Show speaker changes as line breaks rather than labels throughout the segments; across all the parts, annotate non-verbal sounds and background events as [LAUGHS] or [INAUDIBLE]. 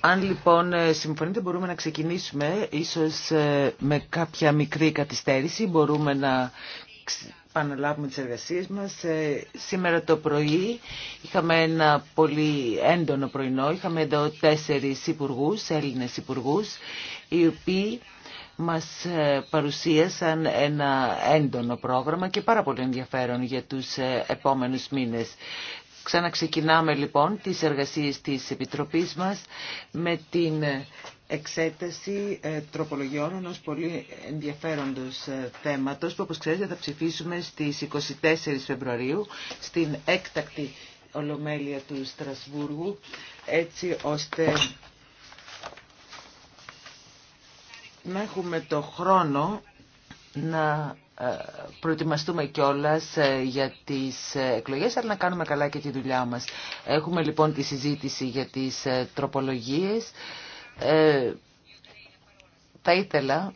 Αν λοιπόν ε, συμφωνείτε μπορούμε να ξεκινήσουμε ίσως ε, με κάποια μικρή κατηστέρηση. μπορούμε να επαναλάβουμε τις εργασίες μας. Ε, σήμερα το πρωί είχαμε ένα πολύ έντονο πρωινό. Είχαμε εδώ τέσσερις υπουργούς, Έλληνες υπουργούς, οι οποίοι μας ε, παρουσίασαν ένα έντονο πρόγραμμα και πάρα πολύ ενδιαφέρον για τους ε, επόμενους μήνες. Ξαναξεκινάμε λοιπόν τις εργασίες της Επιτροπής μας με την ε, εξέταση τροπολογιών ενός πολύ ενδιαφέροντος θέματος που όπως ξέρετε θα ψηφίσουμε στις 24 Φεβρουαρίου στην έκτακτη Ολομέλεια του Στρασβούργου έτσι ώστε να έχουμε το χρόνο να ε, προετοιμαστούμε κιόλας ε, για τις ε, εκλογές αλλά να κάνουμε καλά και τη δουλειά μας. Έχουμε λοιπόν τη συζήτηση για τις τροπολογίες. Ε, θα ήθελα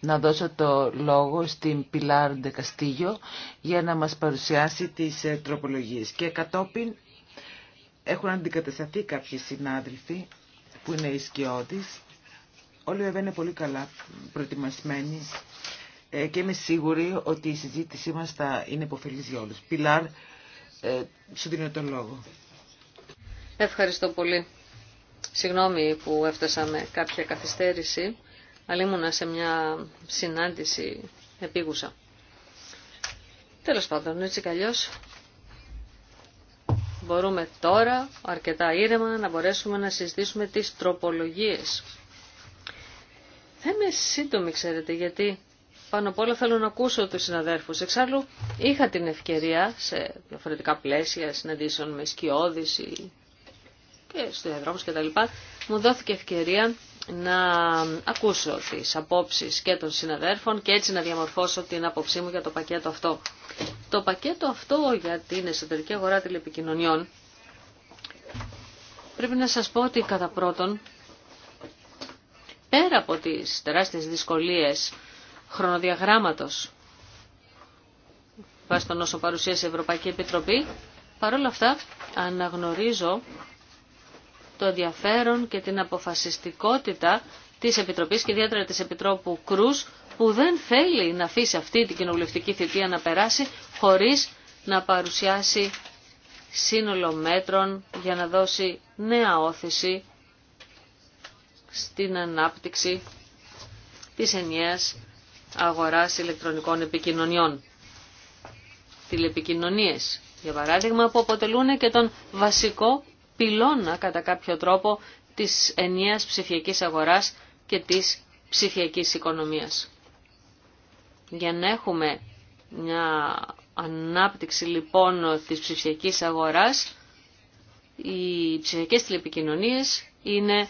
να δώσω το λόγο στην Πιλάρ Ντεκαστίγιο για να μας παρουσιάσει τις τροπολογίες. Και κατόπιν έχουν αντικατασταθεί κάποιοι συνάδελφοι που είναι ισκιώτης Όλοι βέβαια είναι πολύ καλά προετοιμασμένοι ε, και είμαι σίγουρη ότι η συζήτησή μας θα είναι υποφελής για όλους. Πιλάρ, ε, σου δίνω τον λόγο.
Ευχαριστώ πολύ. Συγγνώμη που έφτασα με κάποια καθυστέρηση, αλλά ήμουνα σε μια συνάντηση επίγουσα. Τέλος πάντων, έτσι κι αλλιώς, μπορούμε τώρα αρκετά ήρεμα να μπορέσουμε να συζητήσουμε τις τροπολογίες θα είμαι σύντομη, ξέρετε, γιατί πάνω απ' όλα θέλω να ακούσω τους συναδέρφους. Εξάλλου είχα την ευκαιρία σε διαφορετικά πλαίσια συναντήσεων με σκιώδης και στου διαδρόμου κτλ. μου δόθηκε ευκαιρία να ακούσω τις απόψεις και των συναδέρφων και έτσι να διαμορφώσω την άποψή μου για το πακέτο αυτό. Το πακέτο αυτό για την εσωτερική αγορά τηλεπικοινωνιών πρέπει να σας πω ότι κατά πρώτον πέρα από τις τεράστιες δυσκολίες χρονοδιαγράμματος βάσει των όσων παρουσίασε η Ευρωπαϊκή Επιτροπή, παρόλα αυτά αναγνωρίζω το ενδιαφέρον και την αποφασιστικότητα της Επιτροπής και ιδιαίτερα της Επιτρόπου Κρούς που δεν θέλει να αφήσει αυτή την κοινοβουλευτική θητεία να περάσει χωρίς να παρουσιάσει σύνολο μέτρων για να δώσει νέα όθηση στην ανάπτυξη της ενιαίας αγοράς ηλεκτρονικών επικοινωνιών. Τηλεπικοινωνίες, για παράδειγμα, που αποτελούν και τον βασικό πυλώνα κατά κάποιο τρόπο της ενιαίας ψηφιακής αγοράς και της ψηφιακής οικονομίας. Για να έχουμε μια ανάπτυξη λοιπόν της ψηφιακής αγοράς, οι ψηφιακές τηλεπικοινωνίες είναι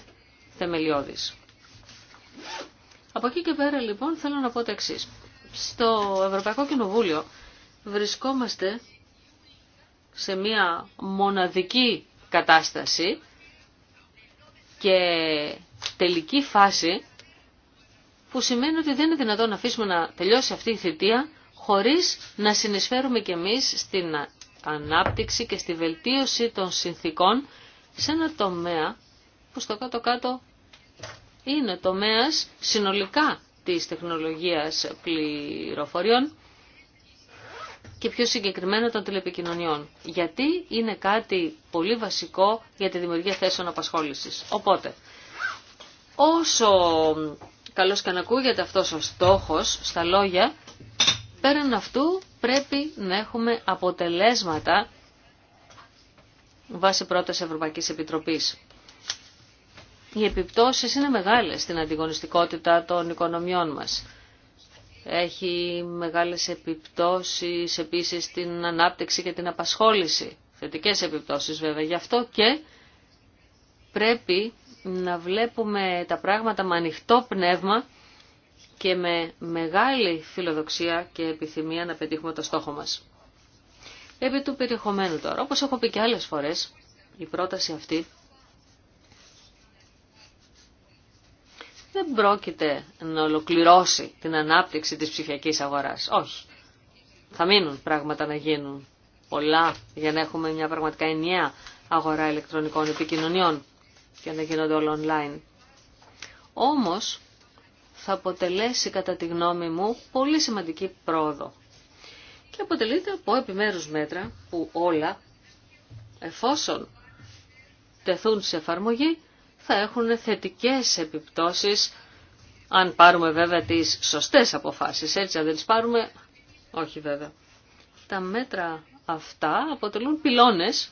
θεμελιώδης. Από εκεί και πέρα λοιπόν θέλω να πω το εξής. Στο Ευρωπαϊκό Κοινοβούλιο βρισκόμαστε σε μια μοναδική κατάσταση και τελική φάση που σημαίνει ότι δεν είναι δυνατόν να αφήσουμε να τελειώσει αυτή η θητεία χωρίς να συνεισφέρουμε κι εμείς στην ανάπτυξη και στη βελτίωση των συνθήκων σε ένα τομέα που στο κάτω-κάτω είναι τομέας συνολικά της τεχνολογίας πληροφοριών και πιο συγκεκριμένα των τηλεπικοινωνιών. Γιατί είναι κάτι πολύ βασικό για τη δημιουργία θέσεων απασχόλησης. Οπότε, όσο καλώς και αν ακούγεται αυτός ο στόχος στα λόγια, πέραν αυτού πρέπει να έχουμε αποτελέσματα βάσει πρώτης Ευρωπαϊκής Επιτροπής οι επιπτώσεις είναι μεγάλες στην αντιγωνιστικότητα των οικονομιών μας. Έχει μεγάλες επιπτώσεις επίσης στην ανάπτυξη και την απασχόληση. Θετικές επιπτώσεις βέβαια. Γι' αυτό και πρέπει να βλέπουμε τα πράγματα με ανοιχτό πνεύμα και με μεγάλη φιλοδοξία και επιθυμία να πετύχουμε το στόχο μας. Επί του περιεχομένου τώρα, όπως έχω πει και άλλες φορές, η πρόταση αυτή δεν πρόκειται να ολοκληρώσει την ανάπτυξη της ψηφιακής αγοράς. Όχι. Θα μείνουν πράγματα να γίνουν πολλά για να έχουμε μια πραγματικά ενιαία αγορά ηλεκτρονικών επικοινωνιών και να γίνονται όλα online. Όμως θα αποτελέσει κατά τη γνώμη μου πολύ σημαντική πρόοδο και αποτελείται από επιμέρους μέτρα που όλα εφόσον τεθούν σε εφαρμογή θα έχουν θετικές επιπτώσεις, αν πάρουμε βέβαια τις σωστές αποφάσεις. Έτσι, αν δεν τις πάρουμε, όχι βέβαια. Τα μέτρα αυτά αποτελούν πυλώνες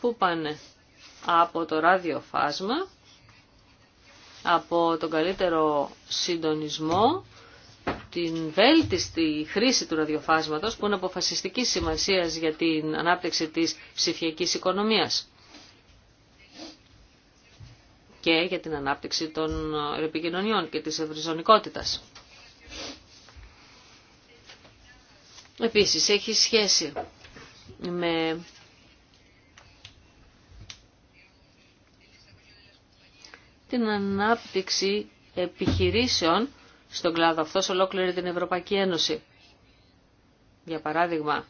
που πάνε από το ραδιοφάσμα, από τον καλύτερο συντονισμό, την βέλτιστη χρήση του ραδιοφάσματος που είναι αποφασιστική σημασίας για την ανάπτυξη της ψηφιακής οικονομίας και για την ανάπτυξη των ε, επικοινωνιών και της ευρυζωνικότητας. Επίσης, έχει σχέση με την ανάπτυξη επιχειρήσεων στον κλάδο αυτός ολόκληρη την Ευρωπαϊκή Ένωση. Για παράδειγμα,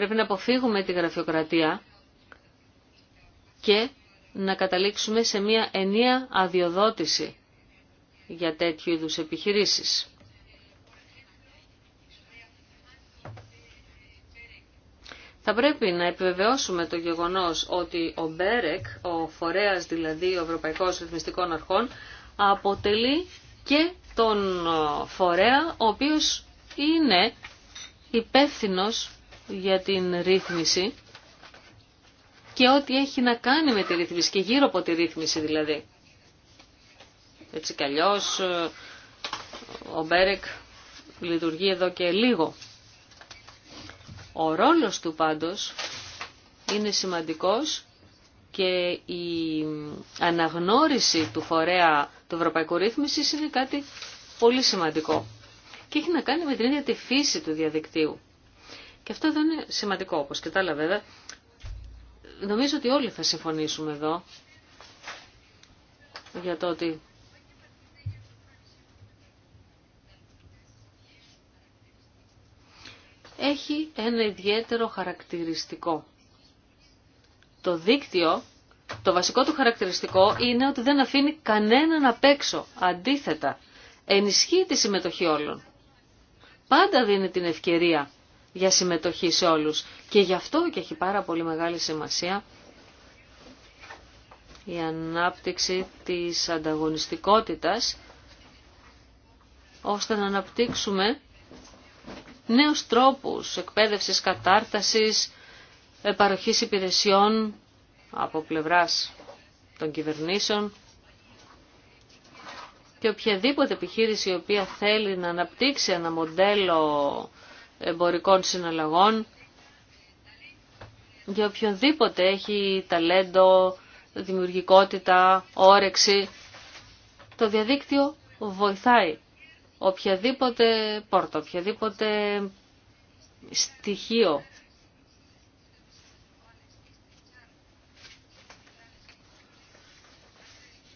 Πρέπει να αποφύγουμε τη γραφειοκρατία και να καταλήξουμε σε μια ενία αδειοδότηση για τέτοιου είδους επιχειρήσεις. Θα πρέπει να επιβεβαιώσουμε το γεγονός ότι ο Μπέρεκ, ο φορέας δηλαδή ο Ευρωπαϊκός Ρυθμιστικών Αρχών, αποτελεί και τον φορέα ο οποίος είναι υπεύθυνος για την ρύθμιση και ό,τι έχει να κάνει με τη ρύθμιση και γύρω από τη ρύθμιση δηλαδή. Έτσι κι αλλιώς, ο Μπέρεκ λειτουργεί εδώ και λίγο. Ο ρόλος του πάντως είναι σημαντικός και η αναγνώριση του φορέα του Ευρωπαϊκού Ρύθμισης είναι κάτι πολύ σημαντικό. Και έχει να κάνει με την ίδια τη φύση του διαδικτύου. Και αυτό δεν είναι σημαντικό όπως και τα άλλα βέβαια. Νομίζω ότι όλοι θα συμφωνήσουμε εδώ για το ότι έχει ένα ιδιαίτερο χαρακτηριστικό. Το δίκτυο, το βασικό του χαρακτηριστικό είναι ότι δεν αφήνει κανέναν απ' έξω. Αντίθετα, ενισχύει τη συμμετοχή όλων. Πάντα δίνει την ευκαιρία για συμμετοχή σε όλους. Και γι' αυτό και έχει πάρα πολύ μεγάλη σημασία η ανάπτυξη της ανταγωνιστικότητας ώστε να αναπτύξουμε νέους τρόπους εκπαίδευσης, κατάρτασης, παροχής υπηρεσιών από πλευράς των κυβερνήσεων και οποιαδήποτε επιχείρηση η οποία θέλει να αναπτύξει ένα μοντέλο εμπορικών συναλλαγών, για οποιονδήποτε έχει ταλέντο, δημιουργικότητα, όρεξη. Το διαδίκτυο βοηθάει οποιαδήποτε πόρτα, οποιαδήποτε στοιχείο.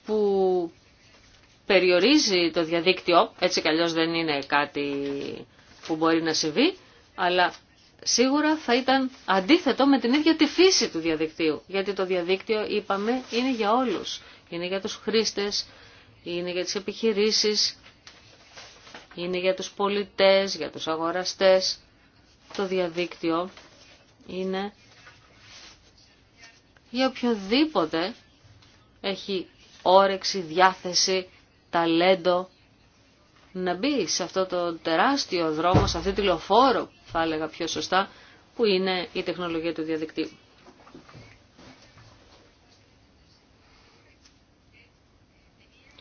που περιορίζει το διαδίκτυο, έτσι κι δεν είναι κάτι που μπορεί να συμβεί, αλλά σίγουρα θα ήταν αντίθετο με την ίδια τη φύση του διαδικτύου. Γιατί το διαδίκτυο, είπαμε, είναι για όλους. Είναι για τους χρήστες, είναι για τις επιχειρήσεις, είναι για τους πολιτές, για τους αγοραστές. Το διαδίκτυο είναι για οποιοδήποτε έχει όρεξη, διάθεση, ταλέντο να μπει σε αυτό το τεράστιο δρόμο, σε αυτή τη λοφόρο, θα έλεγα πιο σωστά, που είναι η τεχνολογία του διαδικτύου.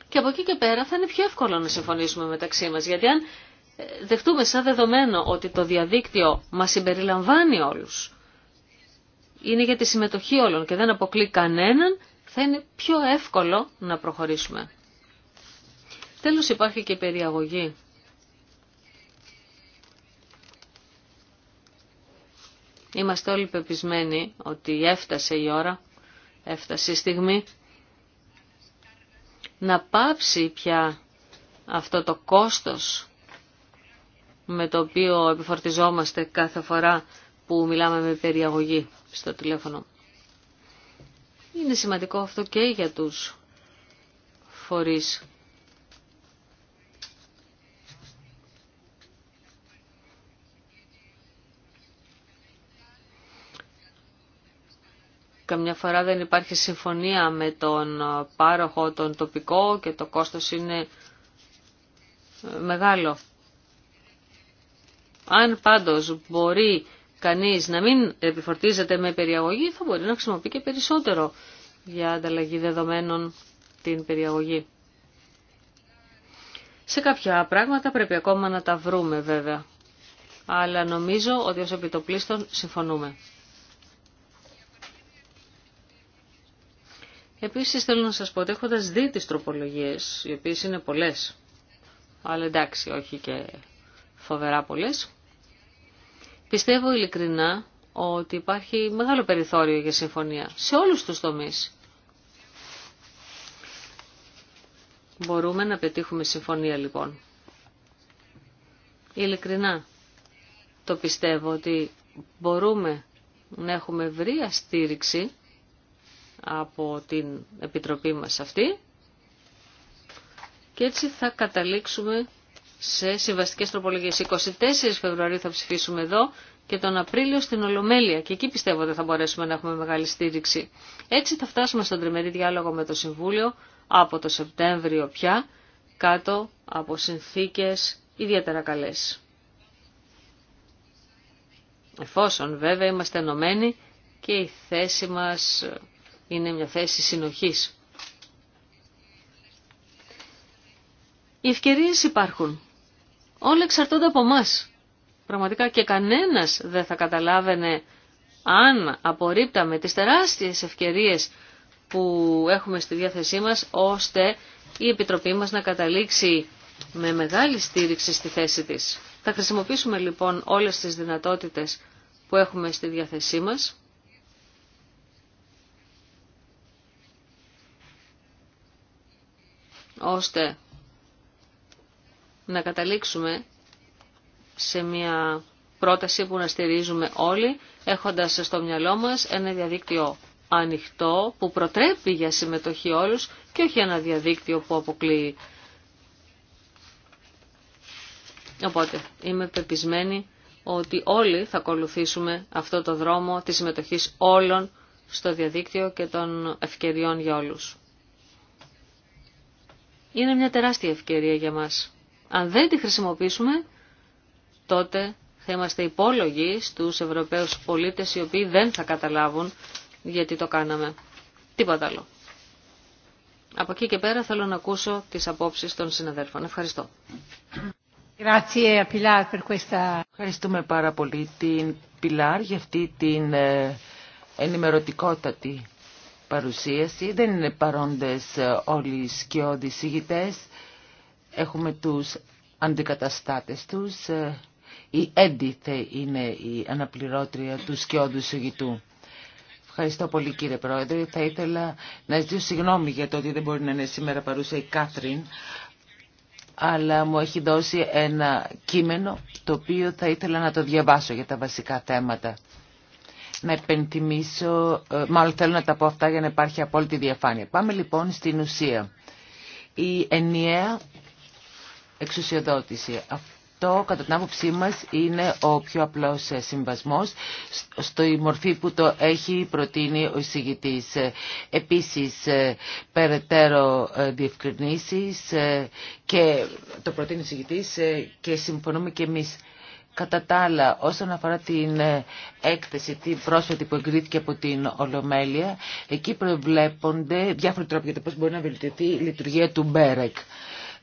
Και από εκεί και πέρα θα είναι πιο εύκολο να συμφωνήσουμε μεταξύ μας, γιατί αν ε, δεχτούμε σαν δεδομένο ότι το διαδίκτυο μας συμπεριλαμβάνει όλους, είναι για τη συμμετοχή όλων και δεν αποκλεί κανέναν, θα είναι πιο εύκολο να προχωρήσουμε. Τέλος υπάρχει και περιαγωγή. Είμαστε όλοι πεπισμένοι ότι έφτασε η ώρα, έφτασε η στιγμή να πάψει πια αυτό το κόστος με το οποίο επιφορτιζόμαστε κάθε φορά που μιλάμε με περιαγωγή στο τηλέφωνο. Είναι σημαντικό αυτό και για τους φορείς Καμιά φορά δεν υπάρχει συμφωνία με τον πάροχο τον τοπικό και το κόστος είναι ε, μεγάλο. Αν πάντως μπορεί κανείς να μην επιφορτίζεται με περιαγωγή, θα μπορεί να χρησιμοποιεί και περισσότερο για ανταλλαγή δεδομένων την περιαγωγή. Σε κάποια πράγματα πρέπει ακόμα να τα βρούμε βέβαια. Αλλά νομίζω ότι ως επιτοπλίστων συμφωνούμε. Επίσης θέλω να σας πω ότι έχοντας δει τις τροπολογίες, οι οποίες είναι πολλές, αλλά εντάξει, όχι και φοβερά πολλές, πιστεύω ειλικρινά ότι υπάρχει μεγάλο περιθώριο για συμφωνία σε όλους τους τομείς. Μπορούμε να πετύχουμε συμφωνία λοιπόν. Ειλικρινά το πιστεύω ότι μπορούμε να έχουμε βρία στήριξη από την Επιτροπή μας αυτή και έτσι θα καταλήξουμε σε συμβαστικές τροπολογίες. 24 Φεβρουαρίου θα ψηφίσουμε εδώ και τον Απρίλιο στην Ολομέλεια και εκεί πιστεύω ότι θα μπορέσουμε να έχουμε μεγάλη στήριξη. Έτσι θα φτάσουμε στον τριμερή διάλογο με το Συμβούλιο από το Σεπτέμβριο πια κάτω από συνθήκες ιδιαίτερα καλές. Εφόσον βέβαια είμαστε ενωμένοι και η θέση μας είναι μια θέση συνοχής. Οι ευκαιρίες υπάρχουν. Όλα εξαρτώνται από εμά. Πραγματικά και κανένας δεν θα καταλάβαινε αν απορρίπταμε τις τεράστιες ευκαιρίες που έχουμε στη διάθεσή μας, ώστε η Επιτροπή μας να καταλήξει με μεγάλη στήριξη στη θέση της. Θα χρησιμοποιήσουμε λοιπόν όλες τις δυνατότητες που έχουμε στη διάθεσή μας ώστε να καταλήξουμε σε μια πρόταση που να στηρίζουμε όλοι, έχοντας στο μυαλό μας ένα διαδίκτυο ανοιχτό που προτρέπει για συμμετοχή όλους και όχι ένα διαδίκτυο που αποκλείει. Οπότε είμαι πεπισμένη ότι όλοι θα ακολουθήσουμε αυτό το δρόμο της συμμετοχής όλων στο διαδίκτυο και των ευκαιριών για όλους είναι μια τεράστια ευκαιρία για μας. Αν δεν τη χρησιμοποιήσουμε, τότε θα είμαστε υπόλογοι στους Ευρωπαίους πολίτες οι οποίοι δεν θα καταλάβουν γιατί το κάναμε. Τίποτα άλλο. Από εκεί και πέρα θέλω να ακούσω τις απόψεις των συναδέλφων. Ευχαριστώ.
Ευχαριστούμε πάρα πολύ
την Πιλάρ για αυτή την ε, ενημερωτικότατη παρουσίαση. Δεν είναι παρόντες ε, όλοι οι σκιώδεις Έχουμε τους αντικαταστάτες τους. Ε, η έντιθε είναι η αναπληρώτρια του σκιώδου ηγητού. Ευχαριστώ πολύ κύριε Πρόεδρε. Θα ήθελα να ζητήσω συγγνώμη για το ότι δεν μπορεί να είναι σήμερα παρούσα η Κάθριν, αλλά μου έχει δώσει ένα κείμενο το οποίο θα ήθελα να το διαβάσω για τα βασικά θέματα να επενθυμίσω, ε, μάλλον θέλω να τα πω αυτά για να υπάρχει απόλυτη διαφάνεια. Πάμε λοιπόν στην ουσία. Η ενιαία εξουσιοδότηση. Αυτό κατά την άποψή μας είναι ο πιο απλός ε, συμβασμός στο η μορφή που το έχει προτείνει ο εισηγητής. Ε, επίσης περαιτέρω διευκρινήσεις και το προτείνει ο εισηγητής και συμφωνούμε και εμείς Κατά τα άλλα, όσον αφορά την ε, έκθεση, την πρόσφατη που εγκρίθηκε από την Ολομέλεια, εκεί προβλέπονται διάφοροι τρόποι για το πώς μπορεί να βελτιωθεί η λειτουργία του Μπέρεκ.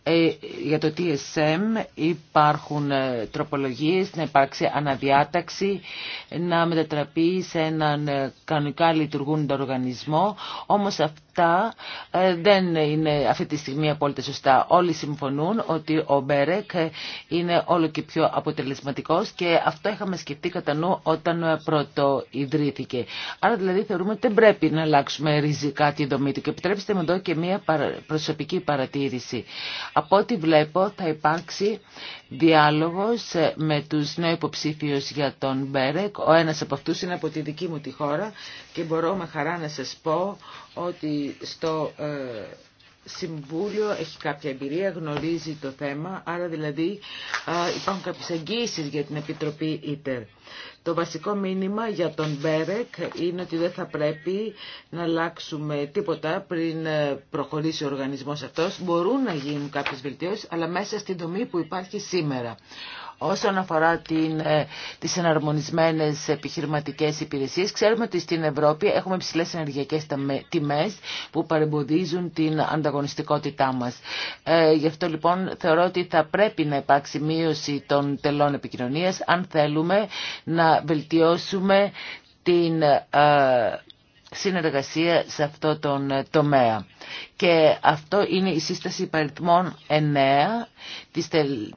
Ε, για το TSM υπάρχουν ε, τροπολογίες, να υπάρξει αναδιάταξη, να μετατραπεί σε έναν ε, κανονικά λειτουργούντα οργανισμό. Όμως αυτά δεν είναι αυτή τη στιγμή απόλυτα σωστά. Όλοι συμφωνούν ότι ο Μπέρεκ είναι όλο και πιο αποτελεσματικός και αυτό είχαμε σκεφτεί κατά νου όταν πρώτο ιδρύθηκε. Άρα δηλαδή θεωρούμε ότι δεν πρέπει να αλλάξουμε ριζικά τη δομή του. Και επιτρέψτε μου εδώ και μία προσωπική παρατήρηση. Από ό,τι βλέπω θα υπάρξει διάλογος ε, με τους νέους υποψήφιους για τον Μπέρεκ. Ο ένας από αυτούς είναι από τη δική μου τη χώρα και μπορώ με χαρά να σας πω ότι στο ε, Συμβούλιο έχει κάποια εμπειρία, γνωρίζει το θέμα, άρα δηλαδή υπάρχουν κάποιες εγγύησεις για την Επιτροπή ΙΤΕΡ. Το βασικό μήνυμα για τον Μπέρεκ είναι ότι δεν θα πρέπει να αλλάξουμε τίποτα πριν ε, προχωρήσει ο οργανισμός αυτός. Μπορούν να γίνουν κάποιες βελτιώσεις, αλλά μέσα στην δομή που υπάρχει σήμερα. Όσον αφορά την, ε, τις εναρμονισμένες επιχειρηματικές υπηρεσίες, ξέρουμε ότι στην Ευρώπη έχουμε ψηλές ενεργειακές τιμές που παρεμποδίζουν την ανταγωνιστικότητά μας. Ε, γι' αυτό λοιπόν θεωρώ ότι θα πρέπει να υπάρξει μείωση των τελών επικοινωνίας αν θέλουμε να βελτιώσουμε την ε, συνεργασία σε αυτό τον ε, τομέα. Και αυτό είναι η σύσταση παριθμών 9 της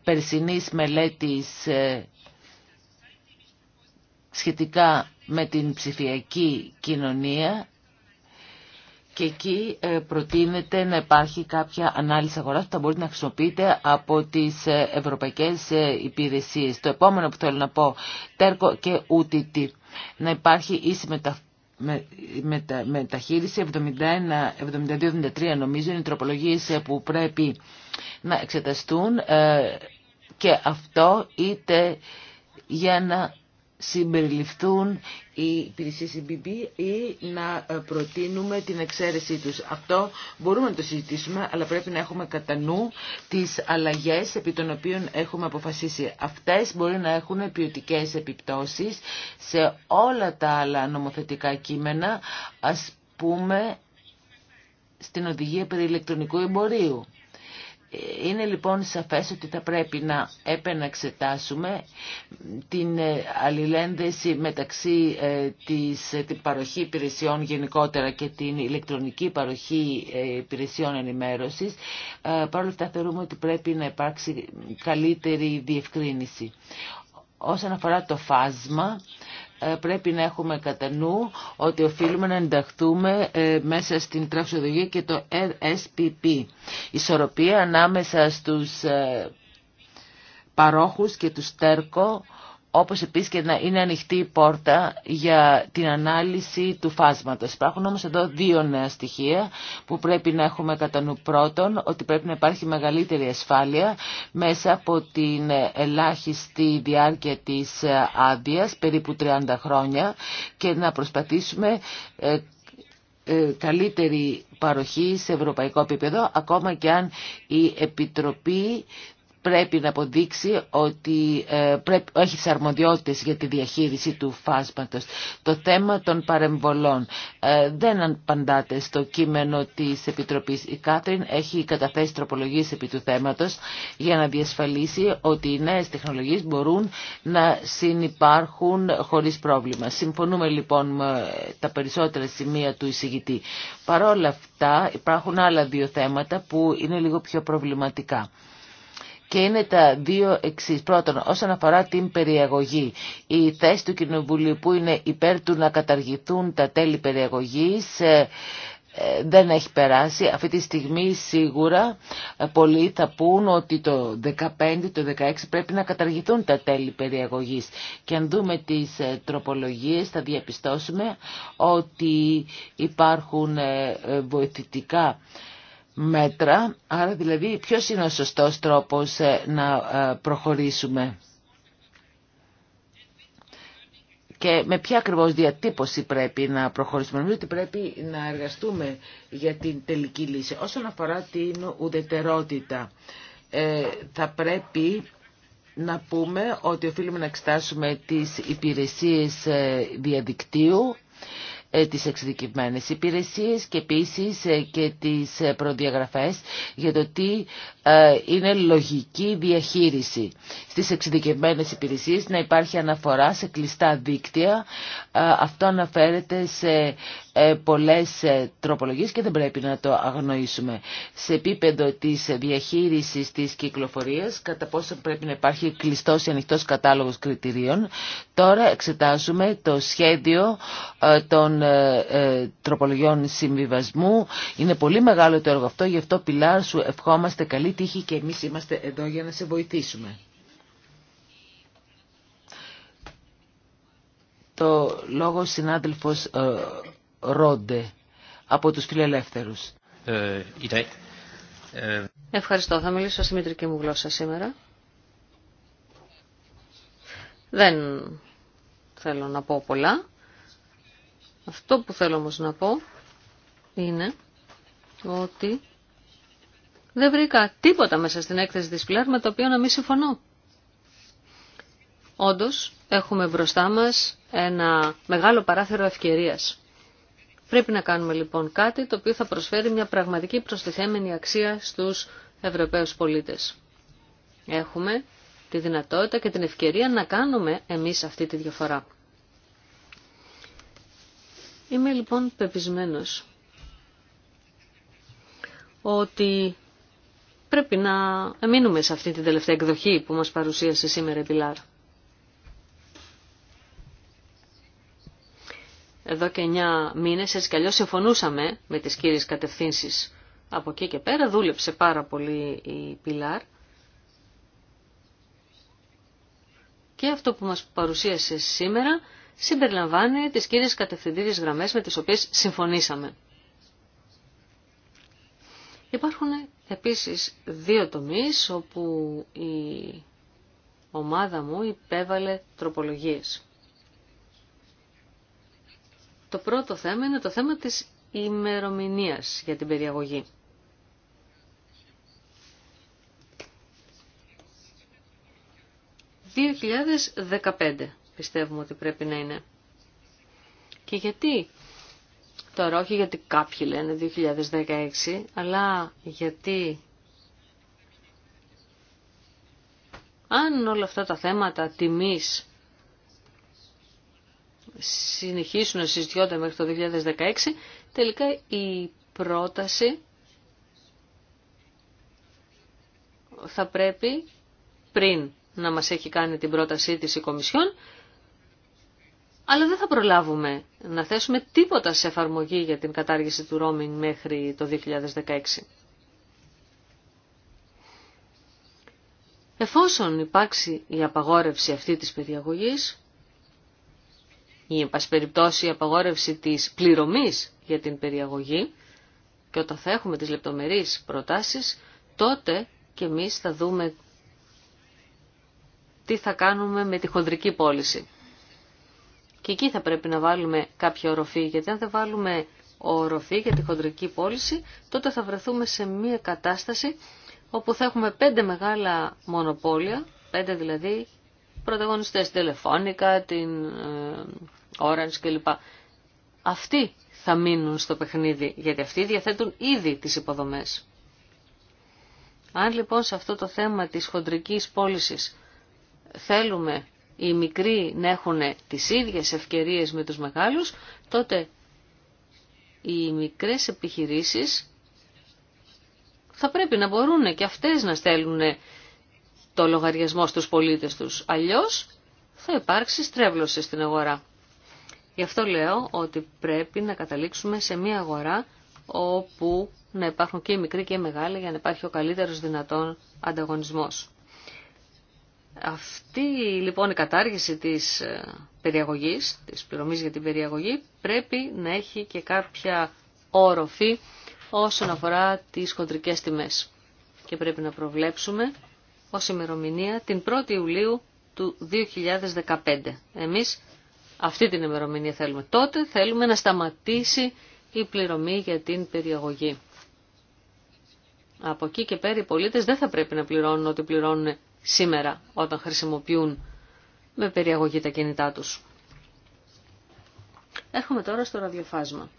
περσινής μελέτης ε, σχετικά με την ψηφιακή κοινωνία και εκεί ε, προτείνεται να υπάρχει κάποια ανάλυση αγοράς που θα μπορεί να χρησιμοποιείται από τις ευρωπαϊκές υπηρεσίες. Το επόμενο που θέλω να πω, τέρκο και ούτητη, να υπάρχει ίση μεταφορά με, με, με 71, 72 72-73 νομίζω είναι τροπολογίες ε, που πρέπει να εξεταστούν ε, και αυτό είτε για να συμπεριληφθούν οι υπηρεσίε EBB ή να ε, προτείνουμε την εξαίρεσή τους. Αυτό μπορούμε να το συζητήσουμε, αλλά πρέπει να έχουμε κατά νου τις αλλαγές επί των οποίων έχουμε αποφασίσει. Αυτές μπορεί να έχουν ποιοτικέ επιπτώσεις σε όλα τα άλλα νομοθετικά κείμενα, ας πούμε στην οδηγία περί ηλεκτρονικού εμπορίου. Είναι λοιπόν σαφές ότι θα πρέπει να επαναξετάσουμε την ε, αλληλένδεση μεταξύ ε, της ε, την παροχή υπηρεσιών γενικότερα και την ηλεκτρονική παροχή υπηρεσιών ενημέρωσης. Παρ' όλα αυτά θεωρούμε ότι πρέπει να υπάρξει καλύτερη διευκρίνηση. Όσον αφορά το φάσμα, ε, πρέπει να έχουμε κατά νου ότι οφείλουμε να ενταχθούμε ε, μέσα στην τραυσοδογία και το SPP. Ισορροπία ανάμεσα στους ε, παρόχους και τους τέρκο όπως επίσης και να είναι ανοιχτή η πόρτα για την ανάλυση του φάσματος. Υπάρχουν όμως εδώ δύο νέα στοιχεία που πρέπει να έχουμε κατά νου πρώτον, ότι πρέπει να υπάρχει μεγαλύτερη ασφάλεια μέσα από την ελάχιστη διάρκεια της άδεια, περίπου 30 χρόνια, και να προσπαθήσουμε ε, ε, καλύτερη παροχή σε ευρωπαϊκό επίπεδο, ακόμα και αν η Επιτροπή πρέπει να αποδείξει ότι ε, πρέπει, έχει τι αρμοδιότητες για τη διαχείριση του φάσματος. Το θέμα των παρεμβολών ε, δεν απαντάται στο κείμενο της Επιτροπής. Η Κάτριν έχει καταθέσει τροπολογίες επί του θέματος για να διασφαλίσει ότι οι νέες τεχνολογίες μπορούν να συνεπάρχουν χωρίς πρόβλημα. Συμφωνούμε λοιπόν με τα περισσότερα σημεία του εισηγητή. Παρόλα αυτά υπάρχουν άλλα δύο θέματα που είναι λίγο πιο προβληματικά και είναι τα δύο εξή. Πρώτον, όσον αφορά την περιαγωγή, η θέση του Κοινοβουλίου που είναι υπέρ του να καταργηθούν τα τέλη περιαγωγής ε, ε, δεν έχει περάσει. Αυτή τη στιγμή σίγουρα ε, πολλοί θα πούν ότι το 15, το 16 πρέπει να καταργηθούν τα τέλη περιαγωγής. Και αν δούμε τις τροπολογίες θα διαπιστώσουμε ότι υπάρχουν βοηθητικά μέτρα, άρα δηλαδή ποιος είναι ο σωστός τρόπος ε, να ε, προχωρήσουμε. Και με ποια ακριβώς διατύπωση πρέπει να προχωρήσουμε. Νομίζω ότι πρέπει να εργαστούμε για την τελική λύση. Όσον αφορά την ουδετερότητα, ε, θα πρέπει να πούμε ότι οφείλουμε να εξετάσουμε τις υπηρεσίες διαδικτύου ε, τις εξειδικευμένες υπηρεσίες και επίση ε, και τις ε, προδιαγραφές για το τι είναι λογική διαχείριση. Στις εξειδικευμένες υπηρεσίες να υπάρχει αναφορά σε κλειστά δίκτυα. Αυτό αναφέρεται σε ε, πολλές ε, τροπολογίες και δεν πρέπει να το αγνοήσουμε. Σε επίπεδο της διαχείρισης της κυκλοφορίας, κατά πόσο πρέπει να υπάρχει κλειστός ή ανοιχτός κατάλογος κριτηρίων, τώρα εξετάζουμε το σχέδιο ε, των τροπολογιών συμβιβασμού. Είναι πολύ μεγάλο το έργο αυτό, γι' αυτό Πιλάρ σου ευχόμαστε καλή τύχη και εμείς είμαστε εδώ για να σε βοηθήσουμε. Το λόγο συνάδελφος Ρόντε από τους φιλελεύθερους. Ε, ε,
Ευχαριστώ. Θα μιλήσω στη μητρική μου γλώσσα σήμερα. Δεν θέλω να πω πολλά. Αυτό που θέλω όμως να πω είναι ότι δεν βρήκα τίποτα μέσα στην έκθεση της Πλέρ με το οποίο να μην συμφωνώ. Όντως, έχουμε μπροστά μας ένα μεγάλο παράθυρο ευκαιρίας. Πρέπει να κάνουμε λοιπόν κάτι το οποίο θα προσφέρει μια πραγματική προστιθέμενη αξία στους Ευρωπαίους πολίτες. Έχουμε τη δυνατότητα και την ευκαιρία να κάνουμε εμείς αυτή τη διαφορά. Είμαι λοιπόν πεπισμένος ότι πρέπει να μείνουμε σε αυτή την τελευταία εκδοχή που μας παρουσίασε σήμερα η Πιλάρα. εδώ και 9 μήνες, έτσι κι συμφωνούσαμε με τις κύριες κατευθύνσεις. Από εκεί και πέρα δούλεψε πάρα πολύ η Πιλάρ. Και αυτό που μας παρουσίασε σήμερα συμπεριλαμβάνει τις κύριες κατευθυντήριες γραμμές με τις οποίες συμφωνήσαμε. Υπάρχουν επίσης δύο τομείς όπου η ομάδα μου υπέβαλε τροπολογίες. Το πρώτο θέμα είναι το θέμα της ημερομηνίας για την περιαγωγή. ...2015 πιστεύουμε ότι πρέπει να είναι. Και γιατί τώρα, όχι γιατί κάποιοι λένε 2016, αλλά γιατί αν όλα αυτά τα θέματα τιμής συνεχίσουν να συζητιόνται μέχρι το 2016, τελικά η πρόταση θα πρέπει πριν να μας έχει κάνει την πρότασή της η Κομισιόν, αλλά δεν θα προλάβουμε να θέσουμε τίποτα σε εφαρμογή για την κατάργηση του roaming μέχρι το 2016. Εφόσον υπάρξει η απαγόρευση αυτή της παιδιαγωγής, ή εν πάση περιπτώσει η εν περιπτωσει η απαγορευση της πληρωμής για την περιαγωγή και όταν θα έχουμε τις λεπτομερείς προτάσεις, τότε και εμείς θα δούμε τι θα κάνουμε με τη χονδρική πώληση. Και εκεί θα πρέπει να βάλουμε κάποια οροφή, γιατί αν δεν βάλουμε οροφή για τη χοντρική πώληση, τότε θα βρεθούμε σε μια κατάσταση όπου θα έχουμε πέντε μεγάλα μονοπόλια, πέντε δηλαδή πρωταγωνιστές, τηλεφώνικα, την ε, Orange κλπ. Αυτοί θα μείνουν στο παιχνίδι, γιατί αυτοί διαθέτουν ήδη τις υποδομές. Αν λοιπόν σε αυτό το θέμα της χοντρικής πώληση θέλουμε οι μικροί να έχουν τις ίδιες ευκαιρίες με τους μεγάλους, τότε οι μικρές επιχειρήσεις θα πρέπει να μπορούν και αυτές να στέλνουν το λογαριασμό στους πολίτες τους. Αλλιώς θα υπάρξει στρέβλωση στην αγορά. Γι' αυτό λέω ότι πρέπει να καταλήξουμε σε μια αγορά όπου να υπάρχουν και οι μικροί και οι μεγάλοι για να υπάρχει ο καλύτερος δυνατόν ανταγωνισμός. Αυτή λοιπόν η κατάργηση της ε, περιαγωγής, της πληρωμής για την περιαγωγή, πρέπει να έχει και κάποια όροφη όσον αφορά τις χοντρικές τιμές. Και πρέπει να προβλέψουμε ως ημερομηνία την 1η Ιουλίου του 2015. Εμείς αυτή την ημερομηνία θέλουμε. Τότε θέλουμε να σταματήσει η πληρωμή για την περιαγωγή. Από εκεί και πέρα οι πολίτες δεν θα πρέπει να πληρώνουν ό,τι πληρώνουν σήμερα όταν χρησιμοποιούν με περιαγωγή τα κινητά τους. Έρχομαι τώρα στο ραδιοφάσμα.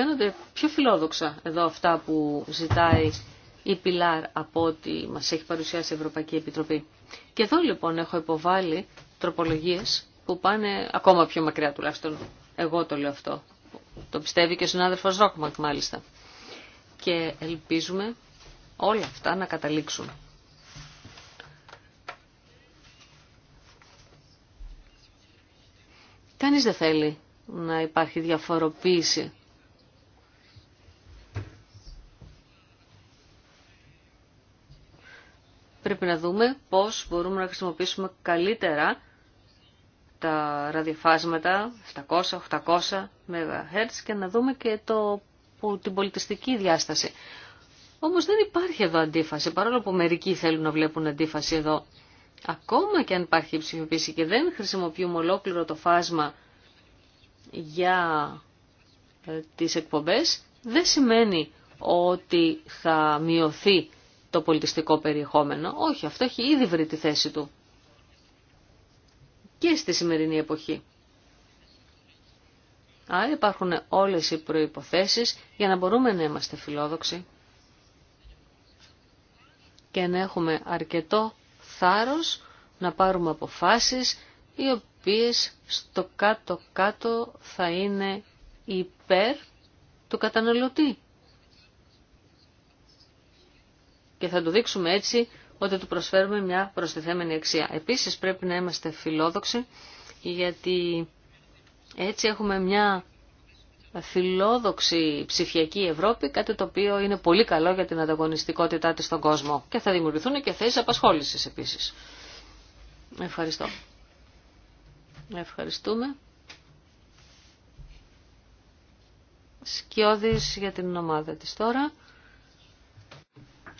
φαίνονται πιο φιλόδοξα εδώ αυτά που ζητάει η Πιλάρ από ό,τι μας έχει παρουσιάσει η Ευρωπαϊκή Επιτροπή. Και εδώ λοιπόν έχω υποβάλει τροπολογίες που πάνε ακόμα πιο μακριά τουλάχιστον. Εγώ το λέω αυτό. Το πιστεύει και ο συνάδελφος Ρόκμαντ μάλιστα. Και ελπίζουμε όλα αυτά να καταλήξουν. Κανείς δεν θέλει να υπάρχει διαφοροποίηση πρέπει να δούμε πώς μπορούμε να χρησιμοποιήσουμε καλύτερα τα ραδιοφάσματα 700-800 MHz και να δούμε και το, που, την πολιτιστική διάσταση. Όμως δεν υπάρχει εδώ αντίφαση, παρόλο που μερικοί θέλουν να βλέπουν αντίφαση εδώ. Ακόμα και αν υπάρχει ψηφιοποίηση και δεν χρησιμοποιούμε ολόκληρο το φάσμα για ε, τις εκπομπές, δεν σημαίνει ότι θα μειωθεί το πολιτιστικό περιεχόμενο. Όχι, αυτό έχει ήδη βρει τη θέση του. Και στη σημερινή εποχή. Άρα υπάρχουν όλες οι προϋποθέσεις για να μπορούμε να είμαστε φιλόδοξοι και να έχουμε αρκετό θάρρος να πάρουμε αποφάσεις οι οποίες στο κάτω-κάτω θα είναι υπέρ του καταναλωτή. και θα του δείξουμε έτσι ότι του προσφέρουμε μια προστιθέμενη αξία. Επίσης πρέπει να είμαστε φιλόδοξοι γιατί έτσι έχουμε μια φιλόδοξη ψηφιακή Ευρώπη, κάτι το οποίο είναι πολύ καλό για την ανταγωνιστικότητά της στον κόσμο. Και θα δημιουργηθούν και θέσεις απασχόλησης επίσης. Ευχαριστώ. Ευχαριστούμε. Σκιώδης για την ομάδα της τώρα.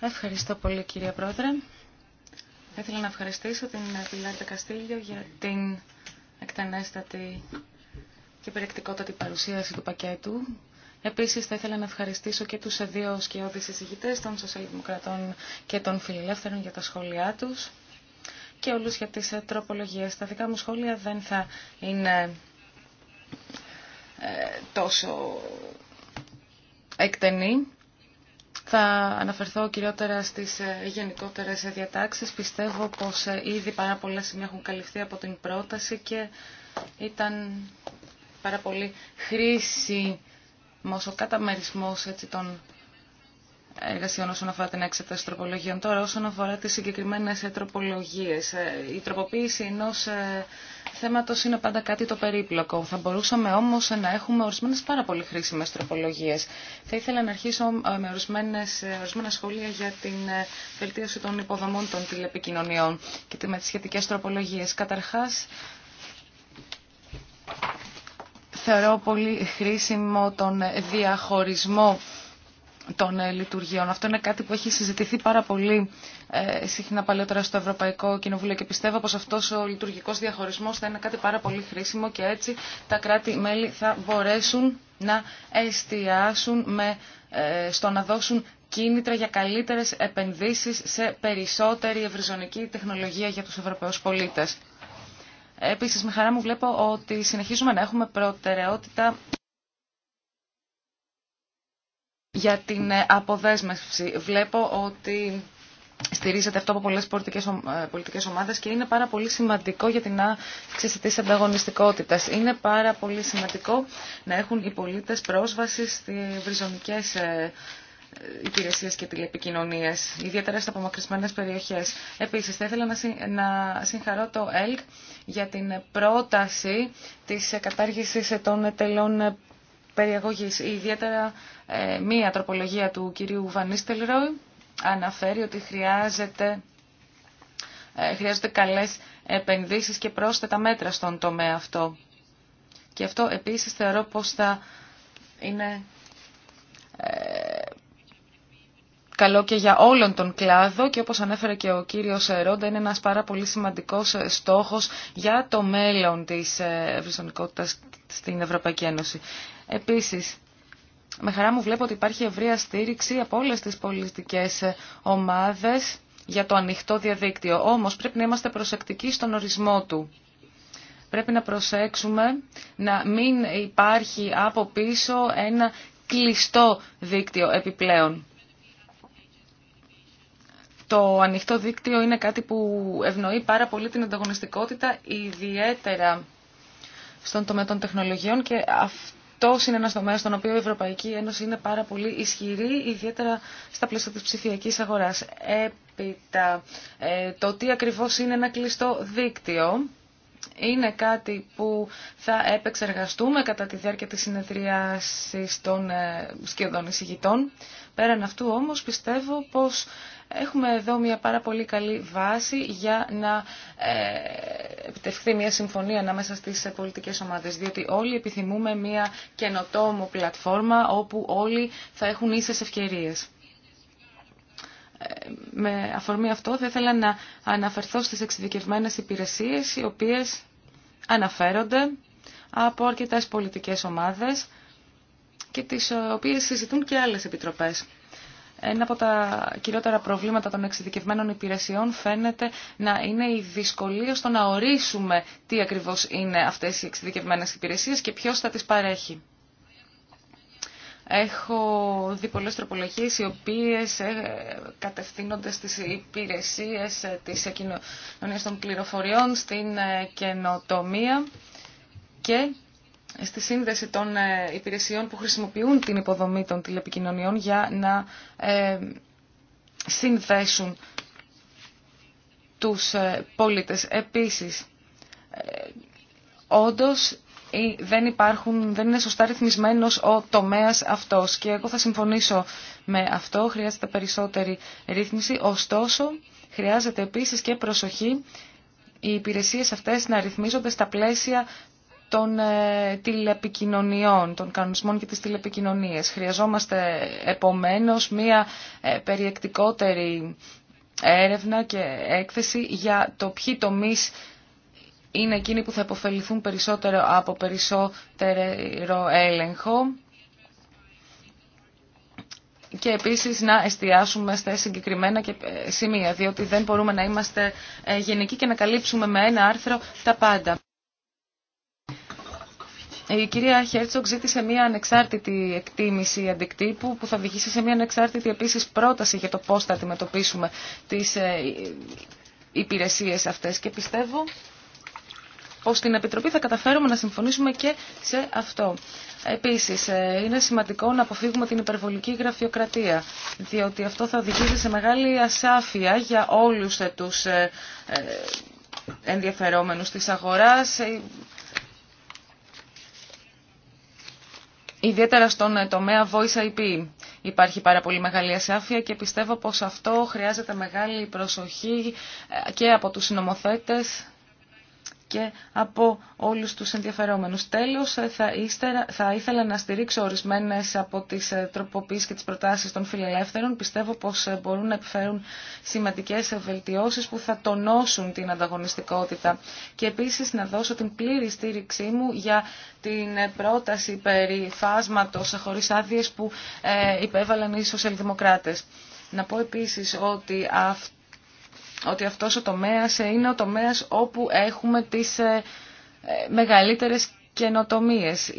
Ευχαριστώ πολύ κυρία Πρόεδρε. Θα ήθελα να ευχαριστήσω την Πιλάρτα Καστήλιο για την εκτενέστατη και περιεκτικότατη παρουσίαση του πακέτου. Επίσης θα ήθελα να ευχαριστήσω και τους δύο σκιώδεις εισηγητές των Σοσιαλδημοκρατών και των Φιλελεύθερων για τα σχόλιά τους και όλους για τις τροπολογίες. Τα δικά μου σχόλια δεν θα είναι ε, τόσο εκτενή. Θα αναφερθώ κυριότερα στις ε, γενικότερες διατάξεις. Πιστεύω πως ε, ήδη πάρα πολλά σημεία έχουν καλυφθεί από την πρόταση και ήταν πάρα πολύ χρήσιμος ο καταμερισμός των εργασιών όσον αφορά την εξέταση τροπολογίων. Τώρα, όσον αφορά τις συγκεκριμένες ε, τροπολογίες, ε, η τροποποίηση ενός ε, θέματος είναι πάντα κάτι το περίπλοκο. Θα μπορούσαμε όμως να έχουμε ορισμένες πάρα πολύ χρήσιμες τροπολογίες. Θα ήθελα να αρχίσω με ορισμένες, ορισμένα σχόλια για την βελτίωση των υποδομών των τηλεπικοινωνιών και με τις σχετικές τροπολογίες. Καταρχάς, θεωρώ πολύ χρήσιμο τον διαχωρισμό των ε, λειτουργιών. Αυτό είναι κάτι που έχει συζητηθεί πάρα πολύ ε, συχνά παλαιότερα στο Ευρωπαϊκό Κοινοβούλιο και πιστεύω πως αυτός ο λειτουργικός διαχωρισμός θα είναι κάτι πάρα πολύ χρήσιμο και έτσι τα κράτη-μέλη θα μπορέσουν να εστιάσουν με, ε, στο να δώσουν κίνητρα για καλύτερες επενδύσεις σε περισσότερη ευρυζωνική τεχνολογία για τους Ευρωπαίους πολίτες. Επίσης, με χαρά μου βλέπω ότι συνεχίζουμε να έχουμε προτεραιότητα για την ε, αποδέσμευση. Βλέπω ότι στηρίζεται αυτό από πολλές ε, πολιτικές, ομάδες και είναι πάρα πολύ σημαντικό για την αύξηση της ανταγωνιστικότητας. Είναι πάρα πολύ σημαντικό να έχουν οι πολίτες πρόσβαση στις βριζονικές ε, υπηρεσίες και τηλεπικοινωνίες, ιδιαίτερα στις απομακρυσμένες περιοχές. Επίσης, θα ήθελα να συγχαρώ το ΕΛΚ για την πρόταση της κατάργησης των τελών Ιδιαίτερα ε, μία τροπολογία του κυρίου Βανίστελροι αναφέρει ότι χρειάζεται, ε, χρειάζονται καλές επενδύσεις και πρόσθετα μέτρα στον τομέα αυτό. Και αυτό επίσης θεωρώ πως θα είναι ε, καλό και για όλον τον κλάδο και όπως ανέφερε και ο κύριος Ρόντα είναι ένας πάρα πολύ σημαντικός στόχος για το μέλλον της ευρυζωνικότητας στην Ευρωπαϊκή Ένωση. Επίσης, με χαρά μου βλέπω ότι υπάρχει ευρεία στήριξη από όλες τις πολιτικές ομάδες για το ανοιχτό διαδίκτυο. Όμως πρέπει να είμαστε προσεκτικοί στον ορισμό του. Πρέπει να προσέξουμε να μην υπάρχει από πίσω ένα κλειστό δίκτυο επιπλέον. Το ανοιχτό δίκτυο είναι κάτι που ευνοεί πάρα πολύ την ανταγωνιστικότητα, ιδιαίτερα στον τομέα των τεχνολογιών και αυτό είναι ένα τομέα στον οποίο η Ευρωπαϊκή Ένωση είναι πάρα πολύ ισχυρή, ιδιαίτερα στα πλαίσια της ψηφιακής αγοράς. Έπειτα, ε, το τι ακριβώς είναι ένα κλειστό δίκτυο είναι κάτι που θα επεξεργαστούμε κατά τη διάρκεια της συνεδρίασης των ε, σχεδόν εισηγητών. Πέραν αυτού όμως πιστεύω πως έχουμε εδώ μια πάρα πολύ καλή βάση για να ε, επιτευχθεί μια συμφωνία ανάμεσα στις πολιτικές ομάδες, διότι όλοι επιθυμούμε μια καινοτόμο πλατφόρμα όπου όλοι θα έχουν ίσες ευκαιρίες. Ε, με αφορμή αυτό θα ήθελα να αναφερθώ στις εξειδικευμένες υπηρεσίες οι οποίες αναφέρονται από αρκετές πολιτικές ομάδες και τις ε, οποίες συζητούν και άλλες επιτροπές. Ένα από τα κυριότερα προβλήματα των εξειδικευμένων υπηρεσιών φαίνεται να είναι η δυσκολία στο να ορίσουμε τι ακριβώς είναι αυτές οι εξειδικευμένες υπηρεσίες και ποιος θα τις παρέχει. Έχω δει πολλές τροπολογίες οι οποίες ε, κατευθύνονται στις υπηρεσίες ε, της κοινωνία των πληροφοριών, στην καινοτομία και στη σύνδεση των ε, υπηρεσιών που χρησιμοποιούν την υποδομή των τηλεπικοινωνιών για να ε, συνδέσουν τους ε, πολίτες. Επίσης, όντως δεν, υπάρχουν, δεν είναι σωστά ρυθμισμένος ο τομέας αυτός και εγώ θα συμφωνήσω με αυτό, χρειάζεται περισσότερη ρύθμιση, ωστόσο χρειάζεται επίσης και προσοχή οι υπηρεσίες αυτές να ρυθμίζονται στα πλαίσια των ε, τηλεπικοινωνιών, των κανονισμών και της τηλεπικοινωνίες. Χρειαζόμαστε επομένως μία ε, περιεκτικότερη έρευνα και έκθεση για το ποιοι τομείς είναι εκείνοι που θα υποφεληθούν περισσότερο από περισσότερο έλεγχο και επίσης να εστιάσουμε στα συγκεκριμένα ε, σημεία, διότι δεν μπορούμε να είμαστε γενικοί και να καλύψουμε με ένα άρθρο τα πάντα. Ε, η κυρία Χέρτσοκ ζήτησε μια ανεξάρτητη εκτίμηση αντικτύπου που θα οδηγήσει σε μια ανεξάρτητη επίσης πρόταση για το πώς θα αντιμετωπίσουμε τις ε, υπηρεσίες αυτές και πιστεύω πως στην Επιτροπή θα καταφέρουμε να συμφωνήσουμε και σε αυτό. Επίσης, ε, είναι σημαντικό να αποφύγουμε την υπερβολική γραφειοκρατία, διότι αυτό θα οδηγήσει σε μεγάλη ασάφεια για όλους τους ενδιαφερόμενους της αγοράς, Ιδιαίτερα στον ε, τομέα Voice IP υπάρχει πάρα πολύ μεγάλη ασάφεια και πιστεύω πως αυτό χρειάζεται μεγάλη προσοχή ε, και από τους συνομοθέτες και από όλους τους ενδιαφερόμενους. Τέλος, θα, θα ήθελα να στηρίξω ορισμένες από τις ε, τροποποίησεις και τις προτάσεις των φιλελεύθερων. Πιστεύω πως ε, μπορούν να επιφέρουν σημαντικές βελτιώσεις που θα τονώσουν την ανταγωνιστικότητα. Και επίσης να δώσω την πλήρη στήριξή μου για την ε, πρόταση περί φάσματος χωρίς άδειες που υπέβαλαν οι σοσιαλδημοκράτες. Να πω επίσης ότι αυτό ότι αυτός ο τομέας είναι ο τομέας όπου έχουμε τις ε, ε, μεγαλύτερες καινοτομίες.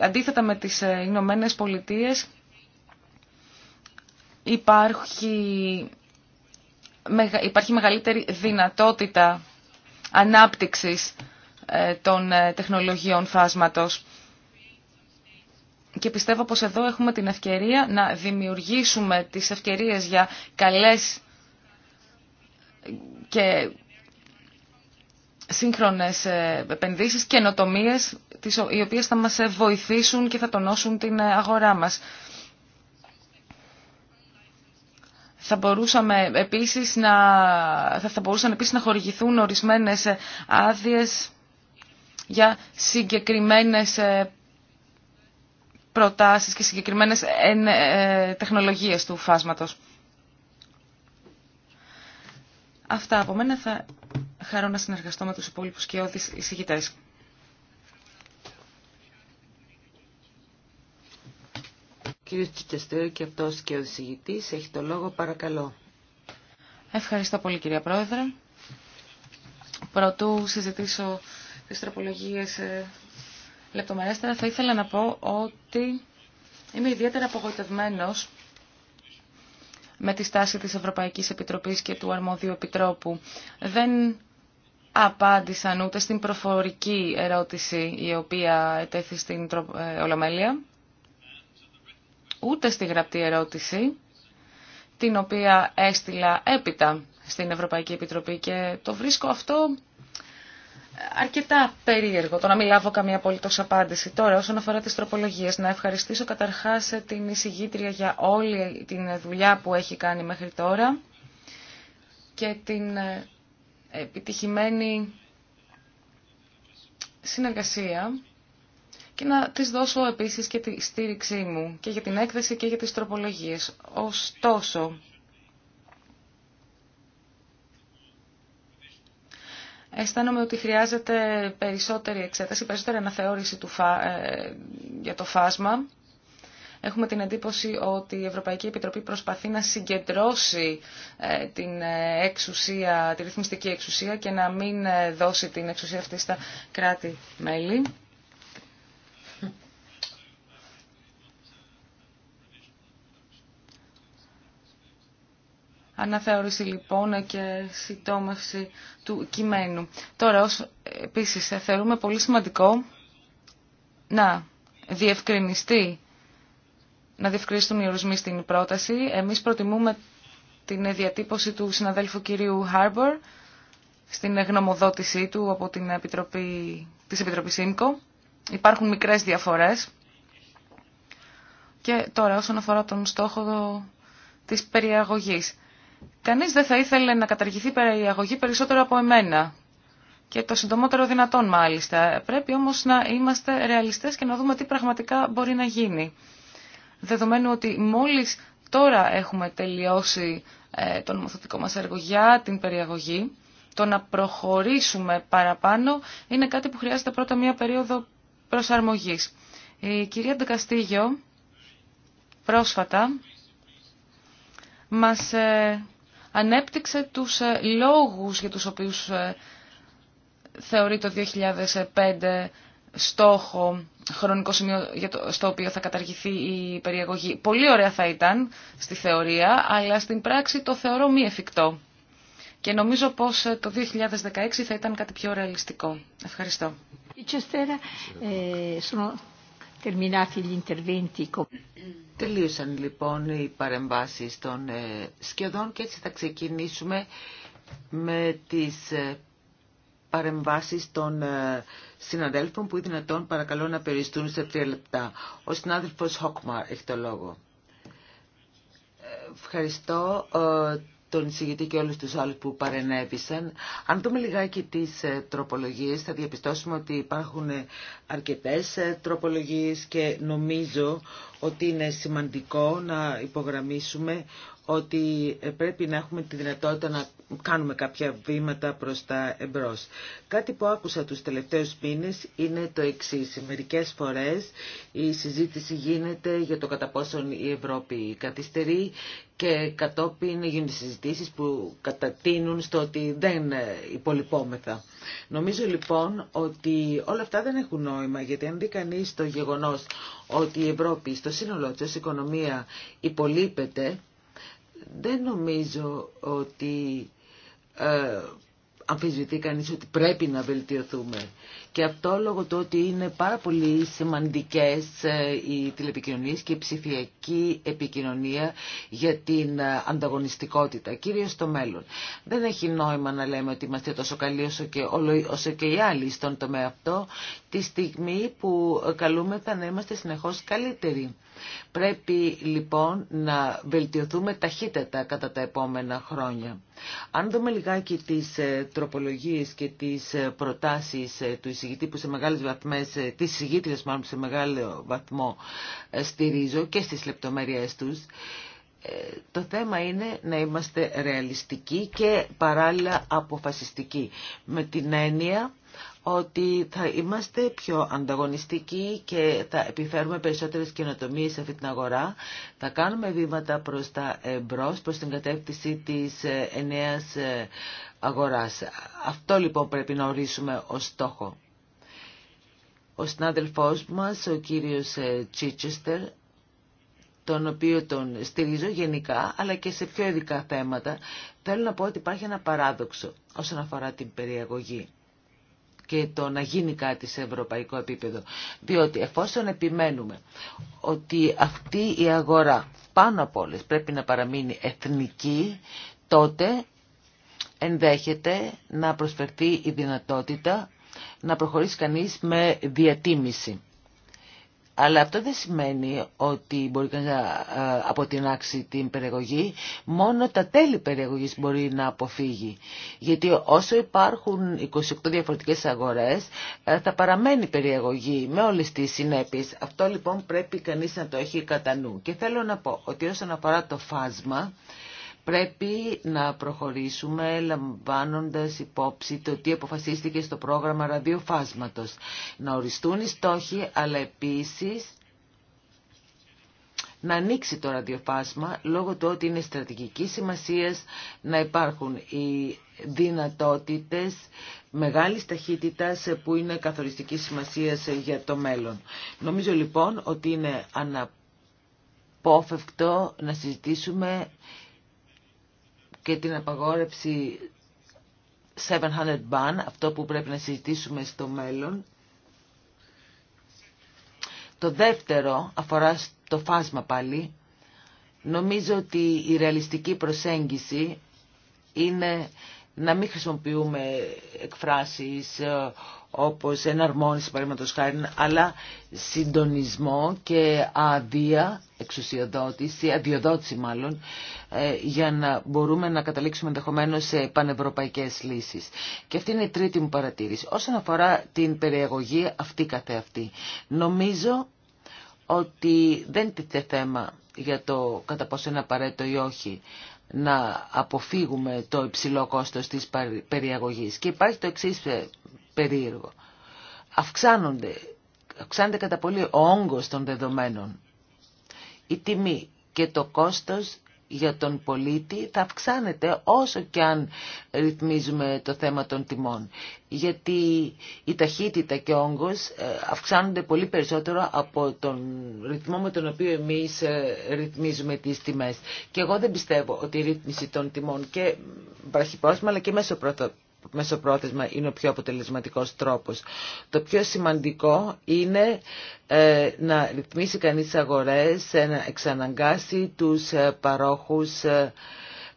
Αντίθετα με τις ε, Ηνωμένε Πολιτείε υπάρχει, υπάρχει μεγαλύτερη δυνατότητα ανάπτυξης των τεχνολογιών φάσματος. Και πιστεύω πως εδώ έχουμε την ευκαιρία να δημιουργήσουμε τις ευκαιρίες για καλές και σύγχρονες ε, επενδύσεις, τις οι οποίες θα μας ε, βοηθήσουν και θα τονώσουν την ε, αγορά μας. Θα, μπορούσαμε επίσης να, θα μπορούσαν επίσης να χορηγηθούν ορισμένες άδειες για συγκεκριμένες προτάσεις και συγκεκριμένες τεχνολογίες του φάσματος. Αυτά από μένα θα χαρώ να συνεργαστώ με τους υπόλοιπους κοιόδης εισηγητές.
Κύριε και αυτός και ο εισηγητής έχει το λόγο παρακαλώ.
Ευχαριστώ πολύ κυρία Πρόεδρε. Πρωτού συζητήσω τις τροπολογίες ε, λεπτομερέστερα θα ήθελα να πω ότι είμαι ιδιαίτερα απογοητευμένος με τη στάση της Ευρωπαϊκής Επιτροπής και του Αρμόδιου Επιτρόπου. Δεν απάντησαν ούτε στην προφορική ερώτηση η οποία ετέθη στην ε, Ολομέλεια, ούτε στη γραπτή ερώτηση, την οποία έστειλα έπειτα στην Ευρωπαϊκή Επιτροπή και το βρίσκω αυτό αρκετά περίεργο το να μην λάβω καμία απολύτω απάντηση. Τώρα, όσον αφορά τι τροπολογίε, να ευχαριστήσω καταρχάς την εισηγήτρια για όλη την δουλειά που έχει κάνει μέχρι τώρα και την ε, επιτυχημένη συνεργασία και να της δώσω επίσης και τη στήριξή μου και για την έκθεση και για τις τροπολογίες. Ωστόσο, αισθάνομαι ότι χρειάζεται περισσότερη εξέταση, περισσότερη αναθεώρηση του ε, για το φάσμα. Έχουμε την εντύπωση ότι η Ευρωπαϊκή Επιτροπή προσπαθεί να συγκεντρώσει ε, την ε, εξουσία, τη ρυθμιστική εξουσία και να μην δώσει την εξουσία αυτή στα κράτη-μέλη. αναθεώρηση λοιπόν και συντόμευση του κειμένου. Τώρα, ως, επίσης, ε, θεωρούμε πολύ σημαντικό να διευκρινιστεί, να διευκρινιστούν οι ορισμοί στην πρόταση. Εμείς προτιμούμε την διατύπωση του συναδέλφου κυρίου Χάρμπορ στην γνωμοδότησή του από την Επιτροπή, της Επιτροπής Υπάρχουν μικρές διαφορές. Και τώρα όσον αφορά τον στόχο της περιαγωγής. Κανεί δεν θα ήθελε να καταργηθεί η αγωγή περισσότερο από εμένα. Και το συντομότερο δυνατόν μάλιστα. Πρέπει όμως να είμαστε ρεαλιστές και να δούμε τι πραγματικά μπορεί να γίνει. Δεδομένου ότι μόλις τώρα έχουμε τελειώσει ε, το νομοθετικό μας έργο για την περιαγωγή, το να προχωρήσουμε παραπάνω είναι κάτι που χρειάζεται πρώτα μία περίοδο προσαρμογής. Η κυρία Ντεκαστήγιο πρόσφατα μας ε, ανέπτυξε τους ε, λόγους για τους οποίους ε, θεωρεί το 2005 στόχο, χρονικό σημείο για το, στο οποίο θα καταργηθεί η περιεγωγή. Πολύ ωραία θα ήταν στη θεωρία, αλλά στην πράξη το θεωρώ μη εφικτό. Και νομίζω πως το 2016 θα ήταν κάτι πιο ρεαλιστικό.
Ευχαριστώ. Τελείωσαν
λοιπόν οι παρεμβάσεις των ε, σχεδόν και έτσι θα ξεκινήσουμε με τις ε, παρεμβάσεις των ε, συναδέλφων που είναι δυνατόν παρακαλώ να περιστούν σε τρία λεπτά. Ο συνάδελφος Χόκμαρ έχει το λόγο. Ευχαριστώ τον εισηγητή και όλους τους άλλους που παρενέβησαν. Αν δούμε λιγάκι τις ε, τροπολογίες θα διαπιστώσουμε ότι υπάρχουν ε, αρκετές ε, τροπολογίες και νομίζω ότι είναι σημαντικό να υπογραμμίσουμε ότι ε, πρέπει να έχουμε τη δυνατότητα να κάνουμε κάποια βήματα προς τα εμπρός. Κάτι που άκουσα τους τελευταίους μήνες είναι το εξής. Μερικές φορές η συζήτηση γίνεται για το κατά πόσον η Ευρώπη καθυστερεί και κατόπιν γίνονται συζητήσεις που κατατείνουν στο ότι δεν ε, υπολοιπόμεθα. Νομίζω λοιπόν ότι όλα αυτά δεν έχουν νόημα γιατί αν δει κανεί το γεγονός ότι η Ευρώπη στο σύνολό της οικονομία υπολείπεται δεν νομίζω ότι ε, αμφισβητεί κανείς ότι πρέπει να βελτιωθούμε. Και αυτό λόγω του ότι είναι πάρα πολύ σημαντικές ε, οι τηλεπικοινωνίες και η ψηφιακή επικοινωνία για την ε, ανταγωνιστικότητα, κυρίως στο μέλλον. Δεν έχει νόημα να λέμε ότι είμαστε τόσο καλοί όσο και, όλο, οι άλλοι στον τομέα αυτό, τη στιγμή που ε, καλούμεθα να είμαστε συνεχώς καλύτεροι. Πρέπει λοιπόν να βελτιωθούμε ταχύτερα κατά τα επόμενα χρόνια. Αν δούμε λιγάκι τις ε, τροπολογίες και τις ε, προτάσεις ε, του εισηγητή που σε τις μάλλον σε μεγάλο βαθμό στηρίζω και στις λεπτομέρειές τους, το θέμα είναι να είμαστε ρεαλιστικοί και παράλληλα αποφασιστικοί. Με την έννοια ότι θα είμαστε πιο ανταγωνιστικοί και θα επιφέρουμε περισσότερες καινοτομίες σε αυτή την αγορά. Θα κάνουμε βήματα προς τα εμπρός, προς την κατεύθυνση της ε, ενέας ε, αγοράς. Αυτό λοιπόν πρέπει να ορίσουμε ως στόχο. Ο συνάδελφός μας, ο κύριος Τσίτσεστερ, τον οποίο τον στηρίζω γενικά, αλλά και σε πιο ειδικά θέματα, θέλω να πω ότι υπάρχει ένα παράδοξο όσον αφορά την περιαγωγή και το να γίνει κάτι σε ευρωπαϊκό επίπεδο. Διότι εφόσον επιμένουμε ότι αυτή η αγορά πάνω από όλες πρέπει να παραμείνει εθνική, τότε ενδέχεται να προσφερθεί η δυνατότητα να προχωρήσει κανείς με διατίμηση. Αλλά αυτό δεν σημαίνει ότι μπορεί να ε, αποτινάξει την περιεγωγή. Μόνο τα τέλη περιεγωγής μπορεί να αποφύγει. Γιατί όσο υπάρχουν 28 διαφορετικές αγορές ε, θα παραμένει περιεγωγή με όλες τις συνέπειες. Αυτό λοιπόν πρέπει κανείς να το έχει κατά νου. Και θέλω να πω ότι όσον αφορά το φάσμα Πρέπει να προχωρήσουμε λαμβάνοντας υπόψη το τι αποφασίστηκε στο πρόγραμμα ραδιοφάσματος. Να οριστούν οι στόχοι, αλλά επίσης να ανοίξει το ραδιοφάσμα λόγω του ότι είναι στρατηγική σημασίας να υπάρχουν οι δυνατότητες μεγάλης ταχύτητας που είναι καθοριστική σημασίας για το μέλλον. Νομίζω λοιπόν ότι είναι αναπόφευκτο να συζητήσουμε και την απαγόρευση 700 ban, αυτό που πρέπει να συζητήσουμε στο μέλλον. Το δεύτερο αφορά το φάσμα πάλι. Νομίζω ότι η ρεαλιστική προσέγγιση είναι να μην χρησιμοποιούμε εκφράσεις όπως εναρμόνιση παραδείγματος χάρη, αλλά συντονισμό και αδεία, εξουσιοδότηση, αδειοδότηση μάλλον, ε, για να μπορούμε να καταλήξουμε ενδεχομένω σε πανευρωπαϊκές λύσεις. Και αυτή είναι η τρίτη μου παρατήρηση. Όσον αφορά την περιεγωγή αυτή καθεαυτή, νομίζω ότι δεν τίθεται θέμα για το κατά πόσο είναι απαραίτητο ή όχι να αποφύγουμε το υψηλό κόστος της περιαγωγής. Και υπάρχει το εξής ε, περίεργο. Αυξάνονται, αυξάνεται κατά πολύ ο όγκος των δεδομένων. Η τιμή και το κόστος για τον πολίτη θα αυξάνεται όσο και αν ρυθμίζουμε το θέμα των τιμών. Γιατί η ταχύτητα και ο όγκος ε, αυξάνονται πολύ περισσότερο από τον ρυθμό με τον οποίο εμείς ε, ρυθμίζουμε τις τιμές. Και εγώ δεν πιστεύω ότι η ρύθμιση των τιμών και βραχυπρόσμα αλλά και μέσω πρόθεσμα είναι ο πιο αποτελεσματικός τρόπος. Το πιο σημαντικό είναι ε, να ρυθμίσει κανείς αγορές, ε, να εξαναγκάσει τους ε, παρόχους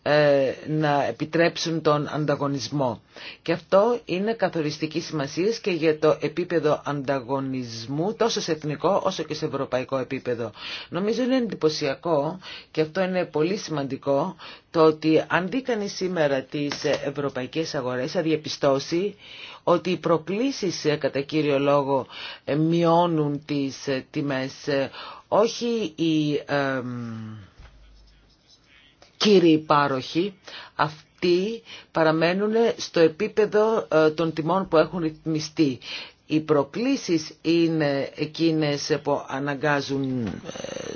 ε, να επιτρέψουν τον ανταγωνισμό. Και αυτό είναι καθοριστική σημασία και για το επίπεδο ανταγωνισμού τόσο σε εθνικό όσο και σε ευρωπαϊκό επίπεδο. Νομίζω είναι εντυπωσιακό και αυτό είναι πολύ σημαντικό το ότι αν δει σήμερα τις ευρωπαϊκές αγορές θα διαπιστώσει ότι οι προκλήσεις ε, κατά κύριο λόγο ε, μειώνουν τις τιμές, όχι οι κύριοι πάροχοι, αυτοί παραμένουν στο επίπεδο ε, των τιμών που έχουν ρυθμιστεί. Οι προκλήσεις είναι εκείνες που αναγκάζουν ε,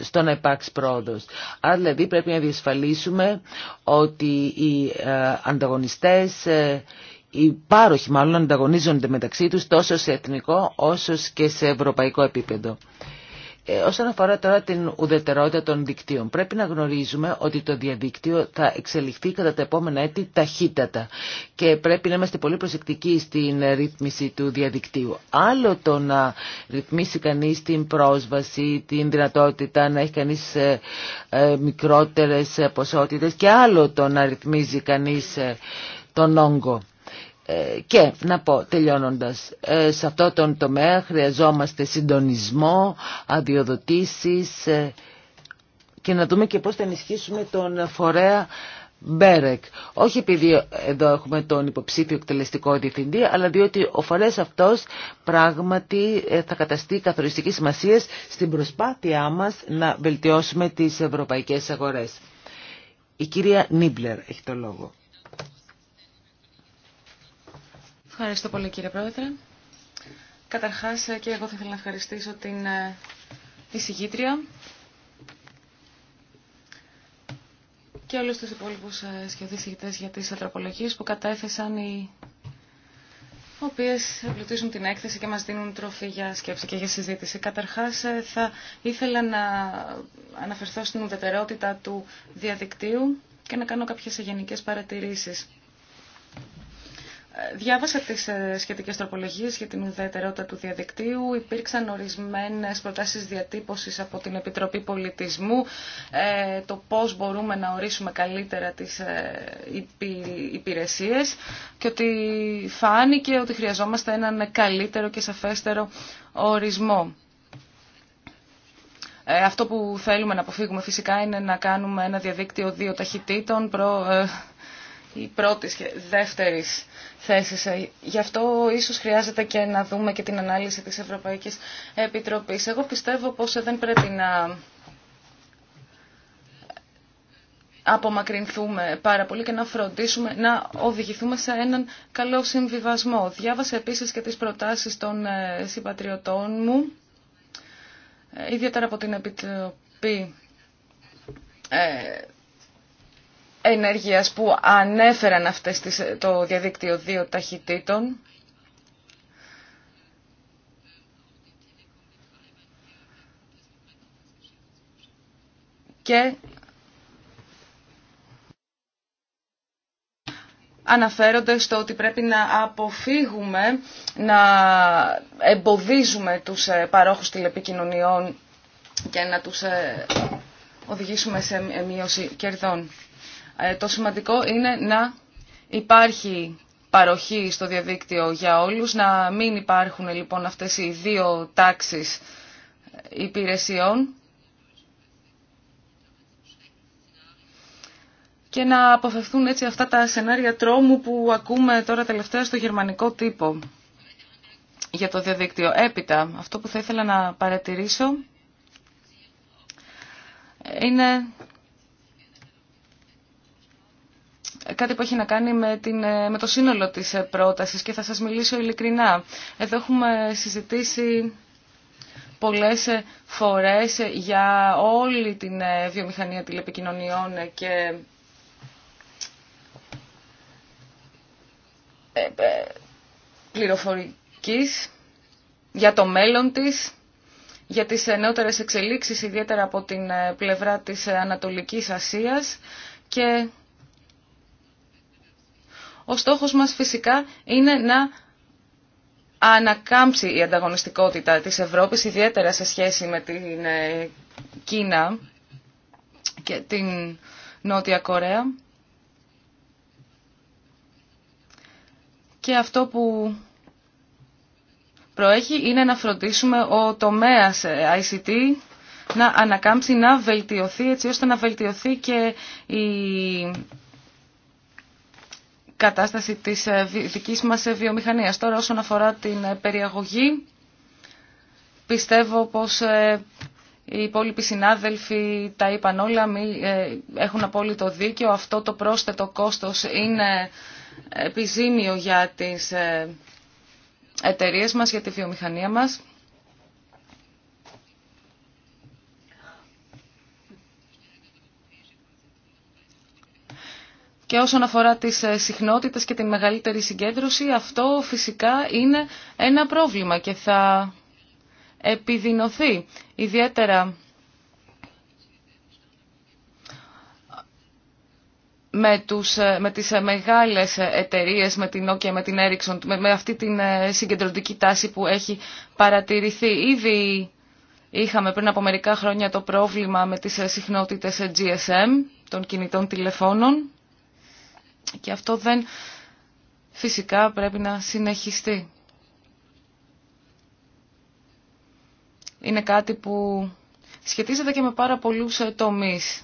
στο να υπάρξει πρόοδος. Άρα δηλαδή πρέπει να διασφαλίσουμε ότι οι ε, ανταγωνιστές, οι πάροχοι μάλλον ανταγωνίζονται μεταξύ τους τόσο σε εθνικό όσο και σε ευρωπαϊκό επίπεδο. Ε, όσον αφορά τώρα την ουδετερότητα των δικτύων, πρέπει να γνωρίζουμε ότι το διαδίκτυο θα εξελιχθεί κατά τα επόμενα έτη ταχύτατα και πρέπει να είμαστε πολύ προσεκτικοί στην ρύθμιση του διαδικτύου. Άλλο το να ρυθμίσει κανείς την πρόσβαση, την δυνατότητα να έχει κανείς ε, ε, μικρότερες ποσότητες και άλλο το να ρυθμίζει κανείς τον όγκο. Ε, και να πω τελειώνοντας, ε, σε αυτό τον τομέα χρειαζόμαστε συντονισμό, αδειοδοτήσεις ε, και να δούμε και πώς θα ενισχύσουμε τον φορέα Μπέρεκ. Όχι επειδή εδώ έχουμε τον υποψήφιο εκτελεστικό διευθυντή, αλλά διότι ο φορέας αυτός πράγματι θα καταστεί καθοριστική σημασία στην προσπάθειά μας να βελτιώσουμε τις ευρωπαϊκές αγορές. Η κυρία Νίμπλερ έχει το λόγο.
Ευχαριστώ πολύ κύριε Πρόεδρε. Καταρχάς ε, και εγώ θα ήθελα να ευχαριστήσω την ε, εισηγήτρια και όλους τους υπόλοιπους ε, σχεδόν για τις ανθρωπολογίες που κατέθεσαν οι οποίες εμπλουτίζουν την έκθεση και μας δίνουν τροφή για σκέψη και για συζήτηση. Καταρχάς θα ήθελα να αναφερθώ στην ουδετερότητα του διαδικτύου και να κάνω κάποιες γενικές παρατηρήσεις. Διάβασα τις ε, σχετικές τροπολογίες για την ουδετερότητα του διαδικτύου. Υπήρξαν ορισμένες προτάσεις διατύπωσης από την Επιτροπή Πολιτισμού, ε, το πώς μπορούμε να ορίσουμε καλύτερα τις ε, υπηρεσίες και ότι φάνηκε ότι χρειαζόμαστε έναν καλύτερο και σαφέστερο ορισμό. Αυτό που θέλουμε να αποφύγουμε φυσικά είναι να κάνουμε ένα διαδίκτυο δύο ταχυτήτων, προ, ε, πρώτης και δεύτερης θέσεις. Ε, γι' αυτό ίσως χρειάζεται και να δούμε και την ανάλυση της Ευρωπαϊκής Επιτροπής. Εγώ πιστεύω πως ε, δεν πρέπει να απομακρυνθούμε πάρα πολύ και να φροντίσουμε να οδηγηθούμε σε έναν καλό συμβιβασμό. Διάβασα επίσης και τις προτάσεις των ε, συμπατριωτών μου, ιδιαίτερα από την Επιτροπή ενέργειας που ανέφεραν αυτές το διαδίκτυο δύο ταχυτήτων. Και αναφέρονται στο ότι πρέπει να αποφύγουμε να εμποδίζουμε τους ε, παρόχους τηλεπικοινωνιών και να τους ε, οδηγήσουμε σε μείωση κερδών. Ε, το σημαντικό είναι να υπάρχει παροχή στο διαδίκτυο για όλους, να μην υπάρχουν λοιπόν αυτές οι δύο τάξεις ε, υπηρεσιών και να αποφευθούν έτσι αυτά τα σενάρια τρόμου που ακούμε τώρα τελευταία στο γερμανικό τύπο για το διαδίκτυο. Έπειτα, αυτό που θα ήθελα να παρατηρήσω είναι κάτι που έχει να κάνει με, ε, το σύνολο της ε, πρότασης και θα σας μιλήσω ειλικρινά. Εδώ έχουμε συζητήσει πολλές ε, φορές για όλη την βιομηχανία τηλεπικοινωνιών και πληροφορικής, για το μέλλον της, για τις νεότερες εξελίξεις, ιδιαίτερα από την πλευρά της Ανατολικής Ασίας και ο στόχος μας φυσικά είναι να ανακάμψει η ανταγωνιστικότητα της Ευρώπης, ιδιαίτερα σε σχέση με την ε, Κίνα και την Νότια Κορέα. Και αυτό που προέχει είναι να φροντίσουμε ο τομέας ε, ICT να ανακάμψει, να βελτιωθεί, έτσι ώστε να βελτιωθεί και η κατάσταση της ε, δικής μας ε, βιομηχανίας. Τώρα όσον αφορά την ε, περιαγωγή, πιστεύω πως οι υπόλοιποι συνάδελφοι τα είπαν όλα, έχουν απόλυτο δίκιο. Αυτό το πρόσθετο κόστος είναι επιζήμιο για τις εταιρείες μας, για τη βιομηχανία μας. Και όσον αφορά τις ε, συχνότητες και τη μεγαλύτερη συγκέντρωση, αυτό φυσικά είναι ένα πρόβλημα και θα επιδεινωθεί. Ιδιαίτερα με, τους, ε, με τις ε, μεγάλες εταιρείες, με την Nokia, με την Ericsson, με, αυτή την συγκεντρωτική τάση που έχει παρατηρηθεί. Ήδη είχαμε πριν από μερικά χρόνια το πρόβλημα με τις συχνότητες GSM των κινητών τηλεφώνων. Και αυτό δεν φυσικά πρέπει να συνεχιστεί. Είναι κάτι που σχετίζεται και με πάρα πολλούς ε, τομείς.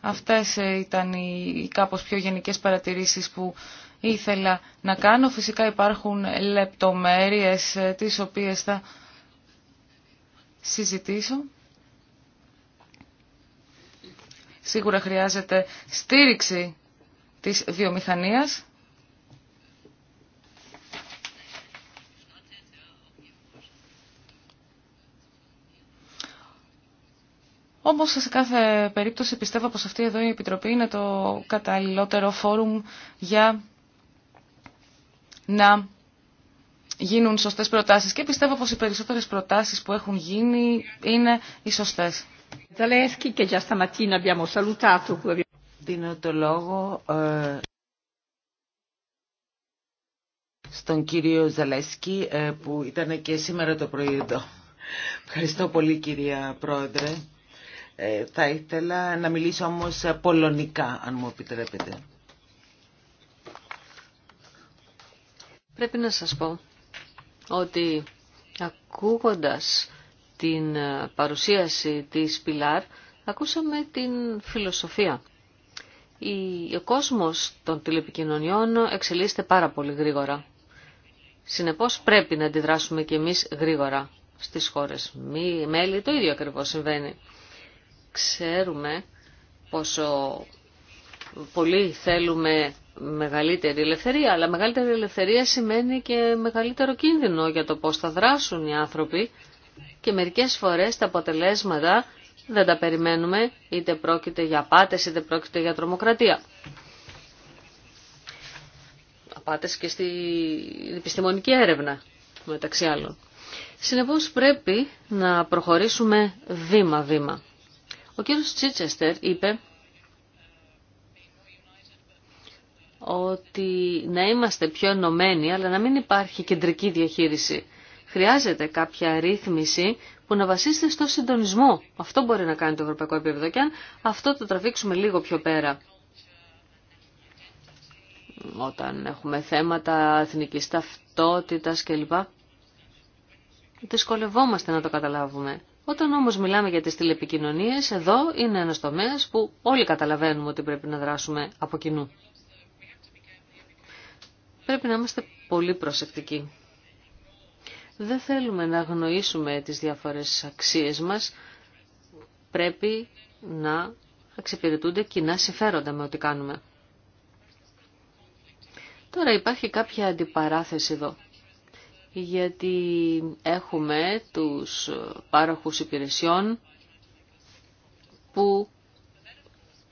Αυτές ε, ήταν οι κάπως πιο γενικές παρατηρήσεις που ήθελα να κάνω. Φυσικά υπάρχουν λεπτομέρειες ε, τις οποίες θα συζητήσω. Σίγουρα χρειάζεται στήριξη της βιομηχανίας. Όμως σε κάθε περίπτωση πιστεύω πως αυτή εδώ η Επιτροπή είναι το καταλληλότερο φόρουμ για να γίνουν σωστές προτάσεις. Και πιστεύω πως οι περισσότερες προτάσεις που έχουν γίνει είναι οι σωστές.
Δίνω το λόγο στον κύριο Ζαλέσκι ε, που ήταν και σήμερα το πρωί εδώ. Ευχαριστώ πολύ κυρία Πρόεδρε. Ε, θα ήθελα να μιλήσω όμως πολωνικά αν μου επιτρέπετε.
Πρέπει να σας πω ότι ακούγοντας την ε, παρουσίαση της Πιλάρ ακούσαμε την φιλοσοφία. Ο κόσμος των τηλεπικοινωνιών εξελίσσεται πάρα πολύ γρήγορα. Συνεπώς πρέπει να αντιδράσουμε και εμείς γρήγορα στις χώρες. Μη μέλη το ίδιο ακριβώς συμβαίνει. Ξέρουμε πόσο πολύ θέλουμε μεγαλύτερη ελευθερία, αλλά μεγαλύτερη ελευθερία σημαίνει και μεγαλύτερο κίνδυνο για το πώς θα δράσουν οι άνθρωποι και μερικές φορές τα αποτελέσματα δεν τα περιμένουμε, είτε πρόκειται για πάτες, είτε πρόκειται για τρομοκρατία. Απάτες και στην επιστημονική έρευνα, μεταξύ άλλων. Συνεπώς πρέπει να προχωρήσουμε βήμα-βήμα. Ο κύριος Τσίτσεστερ είπε ότι να είμαστε πιο ενωμένοι, αλλά να μην υπάρχει κεντρική διαχείριση. Χρειάζεται κάποια ρύθμιση που να βασίζεται στο συντονισμό. Αυτό μπορεί να κάνει το ευρωπαϊκό επίπεδο και αν αυτό το τραβήξουμε λίγο πιο πέρα. Όταν έχουμε θέματα εθνική ταυτότητας κλπ. Δυσκολευόμαστε να το καταλάβουμε. Όταν όμως μιλάμε για τις τηλεπικοινωνίες, εδώ είναι ένας τομέας που όλοι καταλαβαίνουμε ότι πρέπει να δράσουμε από κοινού. Πρέπει να είμαστε πολύ προσεκτικοί. Δεν θέλουμε να αγνοήσουμε τις διάφορες αξίες μας. Πρέπει να εξυπηρετούνται κοινά συμφέροντα με ό,τι κάνουμε. Τώρα υπάρχει κάποια αντιπαράθεση εδώ, γιατί έχουμε τους πάροχους υπηρεσιών που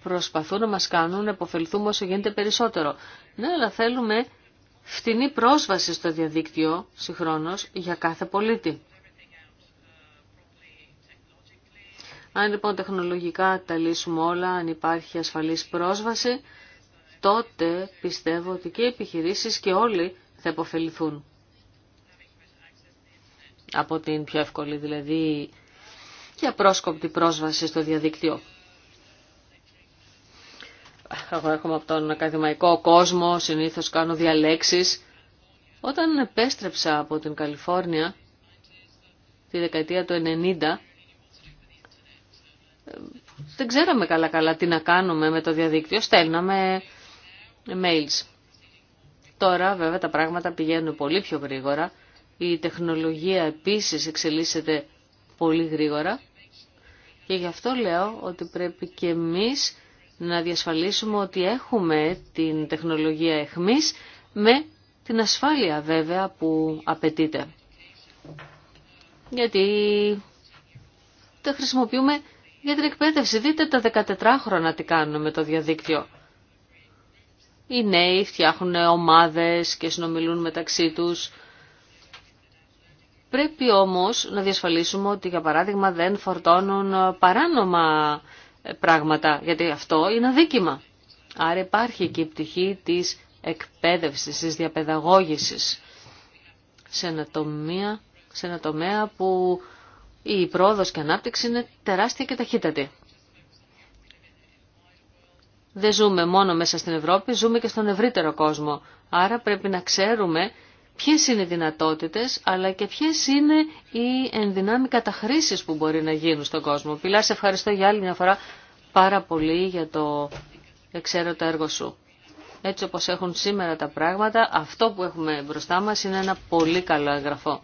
προσπαθούν να μας κάνουν να υποφελθούμε όσο γίνεται περισσότερο. Ναι, αλλά θέλουμε φτηνή πρόσβαση στο διαδίκτυο συγχρόνως για κάθε πολίτη. Αν λοιπόν τεχνολογικά τα λύσουμε όλα, αν υπάρχει ασφαλής πρόσβαση, τότε πιστεύω ότι και οι επιχειρήσεις και όλοι θα υποφεληθούν. Από την πιο εύκολη δηλαδή και απρόσκοπτη πρόσβαση στο διαδίκτυο έχουμε από τον ακαδημαϊκό κόσμο, συνήθως κάνω διαλέξεις. Όταν επέστρεψα από την Καλιφόρνια, τη δεκαετία του 90, δεν ξέραμε καλά καλά τι να κάνουμε με το διαδίκτυο, στέλναμε mails. Τώρα βέβαια τα πράγματα πηγαίνουν πολύ πιο γρήγορα, η τεχνολογία επίσης εξελίσσεται πολύ γρήγορα και γι' αυτό λέω ότι πρέπει και εμείς να διασφαλίσουμε ότι έχουμε την τεχνολογία εχμής με την ασφάλεια βέβαια που απαιτείται. Γιατί τα χρησιμοποιούμε για την εκπαίδευση. Δείτε τα 14 χρόνια τι κάνουν με το διαδίκτυο. Οι νέοι φτιάχνουν ομάδες και συνομιλούν μεταξύ τους. Πρέπει όμως να διασφαλίσουμε ότι για παράδειγμα δεν φορτώνουν παράνομα πράγματα, γιατί αυτό είναι αδίκημα. Άρα υπάρχει και η πτυχή της εκπαίδευσης, της διαπαιδαγώγησης σε ένα, τομέα, που η πρόοδος και ανάπτυξη είναι τεράστια και ταχύτατη. Δεν ζούμε μόνο μέσα στην Ευρώπη, ζούμε και στον ευρύτερο κόσμο. Άρα πρέπει να ξέρουμε ποιες είναι οι δυνατότητες, αλλά και ποιες είναι οι ενδυνάμει καταχρήσεις που μπορεί να γίνουν στον κόσμο. Πιλά, σε ευχαριστώ για άλλη μια φορά πάρα πολύ για το εξαίρετο έργο σου. Έτσι όπως έχουν σήμερα τα πράγματα, αυτό που έχουμε μπροστά μας είναι ένα πολύ καλό εγγραφό.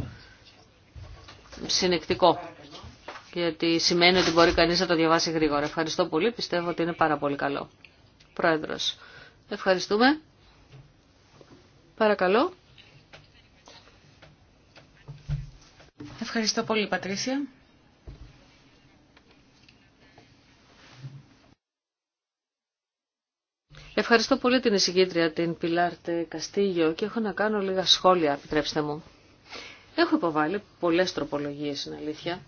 Συνεκτικό. Γιατί σημαίνει ότι μπορεί κανείς να το διαβάσει γρήγορα. Ευχαριστώ πολύ, πιστεύω ότι είναι πάρα πολύ καλό. Πρόεδρος, ευχαριστούμε. Παρακαλώ. Ευχαριστώ πολύ, Πατρίσια. Ευχαριστώ πολύ την εισηγήτρια, την Πιλάρτε Καστίγιο και έχω να κάνω λίγα σχόλια, επιτρέψτε μου. Έχω υποβάλει πολλές τροπολογίες, είναι αλήθεια.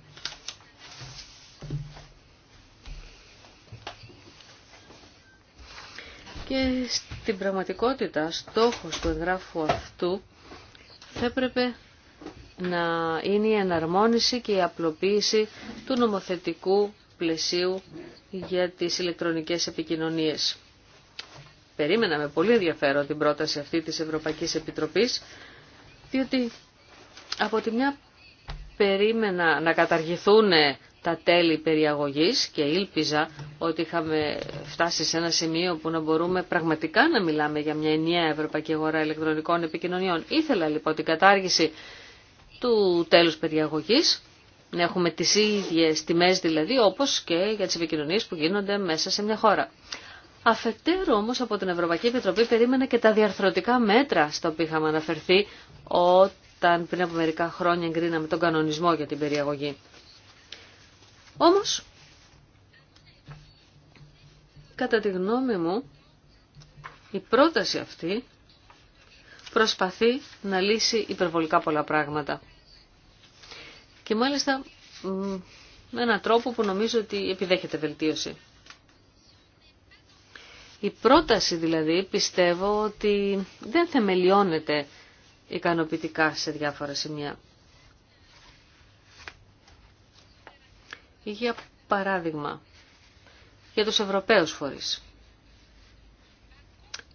Και στην πραγματικότητα, στόχος του εγγράφου αυτού θα έπρεπε να είναι η εναρμόνιση και η απλοποίηση του νομοθετικού πλαισίου για τις ηλεκτρονικές επικοινωνίες. Περίμενα με πολύ ενδιαφέρον την πρόταση αυτή της Ευρωπαϊκής Επιτροπής, διότι από τη μια περίμενα να καταργηθούν τα τέλη περιαγωγής και ήλπιζα ότι είχαμε φτάσει σε ένα σημείο που να μπορούμε πραγματικά να μιλάμε για μια ενιαία ευρωπαϊκή αγορά Ελεκτρονικών επικοινωνιών. Ήθελα λοιπόν την κατάργηση του τέλους περιαγωγής, να έχουμε τις ίδιες τιμές δηλαδή, όπως και για τις επικοινωνίες που γίνονται μέσα σε μια χώρα. Αφετέρου όμως από την Ευρωπαϊκή Επιτροπή περίμενα και τα διαρθρωτικά μέτρα στα οποία είχαμε αναφερθεί όταν πριν από μερικά χρόνια εγκρίναμε τον κανονισμό για την περιαγωγή. Όμως, κατά τη γνώμη μου, η πρόταση αυτή προσπαθεί να λύσει υπερβολικά πολλά πράγματα και μάλιστα με έναν τρόπο που νομίζω ότι επιδέχεται βελτίωση. Η πρόταση δηλαδή πιστεύω ότι δεν θεμελιώνεται ικανοποιητικά σε διάφορα σημεία. Για παράδειγμα, για τους Ευρωπαίους φορείς.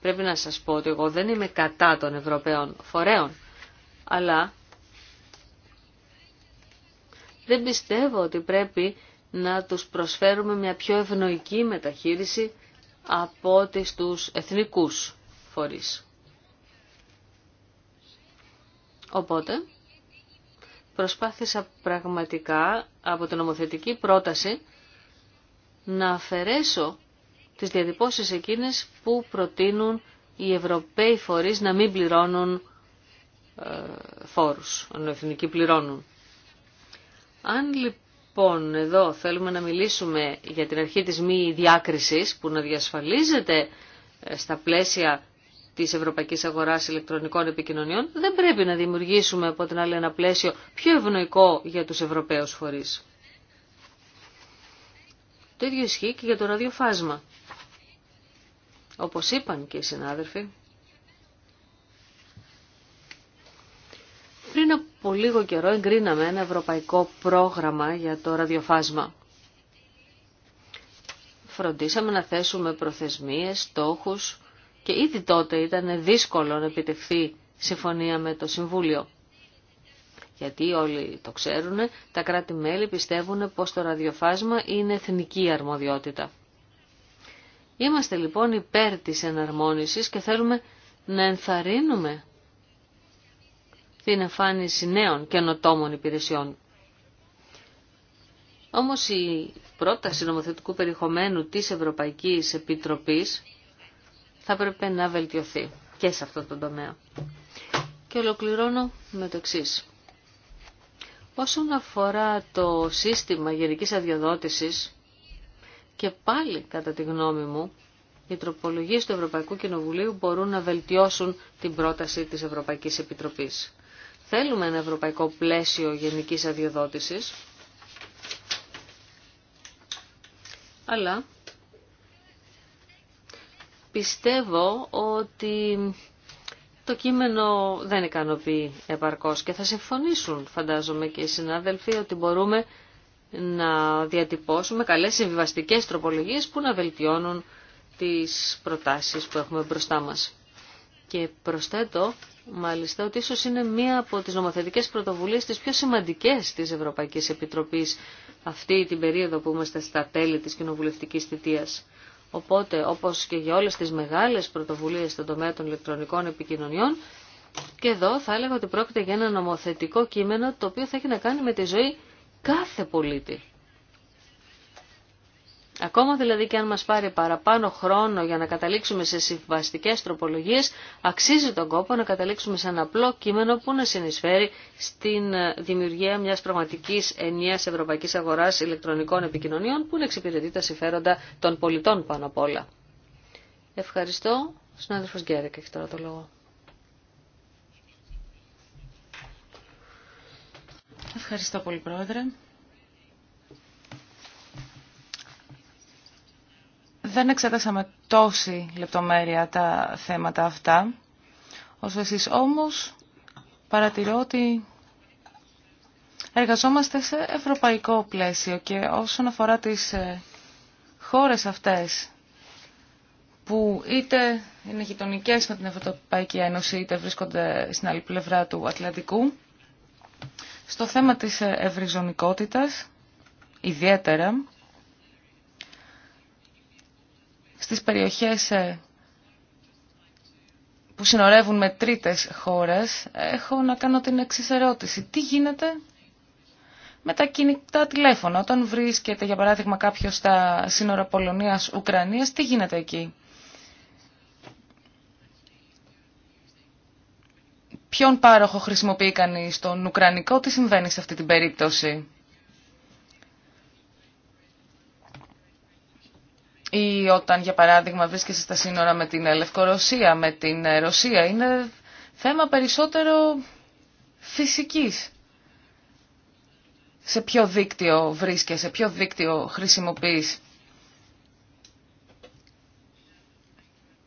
Πρέπει να σας πω ότι εγώ δεν είμαι κατά των Ευρωπαίων φορέων, αλλά δεν πιστεύω ότι πρέπει να τους προσφέρουμε μια πιο ευνοϊκή μεταχείριση από ό,τι τους εθνικούς φορείς. Οπότε, προσπάθησα πραγματικά από την νομοθετική πρόταση να αφαιρέσω τις διατυπώσεις εκείνες που προτείνουν οι Ευρωπαίοι φορείς να μην πληρώνουν ε, φόρους, ενώ εθνικοί πληρώνουν. Αν λοιπόν εδώ θέλουμε να μιλήσουμε για την αρχή της μη διάκρισης που να διασφαλίζεται ε, στα πλαίσια της ευρωπαϊκής αγοράς ηλεκτρονικών επικοινωνιών, δεν πρέπει να δημιουργήσουμε από την άλλη ένα πλαίσιο πιο ευνοϊκό για τους ευρωπαίους φορείς. Το ίδιο ισχύει και για το ραδιοφάσμα. Όπως είπαν και οι συνάδελφοι, πριν από από λίγο καιρό εγκρίναμε ένα ευρωπαϊκό πρόγραμμα για το ραδιοφάσμα. Φροντίσαμε να θέσουμε προθεσμίες, στόχους και ήδη τότε ήταν δύσκολο να επιτευχθεί συμφωνία με το Συμβούλιο. Γιατί όλοι το ξέρουν, τα κράτη-μέλη πιστεύουν πως το ραδιοφάσμα είναι εθνική αρμοδιότητα. Είμαστε λοιπόν υπέρ της εναρμόνισης και θέλουμε να ενθαρρύνουμε την εμφάνιση νέων καινοτόμων υπηρεσιών. Όμως η πρόταση νομοθετικού περιεχομένου της Ευρωπαϊκής Επιτροπής θα πρέπει να βελτιωθεί και σε αυτό το τομέα. Και ολοκληρώνω με το εξή. Όσον αφορά το σύστημα γενικής αδειοδότησης, και πάλι κατά τη γνώμη μου, οι τροπολογίες του Ευρωπαϊκού Κοινοβουλίου μπορούν να βελτιώσουν την πρόταση της Ευρωπαϊκής Επιτροπής. Θέλουμε ένα ευρωπαϊκό πλαίσιο γενικής αδειοδότησης, αλλά πιστεύω ότι το κείμενο δεν ικανοποιεί επαρκώς και θα συμφωνήσουν φαντάζομαι και οι συνάδελφοι ότι μπορούμε να διατυπώσουμε καλές συμβιβαστικές τροπολογίες που να βελτιώνουν τις προτάσεις που έχουμε μπροστά μας. Και προσθέτω μάλιστα ότι ίσως είναι μία από τις νομοθετικές πρωτοβουλίες τις πιο σημαντικές της Ευρωπαϊκής Επιτροπής αυτή την περίοδο που είμαστε στα τέλη της κοινοβουλευτικής θητείας. Οπότε, όπως και για όλες τις μεγάλες πρωτοβουλίες στον τομέα των ηλεκτρονικών επικοινωνιών, και εδώ θα έλεγα ότι πρόκειται για ένα νομοθετικό κείμενο το οποίο θα έχει να κάνει με τη ζωή κάθε πολίτη. Ακόμα δηλαδή και αν μας πάρει παραπάνω χρόνο για να καταλήξουμε σε συμβαστικές τροπολογίες, αξίζει τον κόπο να καταλήξουμε σε ένα απλό κείμενο που να συνεισφέρει στην ε, δημιουργία μιας πραγματικής ενιαίας ευρωπαϊκής αγοράς ηλεκτρονικών επικοινωνιών που να εξυπηρετεί τα συμφέροντα των πολιτών πάνω απ' όλα. Ευχαριστώ. Συνάδελφος Γκέρεκ έχει τώρα το λόγο.
Ευχαριστώ πολύ Πρόεδρε. δεν εξέτασαμε τόση λεπτομέρεια τα θέματα αυτά, όσο εσείς όμως παρατηρώ ότι εργαζόμαστε σε ευρωπαϊκό πλαίσιο και όσον αφορά τις ε, χώρες αυτές που είτε είναι γειτονικέ με την Ευρωπαϊκή Ένωση είτε βρίσκονται στην άλλη πλευρά του Ατλαντικού, στο θέμα της ε, ευρυζωνικότητας ιδιαίτερα στις περιοχές ε, που συνορεύουν με τρίτες χώρες, έχω να κάνω την εξή ερώτηση. Τι γίνεται με τα κινητά τηλέφωνα, όταν βρίσκεται για παράδειγμα κάποιος στα σύνορα Πολωνίας-Ουκρανίας, τι γίνεται εκεί. Ποιον πάροχο χρησιμοποιεί κανείς τον Ουκρανικό, τι συμβαίνει σε αυτή την περίπτωση. ή όταν για παράδειγμα βρίσκεσαι στα σύνορα με την Λευκορωσία, με την ε, Ρωσία. Είναι θέμα περισσότερο φυσικής. Σε ποιο δίκτυο βρίσκεσαι, σε ποιο δίκτυο χρησιμοποιείς.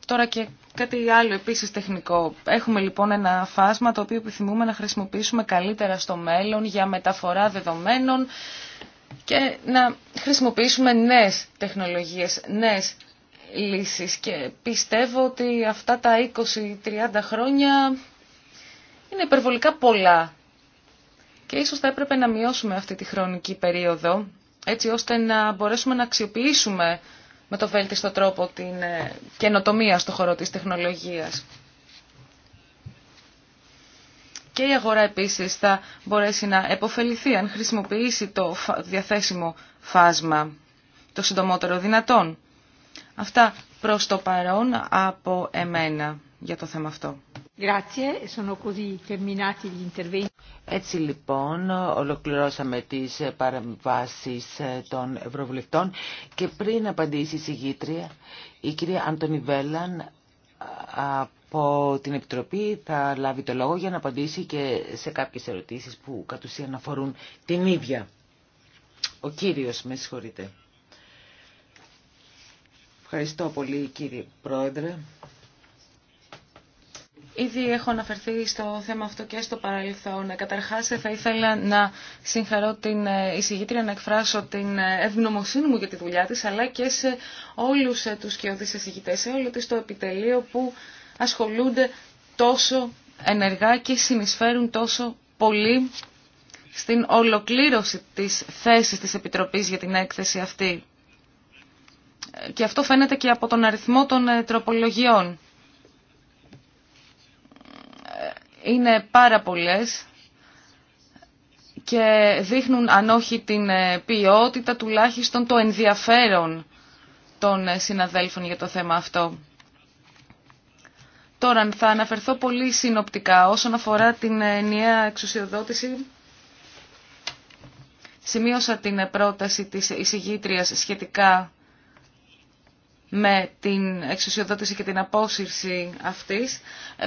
Τώρα και κάτι άλλο επίσης τεχνικό. Έχουμε λοιπόν ένα φάσμα το οποίο επιθυμούμε να χρησιμοποιήσουμε καλύτερα στο μέλλον για μεταφορά δεδομένων, και να χρησιμοποιήσουμε νέες τεχνολογίες, νέες λύσεις και πιστεύω ότι αυτά τα 20-30 χρόνια είναι υπερβολικά πολλά και ίσως θα έπρεπε να μειώσουμε αυτή τη χρονική περίοδο έτσι ώστε να μπορέσουμε να αξιοποιήσουμε με το βέλτιστο τρόπο την ε, καινοτομία στο χώρο της τεχνολογίας και η αγορά επίσης θα μπορέσει να επωφεληθεί αν χρησιμοποιήσει το διαθέσιμο φάσμα το συντομότερο δυνατόν. Αυτά προς το παρόν από εμένα για το θέμα
αυτό.
E Έτσι λοιπόν
ολοκληρώσαμε τις παρεμβάσεις ε, των Ευρωβουλευτών και πριν απαντήσει η συγγήτρια η κυρία Αντωνιβέλλαν από την Επιτροπή θα λάβει το λόγο για να απαντήσει και σε κάποιες ερωτήσεις που κατ' ουσίαν αφορούν την ίδια. Ο κύριος, με συγχωρείτε. Ευχαριστώ πολύ κύριε Πρόεδρε.
Ήδη έχω αναφερθεί στο θέμα αυτό και στο παρελθόν. Καταρχάς θα ήθελα να συγχαρώ την εισηγήτρια να εκφράσω την ευγνωμοσύνη μου για τη δουλειά της αλλά και σε όλους τους κοιόδης εισηγητές, σε όλο το επιτελείο που ασχολούνται τόσο ενεργά και συνεισφέρουν τόσο πολύ στην ολοκλήρωση της θέσης της Επιτροπής για την έκθεση αυτή. Και αυτό φαίνεται και από τον αριθμό των ε, τροπολογιών. Είναι πάρα πολλές και δείχνουν αν όχι την ε, ποιότητα τουλάχιστον το ενδιαφέρον των ε, συναδέλφων για το θέμα αυτό. Τώρα θα αναφερθώ πολύ συνοπτικά όσον αφορά την ενιαία εξουσιοδότηση. Σημείωσα την πρόταση της εισηγήτριας σχετικά με την εξουσιοδότηση και την απόσυρση αυτής.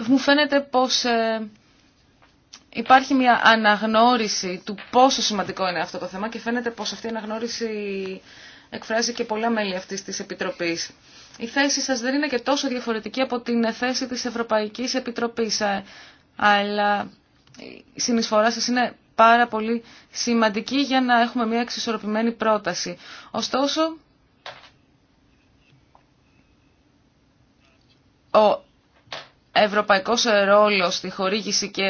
Μου φαίνεται πως ε, υπάρχει μια αναγνώριση του πόσο σημαντικό είναι αυτό το θέμα και φαίνεται πως αυτή η αναγνώριση εκφράζει και πολλά μέλη αυτής της Επιτροπής η θέση σας δεν είναι και τόσο διαφορετική από την θέση της Ευρωπαϊκής Επιτροπής, ε, αλλά η συνεισφορά σας είναι πάρα πολύ σημαντική για να έχουμε μια εξισορροπημένη πρόταση. Ωστόσο, ο ευρωπαϊκός ρόλος στη χορήγηση και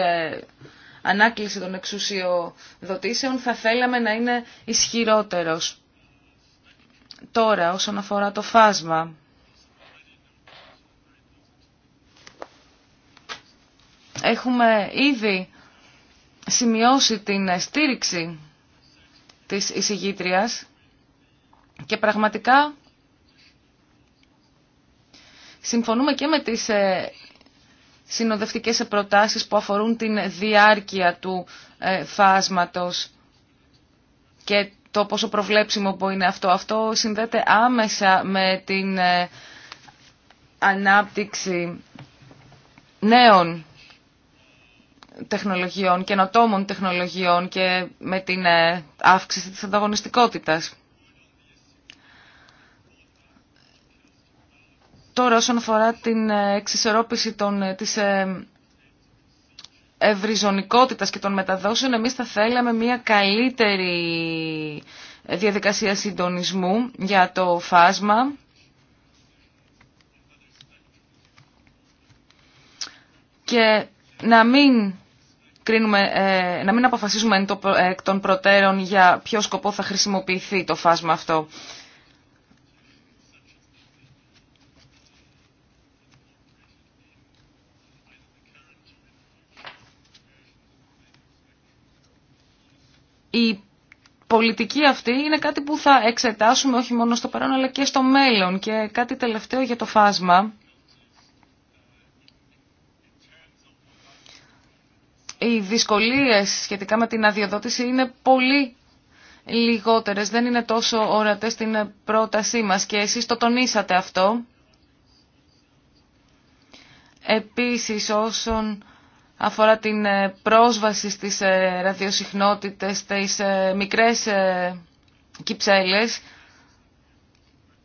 ανάκληση των εξουσιοδοτήσεων θα θέλαμε να είναι ισχυρότερος. Τώρα, όσον αφορά το φάσμα, έχουμε ήδη σημειώσει την στήριξη της εισηγήτριας και πραγματικά συμφωνούμε και με τις ε, συνοδευτικές προτάσεις που αφορούν την διάρκεια του ε, φάσματος και το πόσο προβλέψιμο που είναι αυτό. Αυτό συνδέεται άμεσα με την ε, ανάπτυξη νέων τεχνολογιών, καινοτόμων τεχνολογιών και με την ε, αύξηση της ανταγωνιστικότητας. Τώρα όσον αφορά την ε, εξισορρόπηση των, ε, της ευρυζωνικότητας και των μεταδόσεων, εμείς θα θέλαμε μια καλύτερη διαδικασία συντονισμού για το φάσμα. Και να μην κρίνουμε, ε, να μην αποφασίζουμε ε, εκ των προτέρων για ποιο σκοπό θα χρησιμοποιηθεί το φάσμα αυτό. Η πολιτική αυτή είναι κάτι που θα εξετάσουμε όχι μόνο στο παρόν αλλά και στο μέλλον. Και κάτι τελευταίο για το φάσμα. οι δυσκολίες σχετικά με την αδειοδότηση είναι πολύ λιγότερες, δεν είναι τόσο ορατές στην πρότασή μας και εσείς το τονίσατε αυτό. Επίσης όσον αφορά την ε, πρόσβαση στις ε, ραδιοσυχνότητες, στις ε, μικρές κυψέλες,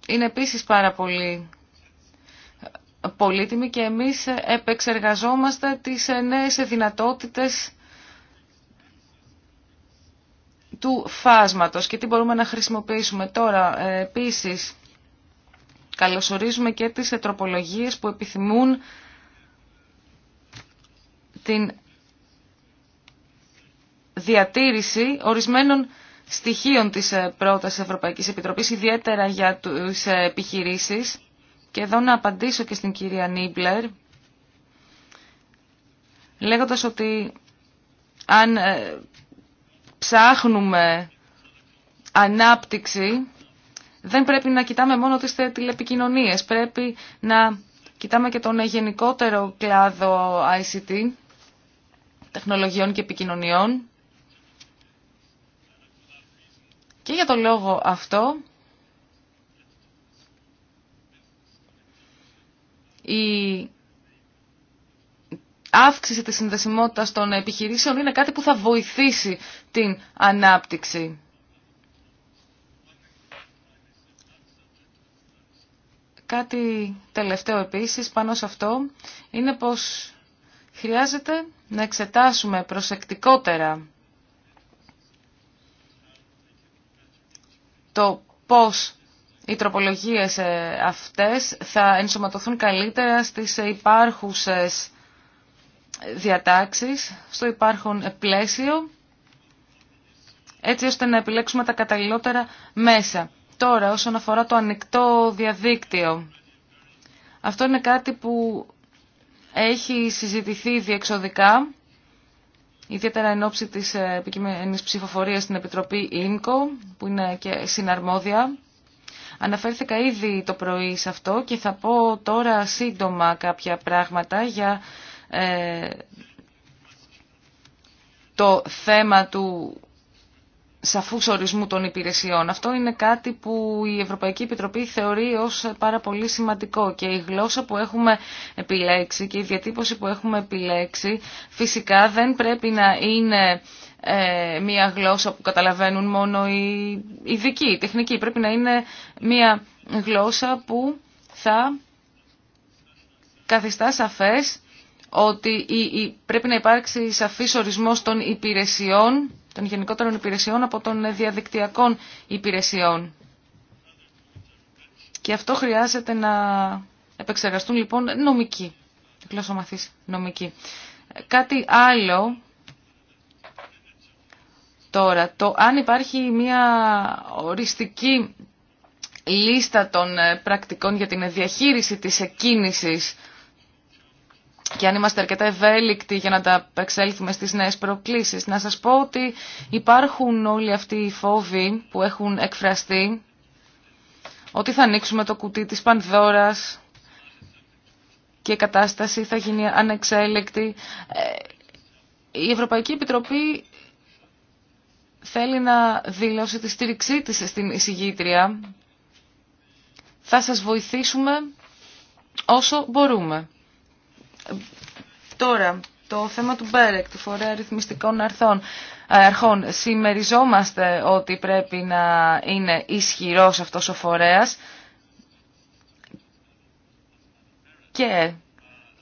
είναι επίσης πάρα πολύ πολύτιμη και εμείς επεξεργαζόμαστε τις νέες δυνατότητες του φάσματος και τι μπορούμε να χρησιμοποιήσουμε τώρα. Ε, επίσης, καλωσορίζουμε και τις ετροπολογίες που επιθυμούν την διατήρηση ορισμένων στοιχείων της ε, πρώτας Ευρωπαϊκής Επιτροπής, ιδιαίτερα για τις ε, επιχειρήσεις και εδώ να απαντήσω και στην κυρία Νίμπλερ, λέγοντας ότι αν ε, ψάχνουμε ανάπτυξη, δεν πρέπει να κοιτάμε μόνο τις τηλεπικοινωνίες, πρέπει να κοιτάμε και τον γενικότερο κλάδο ICT, τεχνολογιών και επικοινωνιών. Και για τον λόγο αυτό η αύξηση της συνδεσιμότητας των επιχειρήσεων είναι κάτι που θα βοηθήσει την ανάπτυξη. Κάτι τελευταίο επίσης πάνω σε αυτό είναι πως χρειάζεται να εξετάσουμε προσεκτικότερα το πώς οι τροπολογίες ε, αυτές θα ενσωματωθούν καλύτερα στις υπάρχουσες διατάξεις, στο υπάρχον πλαίσιο, έτσι ώστε να επιλέξουμε τα καταλληλότερα μέσα. Τώρα, όσον αφορά το ανοιχτό διαδίκτυο, αυτό είναι κάτι που έχει συζητηθεί διεξοδικά, ιδιαίτερα εν ώψη της ε, επικείμενης ψηφοφορίας στην Επιτροπή ΙΝΚΟ, που είναι και συναρμόδια Αναφέρθηκα ήδη το πρωί σε αυτό και θα πω τώρα σύντομα κάποια πράγματα για ε, το θέμα του σαφούς ορισμού των υπηρεσιών. Αυτό είναι κάτι που η Ευρωπαϊκή Επιτροπή θεωρεί ως πάρα πολύ σημαντικό και η γλώσσα που έχουμε επιλέξει και η διατύπωση που έχουμε επιλέξει φυσικά δεν πρέπει να είναι ε, μία γλώσσα που καταλαβαίνουν μόνο οι ειδικοί, οι τεχνικοί. Πρέπει να είναι μία γλώσσα που θα καθιστά σαφές ότι πρέπει να υπάρξει σαφής ορισμός των υπηρεσιών, των γενικότερων υπηρεσιών από των διαδικτυακών υπηρεσιών. Και αυτό χρειάζεται να επεξεργαστούν λοιπόν νομικοί, μαθής νομικοί. Κάτι άλλο Τώρα, το αν υπάρχει μια οριστική λίστα των ε, πρακτικών για την διαχείριση της εκκίνησης και αν είμαστε αρκετά ευέλικτοι για να τα εξέλθουμε στις νέες προκλήσεις. Να σας πω ότι υπάρχουν όλοι αυτοί οι φόβοι που έχουν εκφραστεί ότι θα ανοίξουμε το κουτί της Πανδώρας και η κατάσταση θα γίνει ανεξέλεκτη. Ε, η Ευρωπαϊκή Επιτροπή θέλει να δηλώσει τη στήριξή της στην εισηγήτρια. Θα σας βοηθήσουμε όσο μπορούμε. Τώρα, το θέμα του Μπέρεκ, του Φορέα Ρυθμιστικών Αρχών. Ε, αρχών. Σημεριζόμαστε ότι πρέπει να είναι ισχυρός αυτός ο φορέας και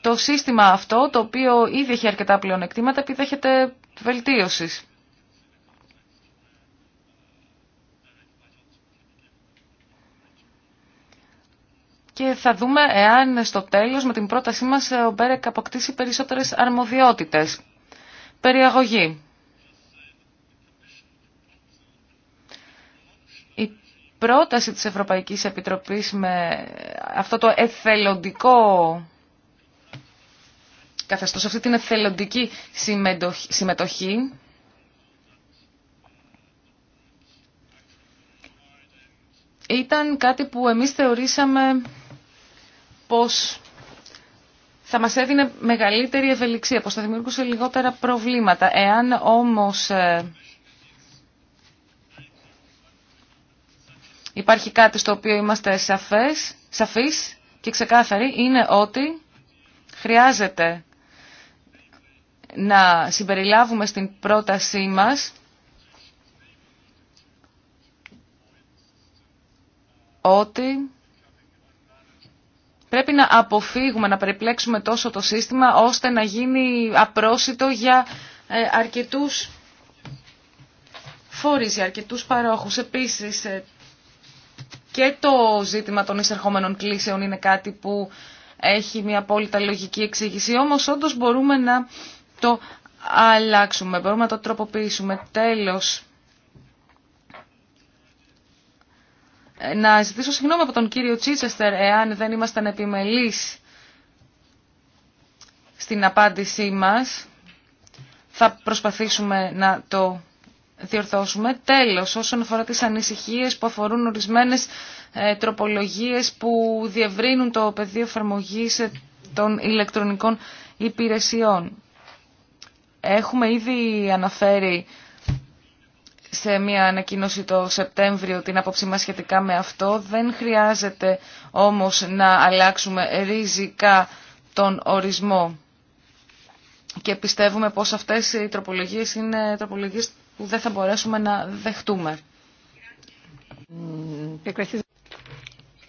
το σύστημα αυτό, το οποίο ήδη έχει αρκετά πλεονεκτήματα, επιδέχεται βελτίωσης. και θα δούμε εάν στο τέλος με την πρότασή μας ο Μπέρεκ αποκτήσει περισσότερες αρμοδιότητες. Περιαγωγή. Η πρόταση της Ευρωπαϊκής Επιτροπής με αυτό το εθελοντικό καθεστώς, αυτή την εθελοντική συμμετοχή ήταν κάτι που εμείς θεωρήσαμε πως θα μας έδινε μεγαλύτερη ευελιξία, πως θα δημιουργούσε λιγότερα προβλήματα. Εάν όμως ε, υπάρχει κάτι στο οποίο είμαστε σαφές, σαφείς και ξεκάθαροι, είναι ότι χρειάζεται να συμπεριλάβουμε στην πρότασή μας ότι Πρέπει να αποφύγουμε, να περιπλέξουμε τόσο το σύστημα ώστε να γίνει απρόσιτο για ε, αρκετούς φορείς, για αρκετούς παρόχους. Επίσης ε, και το ζήτημα των εισερχόμενων κλήσεων είναι κάτι που έχει μια απόλυτα λογική εξήγηση, όμως όντως μπορούμε να το αλλάξουμε, μπορούμε να το τροποποιήσουμε. Τέλος, να ζητήσω συγγνώμη από τον κύριο Τσίτσεστερ εάν δεν ήμασταν επιμελείς στην απάντησή μας. Θα προσπαθήσουμε να το διορθώσουμε. Τέλος, όσον αφορά τις ανησυχίες που αφορούν ορισμένες ε, τροπολογίες που διευρύνουν το πεδίο εφαρμογή ε, των ηλεκτρονικών υπηρεσιών. Έχουμε ήδη αναφέρει σε μια ανακοίνωση το Σεπτέμβριο την άποψή μας σχετικά με αυτό. Δεν χρειάζεται όμως να αλλάξουμε ριζικά τον ορισμό. Και πιστεύουμε πως αυτές οι τροπολογίες είναι τροπολογίες που δεν θα μπορέσουμε να δεχτούμε.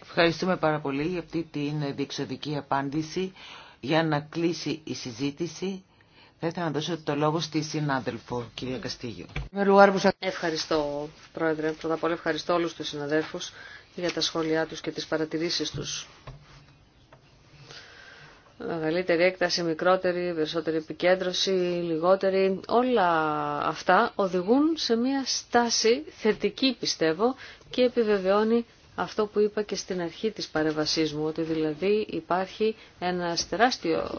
Ευχαριστούμε πάρα πολύ για αυτή την διεξοδική απάντηση. Για να κλείσει η συζήτηση θα ήθελα να δώσω το λόγο στη συνάδελφο, κυρία Καστίγιο.
Ευχαριστώ, Πρόεδρε. Πρώτα απ' όλα ευχαριστώ όλους τους συναδέλφους για τα σχόλιά τους και τις παρατηρήσεις τους. Μεγαλύτερη έκταση, μικρότερη, περισσότερη επικέντρωση, λιγότερη. Όλα αυτά οδηγούν σε μια στάση θετική πιστεύω και επιβεβαιώνει αυτό που είπα και στην αρχή της παρεμβασής μου, ότι δηλαδή υπάρχει ένα τεράστιο,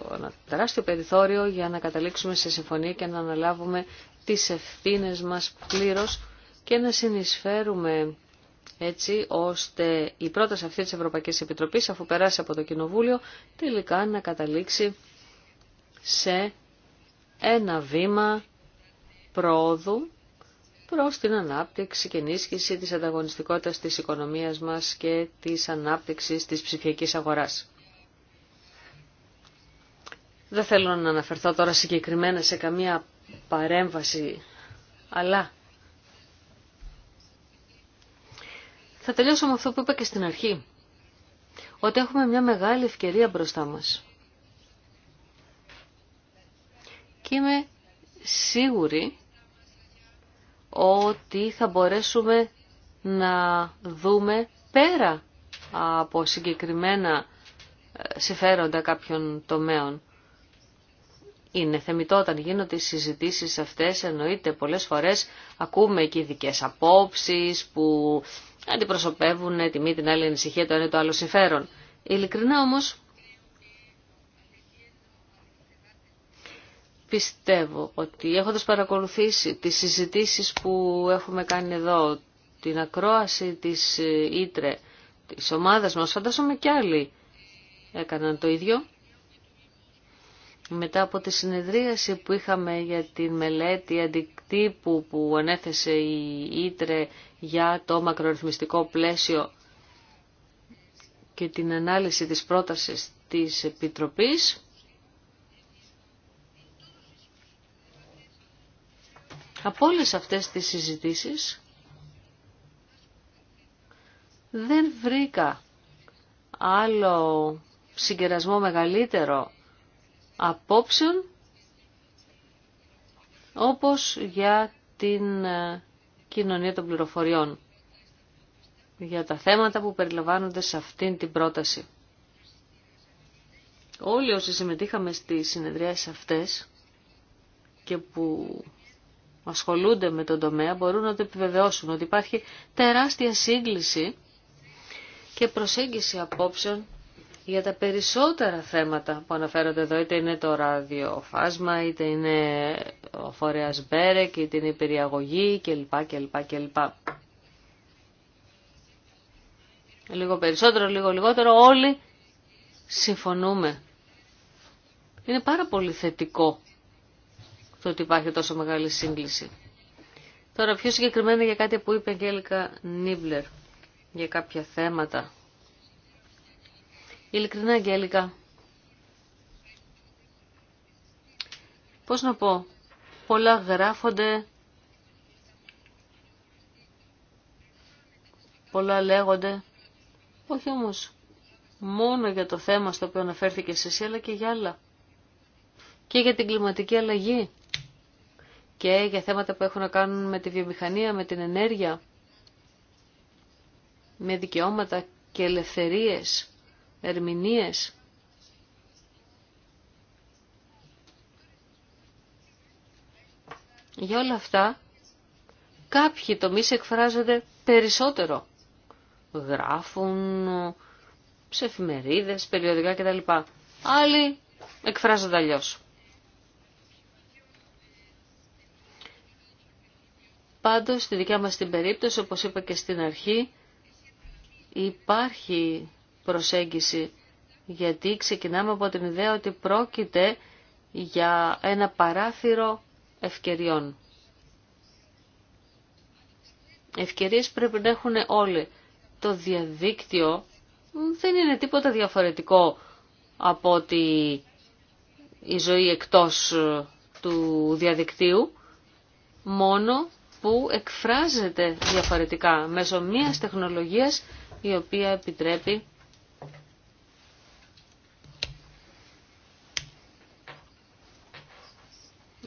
ένα περιθώριο για να καταλήξουμε σε συμφωνία και να αναλάβουμε τις ευθύνες μας πλήρως και να συνεισφέρουμε έτσι ώστε η πρόταση αυτή της Ευρωπαϊκής Επιτροπής, αφού περάσει από το Κοινοβούλιο, τελικά να καταλήξει σε ένα βήμα πρόοδου προς την ανάπτυξη και ενίσχυση της ανταγωνιστικότητας της οικονομίας μας και της ανάπτυξης της ψηφιακής αγοράς. Δεν θέλω να αναφερθώ τώρα συγκεκριμένα σε καμία παρέμβαση, αλλά θα τελειώσω με αυτό που είπα και στην αρχή, ότι έχουμε μια μεγάλη ευκαιρία μπροστά μας. Και είμαι σίγουρη ότι θα μπορέσουμε να δούμε πέρα από συγκεκριμένα ε, συμφέροντα κάποιων τομέων. Είναι θεμητό όταν γίνονται οι συζητήσεις αυτές, εννοείται πολλές φορές ακούμε και ειδικέ απόψεις που αντιπροσωπεύουν τη μία την άλλη ανησυχία, το ένα ή το άλλο συμφέρον. Ειλικρινά όμως πιστεύω ότι έχοντας παρακολουθήσει τις συζητήσεις που έχουμε κάνει εδώ, την ακρόαση της ε, Ήτρε, της ομάδας μας, φαντάζομαι κι άλλοι έκαναν το ίδιο. Μετά από τη συνεδρίαση που είχαμε για τη μελέτη αντικτύπου που ανέθεσε η Ήτρε για το μακρορυθμιστικό πλαίσιο και την ανάλυση της πρότασης της Επιτροπής, Από όλες αυτές τις συζητήσεις δεν βρήκα άλλο συγκερασμό μεγαλύτερο απόψεων όπως για την ε, κοινωνία των πληροφοριών, για τα θέματα που περιλαμβάνονται σε αυτήν την πρόταση. Όλοι όσοι συμμετείχαμε στις συνεδριάσεις αυτές και που ασχολούνται με τον τομέα μπορούν να το επιβεβαιώσουν ότι υπάρχει τεράστια σύγκληση και προσέγγιση απόψεων για τα περισσότερα θέματα που αναφέρονται εδώ, είτε είναι το ραδιοφάσμα, είτε είναι ο φορέας Μπέρεκ, είτε είναι η περιαγωγή κλπ. κλπ. Λίγο περισσότερο, λίγο λιγότερο, όλοι συμφωνούμε. Είναι πάρα πολύ θετικό το ότι υπάρχει τόσο μεγάλη σύγκληση. Τώρα πιο συγκεκριμένα για κάτι που είπε η Αγγέλικα Νίμπλερ, για κάποια θέματα. Ειλικρινά Αγγέλικα, πώς να πω, πολλά γράφονται, πολλά λέγονται, όχι όμως μόνο για το θέμα στο οποίο αναφέρθηκε εσύ, αλλά και για άλλα. Και για την κλιματική αλλαγή και για θέματα που έχουν να κάνουν με τη βιομηχανία, με την ενέργεια, με δικαιώματα και ελευθερίες, ερμηνείες. Για όλα αυτά, κάποιοι τομείς εκφράζονται περισσότερο. Γράφουν σε εφημερίδες, περιοδικά κτλ. Άλλοι εκφράζονται αλλιώς. Πάντως, στη δικιά μας την περίπτωση, όπως είπα και στην αρχή, υπάρχει προσέγγιση, γιατί ξεκινάμε από την ιδέα ότι πρόκειται για ένα παράθυρο ευκαιριών. Ευκαιρίες πρέπει να έχουν όλοι. Το διαδίκτυο δεν είναι τίποτα διαφορετικό από ότι η ζωή εκτός του διαδικτύου, μόνο που εκφράζεται διαφορετικά μέσω μιας τεχνολογίας η οποία επιτρέπει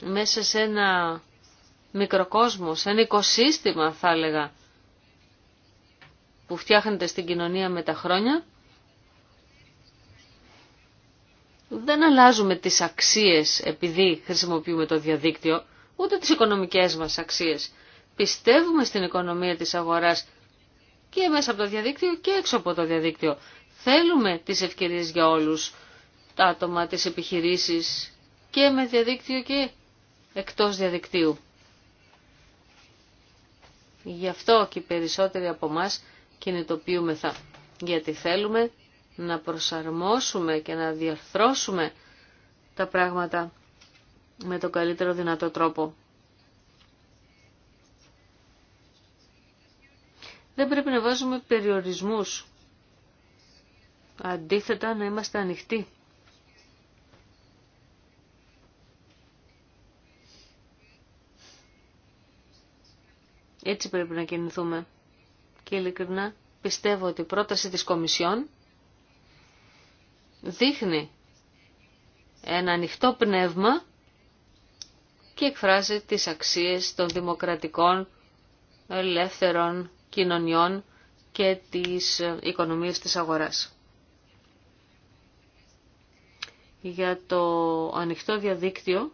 μέσα σε ένα μικροκόσμο, σε ένα οικοσύστημα θα έλεγα, που φτιάχνεται στην κοινωνία με τα χρόνια, δεν αλλάζουμε τις αξίες επειδή χρησιμοποιούμε το διαδίκτυο ούτε τις οικονομικές μας αξίες. Πιστεύουμε στην οικονομία της αγοράς και μέσα από το διαδίκτυο και έξω από το διαδίκτυο. Θέλουμε τις ευκαιρίες για όλους, τα άτομα, τις επιχειρήσεις και με διαδίκτυο και εκτός διαδικτύου. Γι' αυτό και οι περισσότεροι από εμά κινητοποιούμεθα, γιατί θέλουμε να προσαρμόσουμε και να διαρθρώσουμε τα πράγματα με το καλύτερο δυνατό τρόπο. Δεν πρέπει να βάζουμε περιορισμούς. Αντίθετα να είμαστε ανοιχτοί. Έτσι πρέπει να κινηθούμε. Και ειλικρινά πιστεύω ότι η πρόταση της Κομισιόν δείχνει ένα ανοιχτό πνεύμα και εκφράζει τις αξίες των δημοκρατικών ελεύθερων κοινωνιών και της οικονομίας της αγοράς. Για το ανοιχτό διαδίκτυο,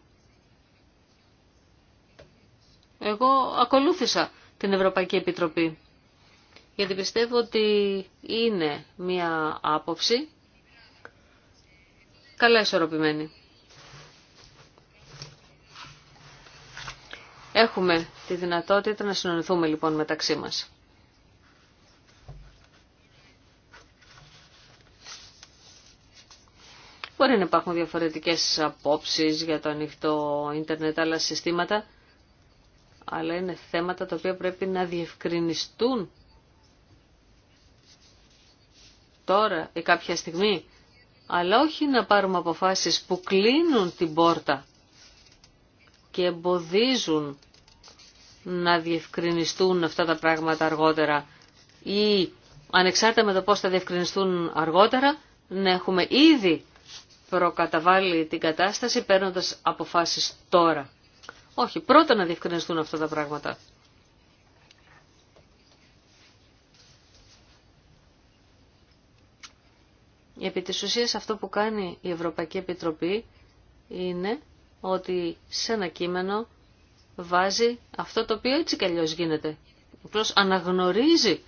εγώ ακολούθησα την Ευρωπαϊκή Επιτροπή, γιατί πιστεύω ότι είναι μία άποψη καλά ισορροπημένη. Έχουμε τη δυνατότητα να συνονιθούμε λοιπόν μεταξύ μας. Μπορεί να υπάρχουν διαφορετικές απόψεις για το ανοιχτό ίντερνετ, άλλα συστήματα, αλλά είναι θέματα τα οποία πρέπει να διευκρινιστούν τώρα ή κάποια στιγμή, αλλά όχι να πάρουμε αποφάσεις που κλείνουν την πόρτα και εμποδίζουν να διευκρινιστούν αυτά τα πράγματα αργότερα ή ανεξάρτητα με το πώς θα διευκρινιστούν αργότερα να έχουμε ήδη προκαταβάλει την κατάσταση παίρνοντας αποφάσεις τώρα. Όχι, πρώτα να διευκρινιστούν αυτά τα πράγματα. Επί της ουσίας αυτό που κάνει η Ευρωπαϊκή Επιτροπή είναι ότι σε ένα κείμενο βάζει αυτό το οποίο έτσι κι αλλιώς γίνεται. αναγνωρίζει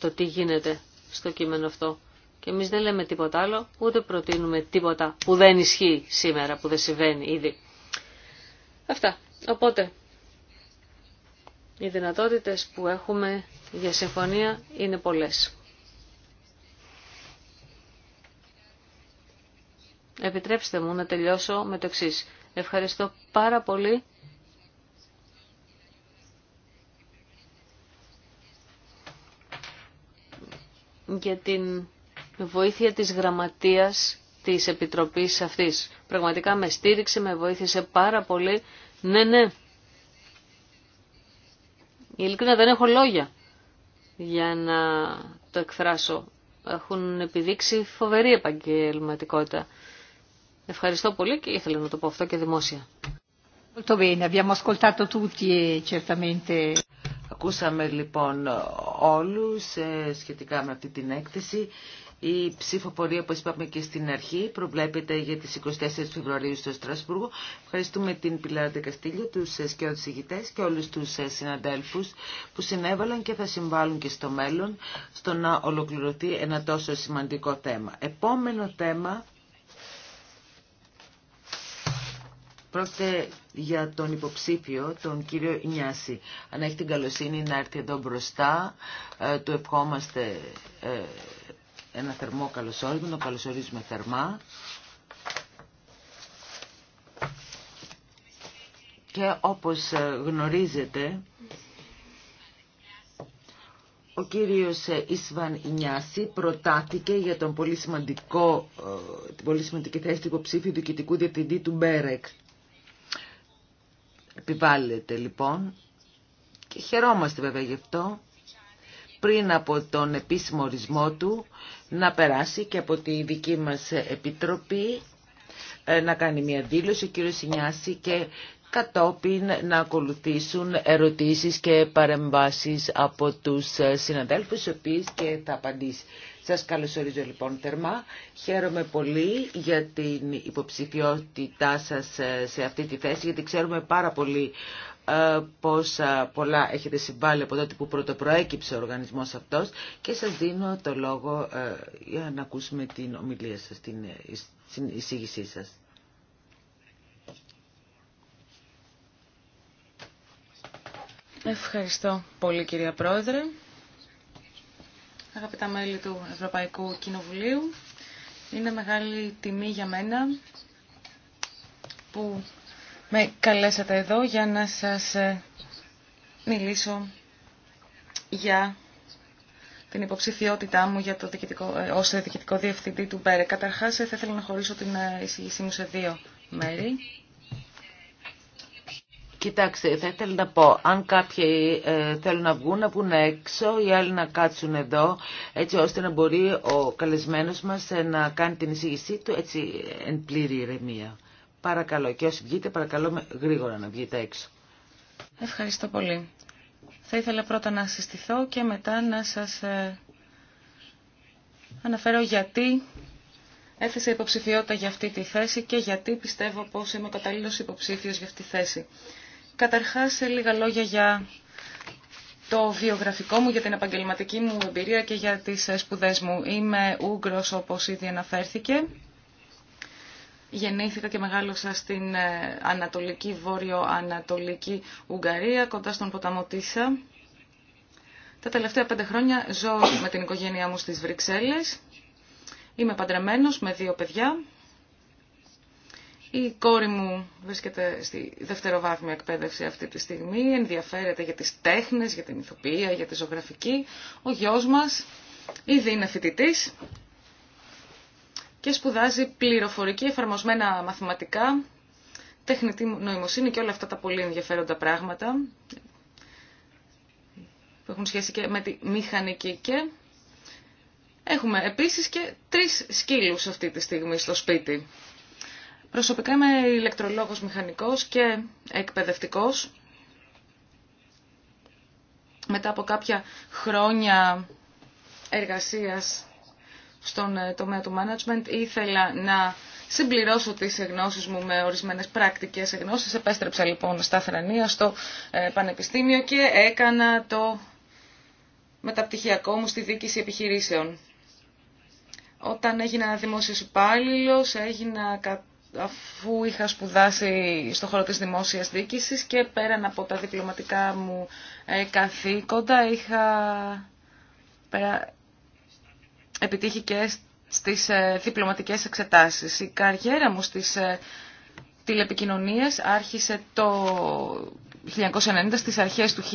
το τι γίνεται στο κείμενο αυτό. Και εμείς δεν λέμε τίποτα άλλο, ούτε προτείνουμε τίποτα που δεν ισχύει σήμερα, που δεν συμβαίνει ήδη. Αυτά. Οπότε, οι δυνατότητες που έχουμε για συμφωνία είναι πολλές. Επιτρέψτε μου να τελειώσω με το εξής. Ευχαριστώ πάρα πολύ για την βοήθεια της γραμματείας της Επιτροπής αυτής. Πραγματικά με στήριξε, με βοήθησε πάρα πολύ. Ναι, ναι. Ειλικρινά δεν έχω λόγια για να το εκφράσω. Έχουν επιδείξει φοβερή επαγγελματικότητα. Ευχαριστώ πολύ και ήθελα
να το πω αυτό και δημόσια. E Ακούσαμε λοιπόν όλους ε, σχετικά με αυτή την έκθεση.
Η ψηφοφορία, όπως είπαμε και στην αρχή, προβλέπεται για τις 24 Φεβρουαρίου στο Στρασβούργο. Ευχαριστούμε την Πιλάρα Καστήλιο, τους ε, σκιώδους ηγητές και όλους τους ε, συναντέλφου που συνέβαλαν και θα συμβάλλουν και στο μέλλον στο να ολοκληρωθεί ένα τόσο σημαντικό θέμα. Επόμενο θέμα Πρόκειται για τον υποψήφιο, τον κύριο Νιάση. Αν έχει την καλοσύνη να έρθει εδώ μπροστά, ε, του ευχόμαστε ε, ένα θερμό καλωσόρισμα, το καλωσορίζουμε θερμά. Και όπως ε, γνωρίζετε, ο κύριος Ισβαν Ινιάση προτάθηκε για τον πολύ σημαντικό, την πολύ σημαντική θέση του υποψήφιου διοικητικού διευθυντή του Μπέρεκ. Επιβάλλεται λοιπόν και χαιρόμαστε βέβαια γι' αυτό πριν από τον επίσημο ορισμό του να περάσει και από τη δική μας επιτροπή ε, να κάνει μια δήλωση ο κύριος Σινιάση και κατόπιν να ακολουθήσουν ερωτήσεις και παρεμβάσεις από τους ε, συναδέλφους, οι οποίες και θα απαντήσει. Σας καλωσορίζω λοιπόν θερμά. Χαίρομαι πολύ για την υποψηφιότητά σας ε, σε αυτή τη θέση, γιατί ξέρουμε πάρα πολύ ε, πόσα πολλά έχετε συμβάλει από τότε που πρωτοπροέκυψε ο οργανισμός αυτός και σας δίνω το λόγο για να ακούσουμε την ομιλία σας, την εισήγησή σας.
Ευχαριστώ πολύ κυρία Πρόεδρε. Αγαπητά μέλη του Ευρωπαϊκού Κοινοβουλίου, είναι μεγάλη τιμή για μένα που με καλέσατε εδώ για να σας ε, μιλήσω για την υποψηφιότητά μου για το διοικητικό, ε, ως διοικητικό διευθυντή του ΜΠΕΡΕ. Καταρχάς, ε, θα ήθελα να χωρίσω την εισηγήσή μου σε δύο μέρη.
Κοιτάξτε, θα ήθελα να πω, αν κάποιοι ε, θέλουν να βγουν, να βγουν έξω, οι άλλοι να κάτσουν εδώ, έτσι ώστε να μπορεί ο καλεσμένος μας ε, να κάνει την εισήγησή του έτσι εν πλήρη ηρεμία. Παρακαλώ, και όσοι βγείτε, παρακαλώ γρήγορα να βγείτε έξω.
Ευχαριστώ πολύ. Θα ήθελα πρώτα να συστηθώ και μετά να σας ε, αναφέρω γιατί έθεσα υποψηφιότητα για αυτή τη θέση και γιατί πιστεύω πως είμαι ο καταλλήλος υποψήφιος για αυτή τη θέση. Καταρχάς, σε λίγα λόγια για το βιογραφικό μου, για την επαγγελματική μου εμπειρία και για τις σπουδές μου. Είμαι Ούγκρος, όπως ήδη αναφέρθηκε. Γεννήθηκα και μεγάλωσα στην ε, Ανατολική, Βόρειο-Ανατολική Ουγγαρία, κοντά στον ποταμό Τίσα. Τα τελευταία πέντε χρόνια ζω με την οικογένειά μου στις Βρυξέλλες. Είμαι παντρεμένος με δύο παιδιά. Η κόρη μου βρίσκεται στη δευτεροβάθμια εκπαίδευση αυτή τη στιγμή, ενδιαφέρεται για τις τέχνες, για την ηθοποιία, για τη ζωγραφική. Ο γιος μας ήδη είναι φοιτητή και σπουδάζει πληροφορική, εφαρμοσμένα μαθηματικά, τεχνητή νοημοσύνη και όλα αυτά τα πολύ ενδιαφέροντα πράγματα που έχουν σχέση και με τη μηχανική και έχουμε επίσης και τρεις σκύλους αυτή τη στιγμή στο σπίτι. Προσωπικά είμαι ηλεκτρολόγος μηχανικός και εκπαιδευτικός. Μετά από κάποια χρόνια εργασίας στον ε, τομέα του management ήθελα να συμπληρώσω τις γνώσεις μου με ορισμένες πρακτικές γνώσεις. Επέστρεψα λοιπόν στα Θρανία, στο ε, Πανεπιστήμιο και έκανα το μεταπτυχιακό μου στη δίκηση επιχειρήσεων. Όταν έγινα δημόσιος υπάλληλος έγινα αφού είχα σπουδάσει στο χώρο της δημόσιας διοίκησης και πέραν από τα διπλωματικά μου ε, καθήκοντα είχα επιτύχει και στις ε, διπλωματικές εξετάσεις. Η καριέρα μου στις ε, τηλεπικοινωνίες άρχισε το 1990, στις αρχές του 1990,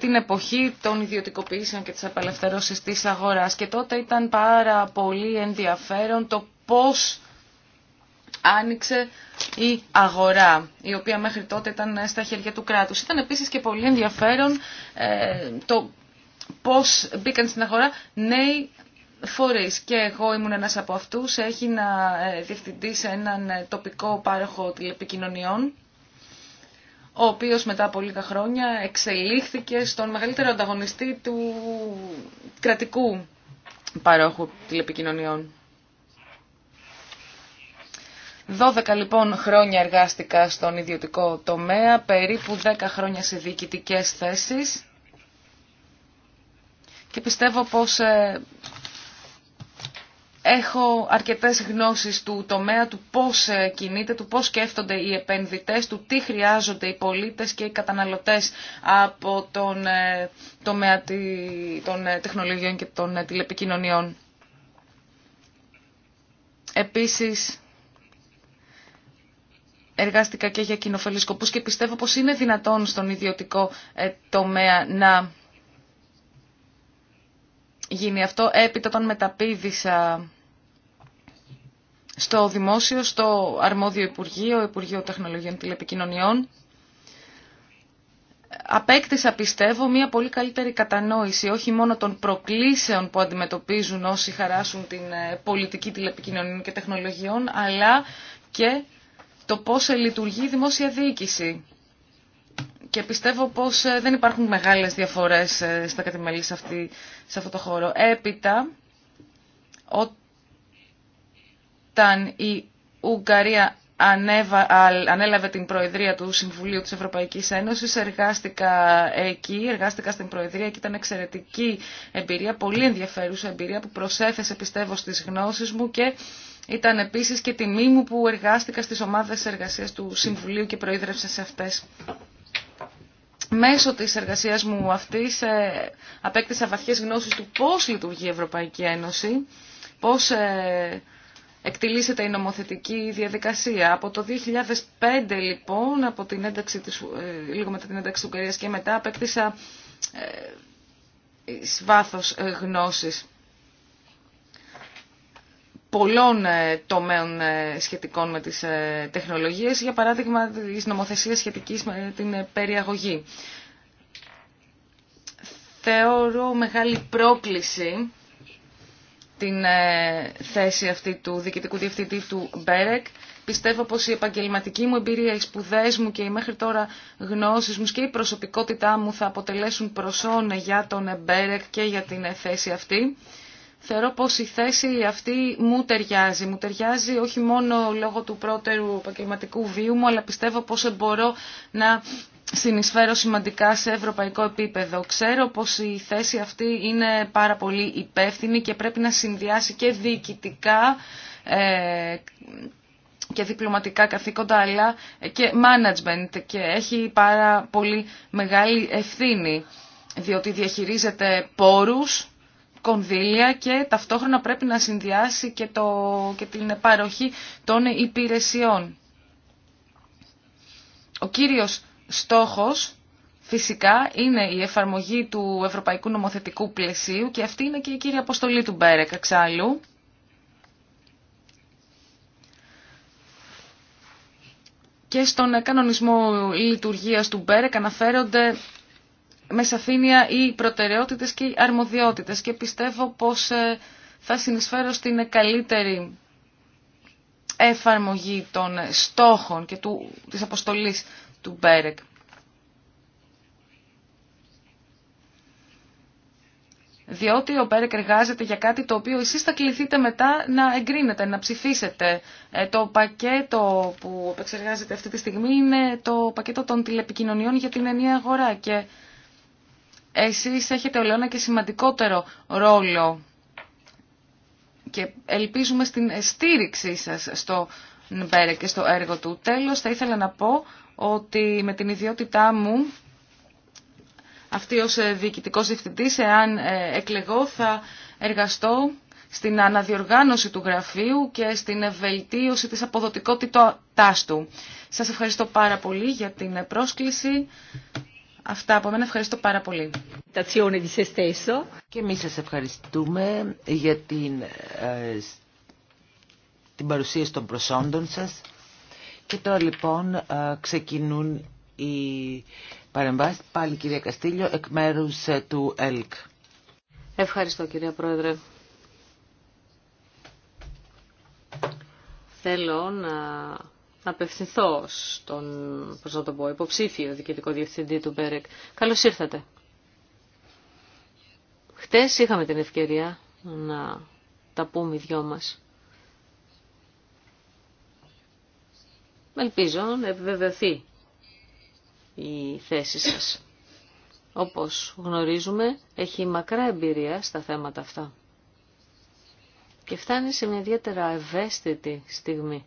την εποχή των ιδιωτικοποιήσεων και της απελευθερώσης της αγοράς. Και τότε ήταν πάρα πολύ ενδιαφέρον το πώς άνοιξε η αγορά, η οποία μέχρι τότε ήταν στα χέρια του κράτους. Ήταν επίσης και πολύ ενδιαφέρον ε, το πώς μπήκαν στην αγορά νέοι φορείς. Και εγώ ήμουν ένας από αυτούς, έχει να ε, διευθυντή σε έναν ε, τοπικό πάροχο τηλεπικοινωνιών, ο οποίος μετά από λίγα χρόνια εξελίχθηκε στον μεγαλύτερο ανταγωνιστή του κρατικού παρόχου τηλεπικοινωνιών. 12 λοιπόν χρόνια εργάστηκα στον ιδιωτικό τομέα, περίπου 10 χρόνια σε διοικητικές θέσεις και πιστεύω πως ε, έχω αρκετές γνώσεις του τομέα, του πώς ε, κινείται, του πώς σκέφτονται οι επενδυτές, του τι χρειάζονται οι πολίτες και οι καταναλωτές από τον ε, τομέα των ε, τεχνολογιών και των τηλεπικοινωνιών. Επίσης, εργάστηκα και για κοινοφελείς σκοπούς και πιστεύω πως είναι δυνατόν στον ιδιωτικό ε, τομέα να γίνει αυτό. Έπειτα τον μεταπίδησα στο δημόσιο, στο αρμόδιο Υπουργείο, Υπουργείο Τεχνολογίων Τηλεπικοινωνιών. Απέκτησα, πιστεύω, μια πολύ καλύτερη κατανόηση όχι μόνο των προκλήσεων που αντιμετωπίζουν όσοι χαράσουν την ε, πολιτική τηλεπικοινωνιών και τεχνολογιών, αλλά και το πώς ε, λειτουργεί η δημόσια διοίκηση. Και πιστεύω πως ε, δεν υπάρχουν μεγάλες διαφορές ε, στα κατημέλη σε, αυτή, σε αυτό το χώρο. Έπειτα, όταν η Ουγγαρία ανέλαβε την Προεδρία του Συμβουλίου της Ευρωπαϊκής Ένωσης. Εργάστηκα εκεί, εργάστηκα στην Προεδρία και ήταν εξαιρετική εμπειρία, πολύ ενδιαφέρουσα εμπειρία που προσέθεσε πιστεύω στις γνώσεις μου και ήταν επίσης και τιμή μου που εργάστηκα στις ομάδες εργασίας του Συμβουλίου και προείδρευσα σε αυτές. Μέσω της εργασίας μου αυτής ε, απέκτησα βαθιές γνώσεις του πώς λειτουργεί η Ευρωπαϊκή Ένωση, πώς ε, εκτιλήσεται η νομοθετική διαδικασία. Από το 2005 λοιπόν, από την ένταξη της, ε, λίγο μετά την ένταξη του Ουγγαρίας και μετά, απέκτησα ε, βάθος γνώσει πολλών ε, τομέων ε, σχετικών με τις ε, τεχνολογίες, για παράδειγμα της νομοθεσίας σχετικής με την περιαγωγή. Θεωρώ μεγάλη πρόκληση την θέση αυτή του διοικητικού διευθυντή του Μπέρεκ. Πιστεύω πως η επαγγελματική μου εμπειρία, οι σπουδέ μου και οι μέχρι τώρα γνώσεις μου και η προσωπικότητά μου θα αποτελέσουν προσόν για τον Μπέρεκ και για την θέση αυτή θεωρώ πως η θέση αυτή μου ταιριάζει. Μου ταιριάζει όχι μόνο λόγω του πρώτερου επαγγελματικού βίου μου, αλλά πιστεύω πως μπορώ να συνεισφέρω σημαντικά σε ευρωπαϊκό επίπεδο. Ξέρω πως η θέση αυτή είναι πάρα πολύ υπεύθυνη και πρέπει να συνδυάσει και διοικητικά ε, και διπλωματικά καθήκοντα, αλλά και management και έχει πάρα πολύ μεγάλη ευθύνη, διότι διαχειρίζεται πόρους, κονδύλια και ταυτόχρονα πρέπει να συνδυάσει και, το, και την παροχή των υπηρεσιών. Ο κύριος στόχος φυσικά είναι η εφαρμογή του Ευρωπαϊκού Νομοθετικού Πλαισίου και αυτή είναι και η κύρια αποστολή του Μπέρεκ εξάλλου. Και στον κανονισμό λειτουργίας του Μπέρεκ αναφέρονται με σαφήνεια οι προτεραιότητες και οι αρμοδιότητες και πιστεύω πως ε, θα συνεισφέρω στην καλύτερη εφαρμογή των στόχων και του, της αποστολής του Μπέρεκ. διότι ο Μπέρεκ εργάζεται για κάτι το οποίο εσείς θα κληθείτε μετά να εγκρίνετε, να ψηφίσετε. Ε, το πακέτο που επεξεργάζεται αυτή τη στιγμή είναι το πακέτο των τηλεπικοινωνιών για την ενιαία αγορά και εσείς έχετε ένα και σημαντικότερο ρόλο και ελπίζουμε στην στήριξή σας στο Νμπέρε και στο έργο του. Τέλος, θα ήθελα να πω ότι με την ιδιότητά μου, αυτή ως ε, διοικητικός διευθυντής, εάν ε, εκλεγώ, θα εργαστώ στην αναδιοργάνωση του γραφείου και στην βελτίωση της αποδοτικότητάς του. Σας ευχαριστώ πάρα πολύ για την πρόσκληση. Αυτά από μένα ευχαριστώ πάρα πολύ.
Και εμεί σα ευχαριστούμε για την, ε, την παρουσίαση των προσόντων σα. Και τώρα λοιπόν ε, ξεκινούν οι παρεμβάσεις. Πάλι κυρία Καστήλιο, εκ μέρου ε, του ΕΛΚ.
Ευχαριστώ κυρία Πρόεδρε. Θέλω να απευθυνθώ στον, πώς να το πω, υποψήφιο διοικητικό διευθυντή του Μπέρεκ. Καλώς ήρθατε. Χτες είχαμε την ευκαιρία να τα πούμε οι δυο μας. Ελπίζω να επιβεβαιωθεί η θέση σας. Όπως γνωρίζουμε, έχει μακρά εμπειρία στα θέματα αυτά. Και φτάνει σε μια ιδιαίτερα ευαίσθητη στιγμή.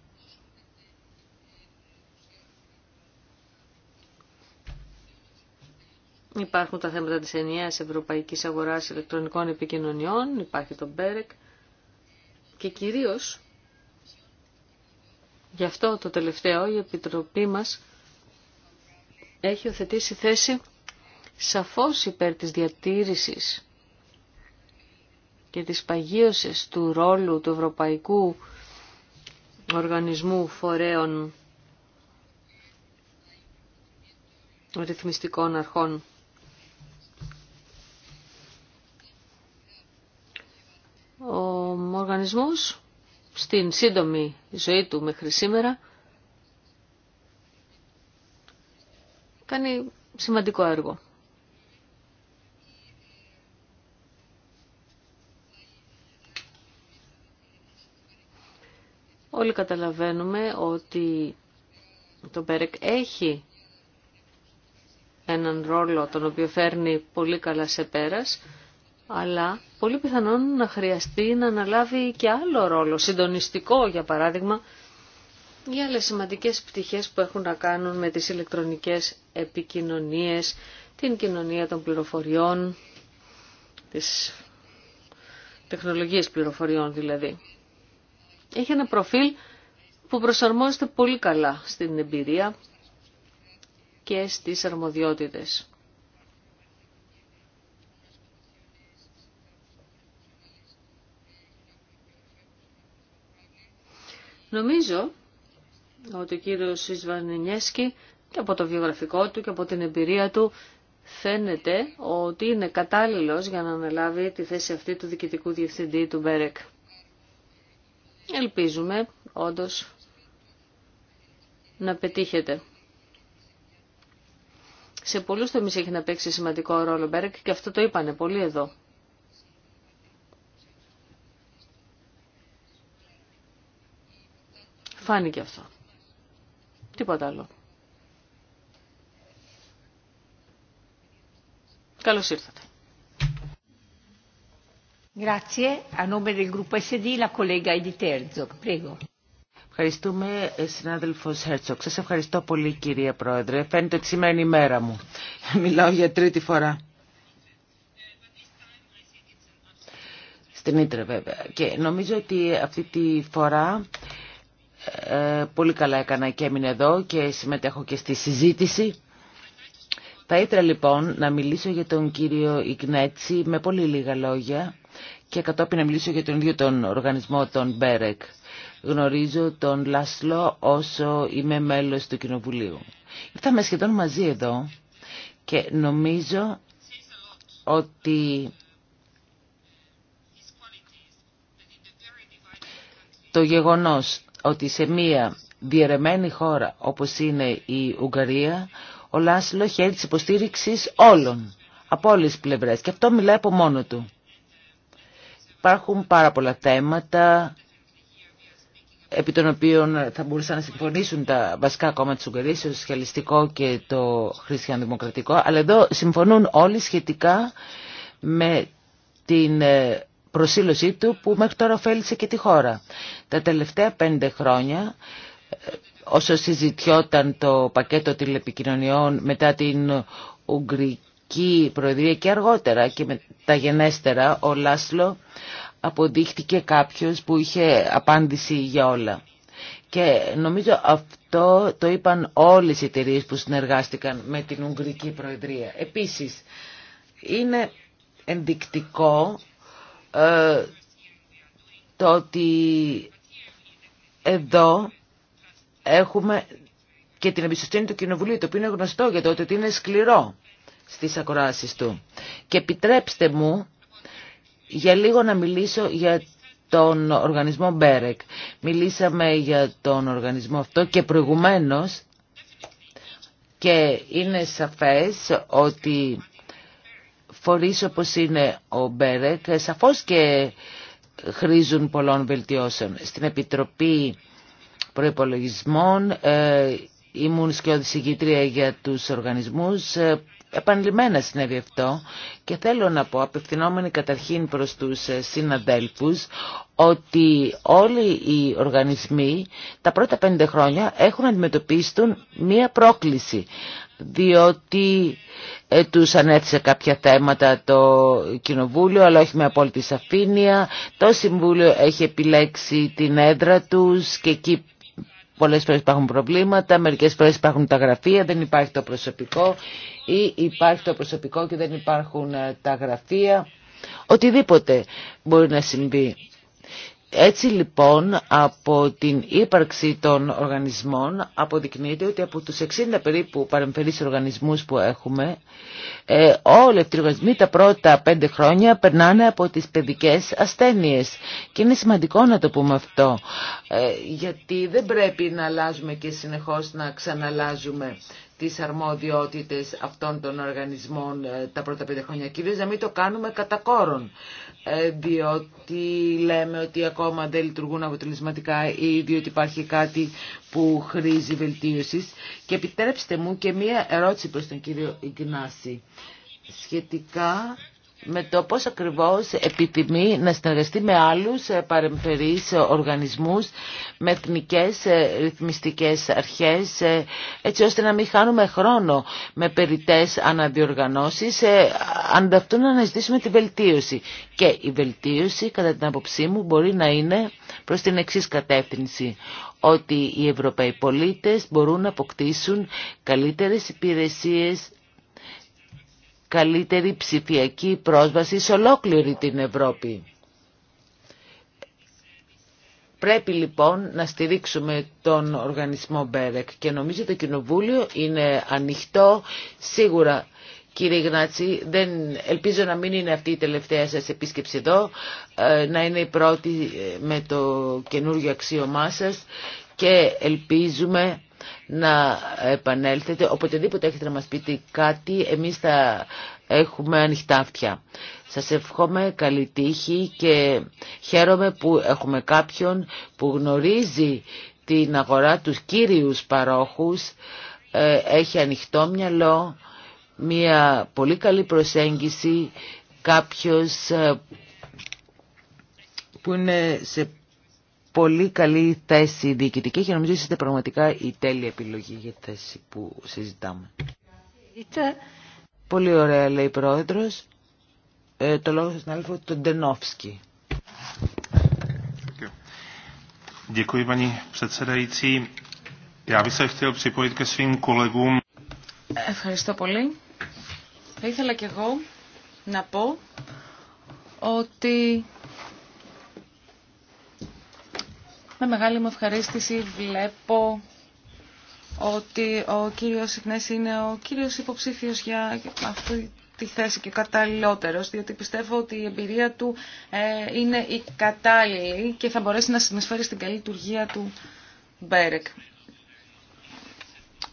Υπάρχουν τα θέματα της ενιαίας ευρωπαϊκής αγοράς ηλεκτρονικών επικοινωνιών, υπάρχει το BEREC και κυρίως γι' αυτό το τελευταίο η Επιτροπή μας έχει οθετήσει θέση σαφώς υπέρ της διατήρησης και της παγίωσης του ρόλου του Ευρωπαϊκού Οργανισμού Φορέων Ρυθμιστικών Αρχών. οργανισμός, στην σύντομη ζωή του μέχρι σήμερα κάνει σημαντικό έργο. Όλοι καταλαβαίνουμε ότι το ΠΕΡΕΚ έχει έναν ρόλο τον οποίο φέρνει πολύ καλά σε πέρας αλλά πολύ πιθανόν να χρειαστεί να αναλάβει και άλλο ρόλο, συντονιστικό για παράδειγμα, για άλλε σημαντικέ πτυχές που έχουν να κάνουν με τις ηλεκτρονικές επικοινωνίες, την κοινωνία των πληροφοριών, τι τεχνολογίε πληροφοριών δηλαδή. Έχει ένα προφίλ που προσαρμόζεται πολύ καλά στην εμπειρία και στις αρμοδιότητες. Νομίζω ότι ο κύριος Ισβανινιέσκη και από το βιογραφικό του και από την εμπειρία του φαίνεται ότι είναι κατάλληλος για να αναλάβει τη θέση αυτή του διοικητικού διευθυντή του Μπέρεκ. Ελπίζουμε όντως να πετύχετε. Σε πολλούς τομείς έχει να παίξει σημαντικό ρόλο ο Μπέρεκ και αυτό το είπανε πολύ εδώ. Φάνηκε αυτό. Τίποτα άλλο. Καλώς ήρθατε.
Ευχαριστούμε, συνάδελφο Χέρτσοκ. Σα ευχαριστώ πολύ, κυρία Πρόεδρε. Φαίνεται ότι σήμερα είναι η μέρα μου. [LAUGHS] Μιλάω για τρίτη φορά. Στην Ήτρε, βέβαια. Και νομίζω ότι αυτή τη φορά ε, πολύ καλά έκανα και έμεινε εδώ και συμμετέχω και στη συζήτηση. Θα ήθελα λοιπόν να μιλήσω για τον κύριο Ιγνέτσι με πολύ λίγα λόγια και κατόπιν να μιλήσω για τον ίδιο τον οργανισμό τον Μπέρεκ. Γνωρίζω τον Λάσλο όσο είμαι μέλος του Κοινοβουλίου. Ήρθαμε σχεδόν μαζί εδώ και νομίζω ότι το γεγονός ότι σε μία διαιρεμένη χώρα όπως είναι η Ουγγαρία ο Λάσλο χέρι της υποστήριξης όλων, από όλε τι πλευρές και αυτό μιλάει από μόνο του. Υπάρχουν πάρα πολλά θέματα επί των οποίων θα μπορούσαν να συμφωνήσουν τα βασικά κόμματα της Ουγγαρίας, το Σοσιαλιστικό και το Χριστιανοδημοκρατικό, αλλά εδώ συμφωνούν όλοι σχετικά με την ε, προσήλωσή του που μέχρι τώρα ωφέλησε και τη χώρα. Τα τελευταία πέντε χρόνια ε, όσο συζητιόταν το πακέτο τηλεπικοινωνιών μετά την Ουγγρική Προεδρία και αργότερα και με τα γενέστερα ο Λάσλο αποδείχτηκε κάποιος που είχε απάντηση για όλα. Και νομίζω αυτό το είπαν όλες οι εταιρείε που συνεργάστηκαν με την Ουγγρική Προεδρία. Επίσης, είναι ενδεικτικό ε, το ότι εδώ έχουμε και την εμπιστοσύνη του Κοινοβουλίου, το οποίο είναι γνωστό για το ότι είναι σκληρό στις ακοράσεις του. Και επιτρέψτε μου για λίγο να μιλήσω για τον οργανισμό Μπέρεκ. Μιλήσαμε για τον οργανισμό αυτό και προηγουμένως και είναι σαφές ότι φορείς όπως είναι ο Μπέρεκ σαφώς και χρήζουν πολλών βελτιώσεων. Στην Επιτροπή Προϋπολογισμών ε, ήμουν σκιώδης ηγήτρια για τους οργανισμούς ε, επανειλημμένα συνέβη αυτό και θέλω να πω απευθυνόμενοι καταρχήν προς τους ε, συναδέλφους ότι όλοι οι οργανισμοί τα πρώτα πέντε χρόνια έχουν αντιμετωπίσει μία πρόκληση διότι ε, τους ανέθεσε κάποια θέματα το Κοινοβούλιο, αλλά όχι με απόλυτη σαφήνεια. Το Συμβούλιο έχει επιλέξει την έδρα τους και εκεί πολλές φορές υπάρχουν προβλήματα, μερικές φορές υπάρχουν τα γραφεία, δεν υπάρχει το προσωπικό ή υπάρχει το προσωπικό και δεν υπάρχουν ε, τα γραφεία. Οτιδήποτε μπορεί να συμβεί. Έτσι λοιπόν από την ύπαρξη των οργανισμών αποδεικνύεται ότι από τους 60 περίπου παρεμφερείς οργανισμούς που έχουμε ε, όλοι αυτοί οι οργανισμοί τα πρώτα πέντε χρόνια περνάνε από τις παιδικές ασθένειες και είναι σημαντικό να το πούμε αυτό ε, γιατί δεν πρέπει να αλλάζουμε και συνεχώς να ξαναλάζουμε τις αρμόδιότητες αυτών των οργανισμών ε, τα πρώτα πέντε χρόνια. Κυρίως να μην το κάνουμε κατά κόρον, ε, διότι λέμε ότι ακόμα δεν λειτουργούν αποτελεσματικά ή διότι υπάρχει κάτι που χρήζει βελτίωσης. Και επιτρέψτε μου και μία ερώτηση προς τον κύριο Ιγνάση σχετικά με το πώς ακριβώς επιθυμεί να συνεργαστεί με άλλους ε, παρεμφερείς οργανισμούς, με εθνικές ε, ρυθμιστικές αρχές, ε, έτσι ώστε να μην χάνουμε χρόνο με περιττές αναδιοργανώσεις, ανταυτού να αναζητήσουμε τη βελτίωση. Και η βελτίωση, κατά την άποψή μου, μπορεί να είναι προς την εξής κατεύθυνση ότι οι Ευρωπαίοι πολίτες μπορούν να αποκτήσουν καλύτερες υπηρεσίες καλύτερη ψηφιακή πρόσβαση σε ολόκληρη την Ευρώπη. Πρέπει λοιπόν να στηρίξουμε τον οργανισμό Μπέρεκ και νομίζω το Κοινοβούλιο είναι ανοιχτό σίγουρα. Κύριε Γνάτση, δεν, ελπίζω να μην είναι αυτή η τελευταία σας επίσκεψη εδώ, ε, να είναι η πρώτη ε, με το καινούργιο αξίωμά σας και ελπίζουμε να επανέλθετε. Οποτεδήποτε έχετε να μας πείτε κάτι, εμείς θα έχουμε ανοιχτά αυτιά. Σας ευχόμαι καλή τύχη και χαίρομαι που έχουμε κάποιον που γνωρίζει την αγορά τους κύριους παρόχους, ε, έχει ανοιχτό μυαλό, μια πολύ καλή προσέγγιση, κάποιος ε, που είναι σε πολύ καλή θέση διοικητική και νομίζω είστε πραγματικά η τέλεια επιλογή για τη θέση που συζητάμε. Είτε... Πολύ ωραία λέει η Πρόεδρος. Ε, το λόγο να λέω τον Ντενόφσκι.
Ευχαριστώ πολύ. Θα ήθελα και εγώ να πω ότι Με μεγάλη μου ευχαρίστηση βλέπω ότι ο κύριος Συχνές είναι ο κύριος υποψήφιος για αυτή τη θέση και καταλληλότερος, διότι πιστεύω ότι η εμπειρία του ε, είναι η κατάλληλη και θα μπορέσει να συνεισφέρει στην καλή λειτουργία του Μπέρεκ.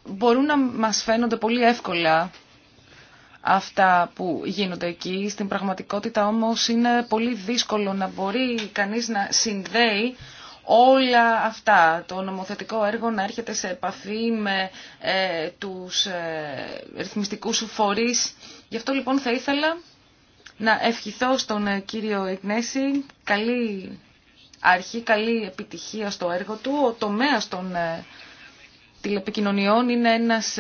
Μπορούν να μας φαίνονται πολύ εύκολα αυτά που γίνονται εκεί. Στην πραγματικότητα όμως είναι πολύ δύσκολο να μπορεί κανείς να συνδέει όλα αυτά, το νομοθετικό έργο να έρχεται σε επαφή με ε, τους ε, ρυθμιστικούς φορείς. Γι' αυτό λοιπόν θα ήθελα να ευχηθώ στον ε, κύριο Ιγνέση καλή αρχή, καλή επιτυχία στο έργο του. Ο τομέας των ε, τηλεπικοινωνιών είναι ένας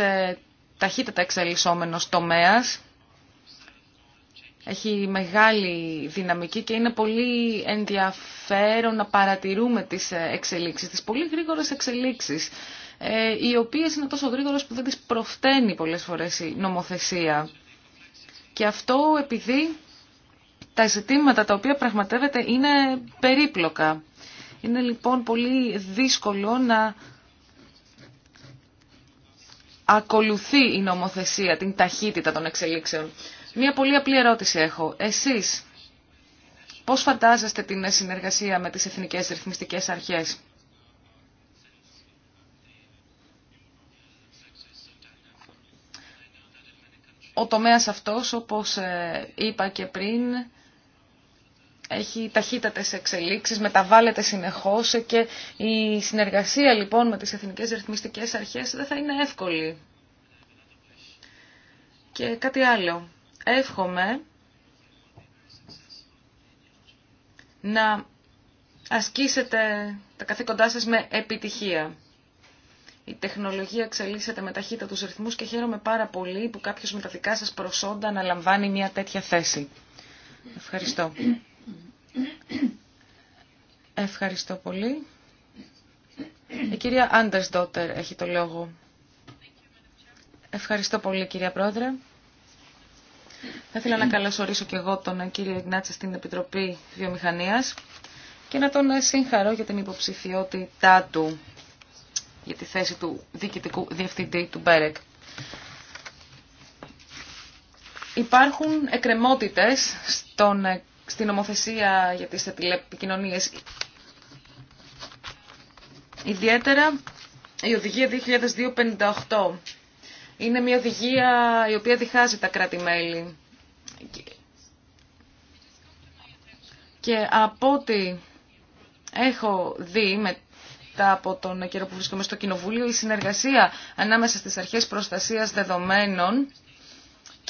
ταχύτατα εξελισσόμενος τομέας έχει μεγάλη δυναμική και είναι πολύ ενδιαφέρον να παρατηρούμε τις ε, εξελίξεις, τις πολύ γρήγορες εξελίξεις, ε, οι οποίες είναι τόσο γρήγορες που δεν τις προφταίνει πολλές φορές η νομοθεσία. Και αυτό επειδή τα ζητήματα τα οποία πραγματεύεται είναι περίπλοκα. Είναι λοιπόν πολύ δύσκολο να ακολουθεί η νομοθεσία την ταχύτητα των εξελίξεων. Μία πολύ απλή ερώτηση έχω. Εσείς πώς φαντάζεστε την συνεργασία με τις εθνικές ρυθμιστικές αρχές. Ο τομέας αυτός, όπως ε, είπα και πριν, έχει ταχύτατες εξελίξεις, μεταβάλλεται συνεχώς και η συνεργασία λοιπόν με τις εθνικές ρυθμιστικές αρχές δεν θα είναι εύκολη. Και κάτι άλλο εύχομαι να ασκήσετε τα καθήκοντά σας με επιτυχία. Η τεχνολογία εξελίσσεται με ταχύτητα τους ρυθμούς και χαίρομαι πάρα πολύ που κάποιος με τα δικά σας προσόντα λαμβάνει μια τέτοια θέση. Ευχαριστώ. Ευχαριστώ πολύ. Η κυρία Άντερς Ντότερ έχει το λόγο. Ευχαριστώ πολύ κυρία Πρόεδρε. Θα ήθελα να καλωσορίσω και εγώ τον κύριο Ιγνάτσα στην Επιτροπή Βιομηχανίας και να τον συγχαρώ για την υποψηφιότητά του για τη θέση του διοικητικού διευθυντή του Μπέρεκ. Υπάρχουν εκκρεμότητες στον, στην νομοθεσία για τις τηλεπικοινωνίες. Ιδιαίτερα η οδηγία 2258 είναι μια οδηγία η οποία διχάζει τα κράτη-μέλη. Και από ό,τι έχω δει μετά από τον καιρό που βρίσκομαι στο Κοινοβούλιο, η συνεργασία ανάμεσα στις αρχές προστασίας δεδομένων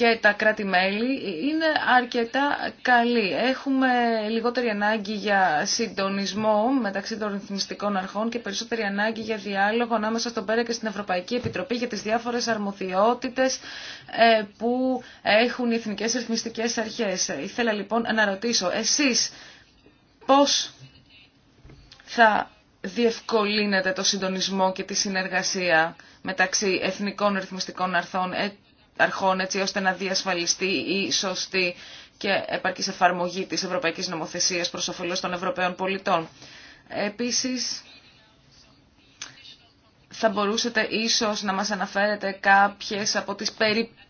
και τα κράτη-μέλη είναι αρκετά καλή. Έχουμε λιγότερη ανάγκη για συντονισμό μεταξύ των ρυθμιστικών αρχών και περισσότερη ανάγκη για διάλογο ανάμεσα στον ΠΕΡΑ και στην Ευρωπαϊκή Επιτροπή για τις διάφορες αρμοδιότητες ε, που έχουν οι εθνικές ρυθμιστικές αρχές. Ήθελα λοιπόν να ρωτήσω εσείς πώς θα διευκολύνετε το συντονισμό και τη συνεργασία μεταξύ εθνικών ρυθμιστικών αρχών ε, αρχών έτσι ώστε να διασφαλιστεί η σωστή και επαρκής εφαρμογή της Ευρωπαϊκής Νομοθεσίας προς όφελος των Ευρωπαίων πολιτών. Επίσης, θα μπορούσατε ίσως να μας αναφέρετε κάποιες από τις περιπτώσεις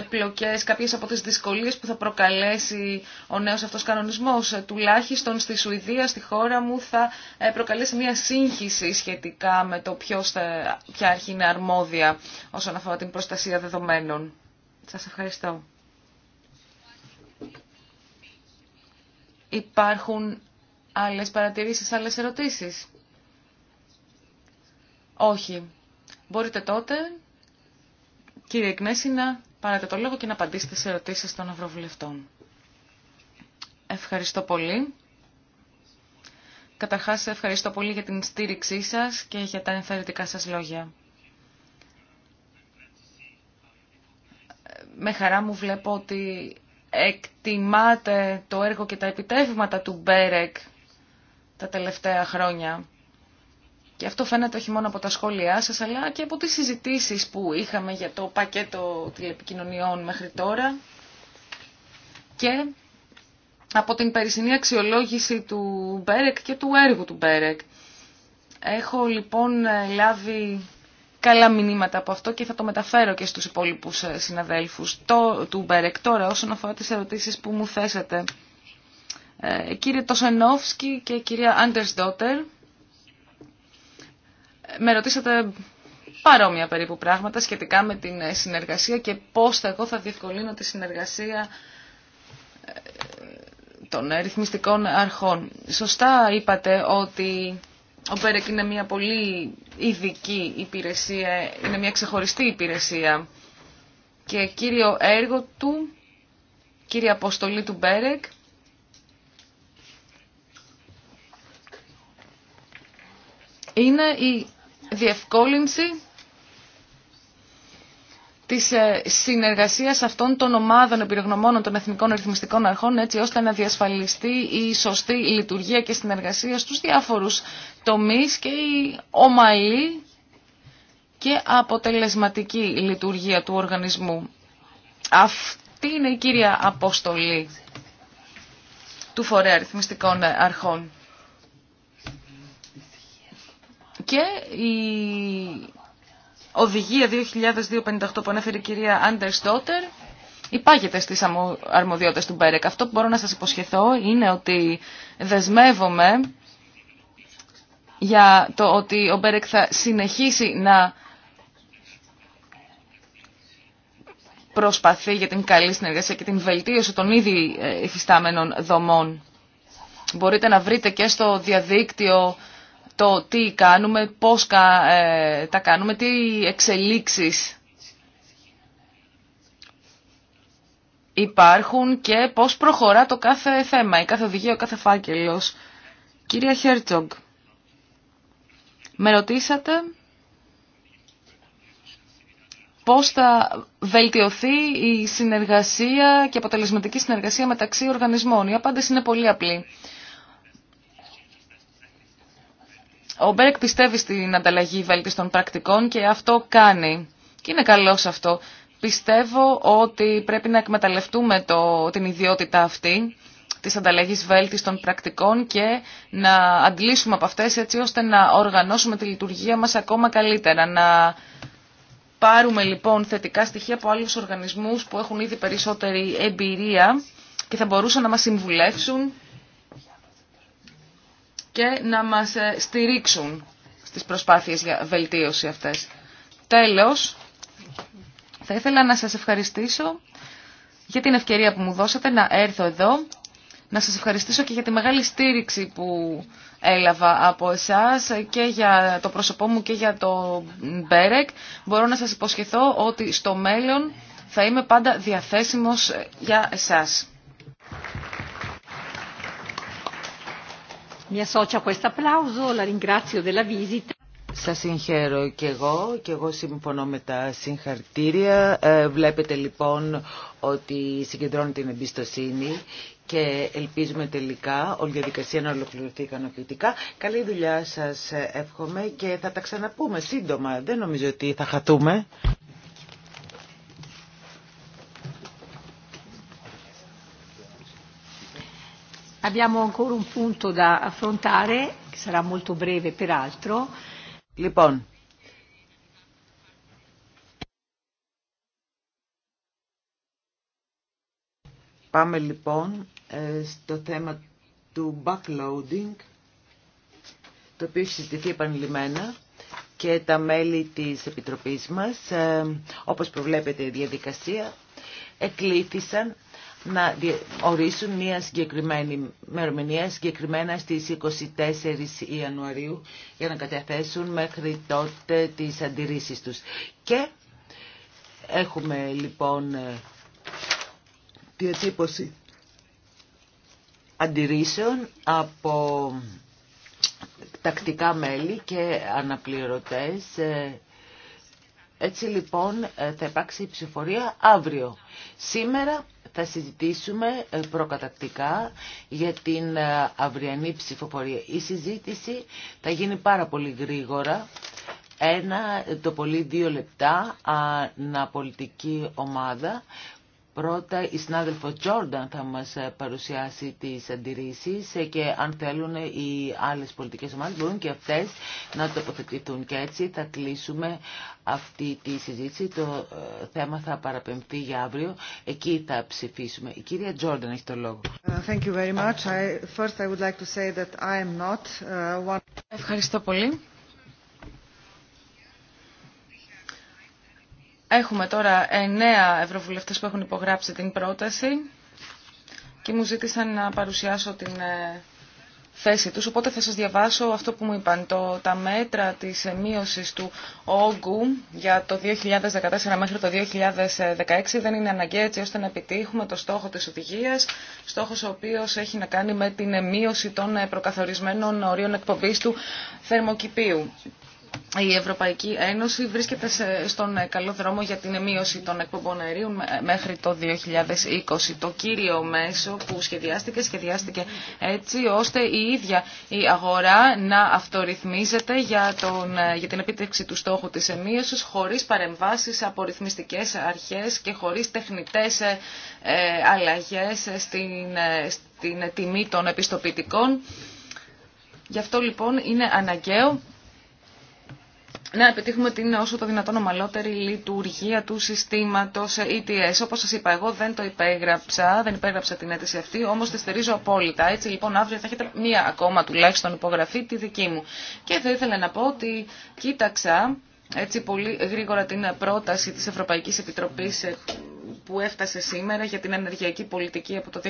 πλοκές, κάποιες από τις δυσκολίες που θα προκαλέσει ο νέος αυτός κανονισμός. Τουλάχιστον στη Σουηδία, στη χώρα μου, θα ε, προκαλέσει μια σύγχυση σχετικά με το ποιος θα, ποια αρχή είναι αρμόδια όσον αφορά την προστασία δεδομένων. Σας ευχαριστώ. Υπάρχουν άλλες παρατηρήσεις, άλλες ερωτήσεις. Όχι. Μπορείτε τότε, κύριε πάρετε το λόγο και να απαντήσετε σε ερωτήσεις των Ευρωβουλευτών. Ευχαριστώ πολύ. Καταρχάς, ευχαριστώ πολύ για την στήριξή σας και για τα ενθαρρυντικά σας λόγια. Με χαρά μου βλέπω ότι εκτιμάτε το έργο και τα επιτεύγματα του Μπέρεκ τα τελευταία χρόνια. Και αυτό φαίνεται όχι μόνο από τα σχόλιά σας, αλλά και από τις συζητήσεις που είχαμε για το πακέτο τηλεπικοινωνιών μέχρι τώρα και από την περισσυνή αξιολόγηση του Μπέρεκ και του έργου του Μπέρεκ. Έχω λοιπόν ε, λάβει καλά μηνύματα από αυτό και θα το μεταφέρω και στους υπόλοιπους ε, συναδέλφους το, του Μπέρεκ. Τώρα όσον αφορά τις ερωτήσεις που μου θέσατε, ε, κύριε Τοσενόφσκι και κυρία Άντερς Ντότερ, με ρωτήσατε παρόμοια περίπου πράγματα σχετικά με την ε, συνεργασία και πώς θα εγώ θα διευκολύνω τη συνεργασία ε, των ε, ρυθμιστικών αρχών. Σωστά είπατε ότι ο ΠΕΡΕΚ είναι μια πολύ ειδική υπηρεσία, είναι μια ξεχωριστή υπηρεσία και κύριο έργο του, κύριε αποστολή του ΠΕΡΕΚ, είναι η διευκόλυνση της ε, συνεργασίας αυτών των ομάδων επιρρογνωμόνων των εθνικών ρυθμιστικών αρχών έτσι ώστε να διασφαλιστεί η σωστή λειτουργία και συνεργασία στους διάφορους τομείς και η ομαλή και αποτελεσματική λειτουργία του οργανισμού. Αυτή είναι η κύρια αποστολή του Φορέα Ρυθμιστικών Αρχών. Και η οδηγία 2258 που ανέφερε η κυρία Άντερ Στότερ υπάγεται στις αρμοδιότητες του Μπέρεκ. Αυτό που μπορώ να σας υποσχεθώ είναι ότι δεσμεύομαι για το ότι ο Μπέρεκ θα συνεχίσει να προσπαθεί για την καλή συνεργασία και την βελτίωση των ήδη ε, υφιστάμενων δομών. Μπορείτε να βρείτε και στο διαδίκτυο το τι κάνουμε, πώς ε, τα κάνουμε, τι εξελίξεις υπάρχουν και πώς προχωρά το κάθε θέμα, η κάθε οδηγία, ο κάθε φάκελος. Κυρία Χέρτσογκ, με ρωτήσατε πώς θα βελτιωθεί η συνεργασία και αποτελεσματική συνεργασία μεταξύ οργανισμών. Η απάντηση είναι πολύ απλή. Ο Μπέρεκ πιστεύει στην ανταλλαγή βέλτιστων πρακτικών και αυτό κάνει. Και είναι καλό αυτό. Πιστεύω ότι πρέπει να εκμεταλλευτούμε το, την ιδιότητα αυτή της ανταλλαγής βέλτιστων πρακτικών και να αντλήσουμε από αυτές έτσι ώστε να οργανώσουμε τη λειτουργία μας ακόμα καλύτερα. Να πάρουμε λοιπόν θετικά στοιχεία από άλλους οργανισμούς που έχουν ήδη περισσότερη εμπειρία και θα μπορούσαν να μας συμβουλεύσουν και να μας ε, στηρίξουν στις προσπάθειες για βελτίωση αυτές. Τέλος, θα ήθελα να σας ευχαριστήσω για την ευκαιρία που μου δώσατε να έρθω εδώ, να σας ευχαριστήσω και για τη μεγάλη στήριξη που έλαβα από εσάς και για το πρόσωπό μου και για το Μπέρεκ. Μπορώ να σας υποσχεθώ ότι στο μέλλον θα είμαι πάντα διαθέσιμος
για
εσάς. Σας συγχαίρω και εγώ και εγώ συμφωνώ με τα συγχαρτήρια. Ε, βλέπετε λοιπόν ότι συγκεντρώνει την εμπιστοσύνη και ελπίζουμε τελικά όλη η διαδικασία να ολοκληρωθεί ικανοποιητικά. Καλή δουλειά σας εύχομαι και θα τα ξαναπούμε σύντομα. Δεν νομίζω ότι θα χαθούμε.
Abbiamo ancora un punto da affrontare, che sarà molto breve peraltro. Λοιπόν,
πάμε λοιπόν ε, στο θέμα του backloading, το οποίο έχει συζητηθεί επανειλημμένα και τα μέλη της Επιτροπής μας, ε, όπως προβλέπεται η διαδικασία, εκλήθησαν να ορίσουν μια συγκεκριμένη μερομηνία, συγκεκριμένα στις 24 Ιανουαρίου για να καταθέσουν μέχρι τότε τις αντιρρήσεις τους. Και έχουμε λοιπόν ε, διατύπωση αντιρρήσεων από τακτικά μέλη και αναπληρωτές ε, έτσι λοιπόν ε, θα υπάρξει η ψηφορία αύριο. Σήμερα θα συζητήσουμε ε, προκατακτικά για την ε, αυριανή ψηφοφορία. Η συζήτηση θα γίνει πάρα πολύ γρήγορα. Ένα, το πολύ δύο λεπτά αναπολιτική ομάδα Πρώτα η συνάδελφο Τζόρνταν θα μας ε, παρουσιάσει τις αντιρρήσεις ε, και αν θέλουν ε, οι άλλες πολιτικές ομάδες μπορούν και αυτές να τοποθετηθούν και έτσι θα κλείσουμε αυτή τη συζήτηση. Το θέμα θα παραπεμφθεί για αύριο. Εκεί θα ψηφίσουμε. Η κυρία Τζόρνταν έχει το λόγο.
Uh, uh, Ευχαριστώ πολύ. Έχουμε τώρα εννέα ευρωβουλευτές που έχουν υπογράψει την πρόταση και μου ζήτησαν να παρουσιάσω την ε, θέση τους, οπότε θα σας διαβάσω αυτό που μου είπαν. Το, τα μέτρα της μείωσης του όγκου για το 2014 μέχρι το 2016 δεν είναι αναγκαία έτσι ώστε να επιτύχουμε το στόχο της οδηγίας, στόχος ο οποίος έχει να κάνει με την μείωση των ε, προκαθορισμένων ορίων εκπομπής του θερμοκηπίου η Ευρωπαϊκή Ένωση βρίσκεται στον ε, καλό δρόμο για την μείωση των εκπομπών αερίων μέχρι το 2020. Το κύριο μέσο που σχεδιάστηκε, σχεδιάστηκε έτσι ώστε η ίδια η αγορά να αυτορυθμίζεται για, τον, ε, για την επίτευξη του στόχου της μείωσης χωρίς παρεμβάσεις από αρχές και χωρίς τεχνητές ε, αλλαγές στην, στην τιμή των επιστοποιητικών. Γι' αυτό λοιπόν είναι αναγκαίο ναι, να επιτύχουμε την όσο το δυνατόν ομαλότερη λειτουργία του συστήματος ETS. Ε όπω σα είπα, εγώ δεν το υπέγραψα, δεν υπέγραψα την αίτηση αυτή, όμω τη στηρίζω απόλυτα. Έτσι λοιπόν αύριο θα έχετε μία ακόμα τουλάχιστον υπογραφή τη δική μου. Και θα ήθελα να πω ότι κοίταξα έτσι πολύ γρήγορα την πρόταση τη Ευρωπαϊκή Επιτροπή ε, που έφτασε σήμερα για την ενεργειακή πολιτική από το 2020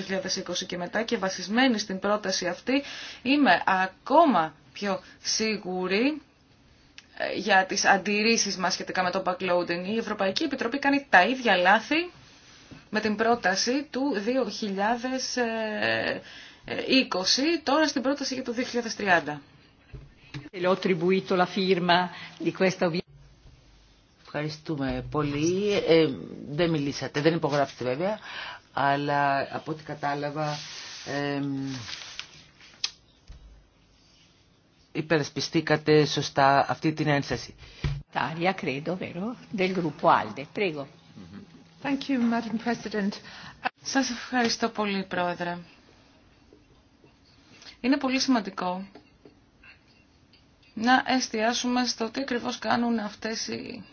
και μετά και βασισμένη στην πρόταση αυτή είμαι ακόμα πιο σίγουρη για τις αντιρρήσεις μας σχετικά με το backloading. Η Ευρωπαϊκή Επιτροπή κάνει τα ίδια λάθη με την
πρόταση του
2020, τώρα στην πρόταση
για το 2030. Ευχαριστούμε πολύ. Ε, δεν μιλήσατε, δεν υπογράψετε βέβαια, αλλά από ό,τι κατάλαβα... Ε, υπερασπιστήκατε σωστά αυτή την ένσταση.
Τάρια, del ALDE. ευχαριστώ
πολύ, Πρόεδρε. Είναι πολύ σημαντικό να εστιάσουμε στο τι ακριβώ κάνουν αυτές οι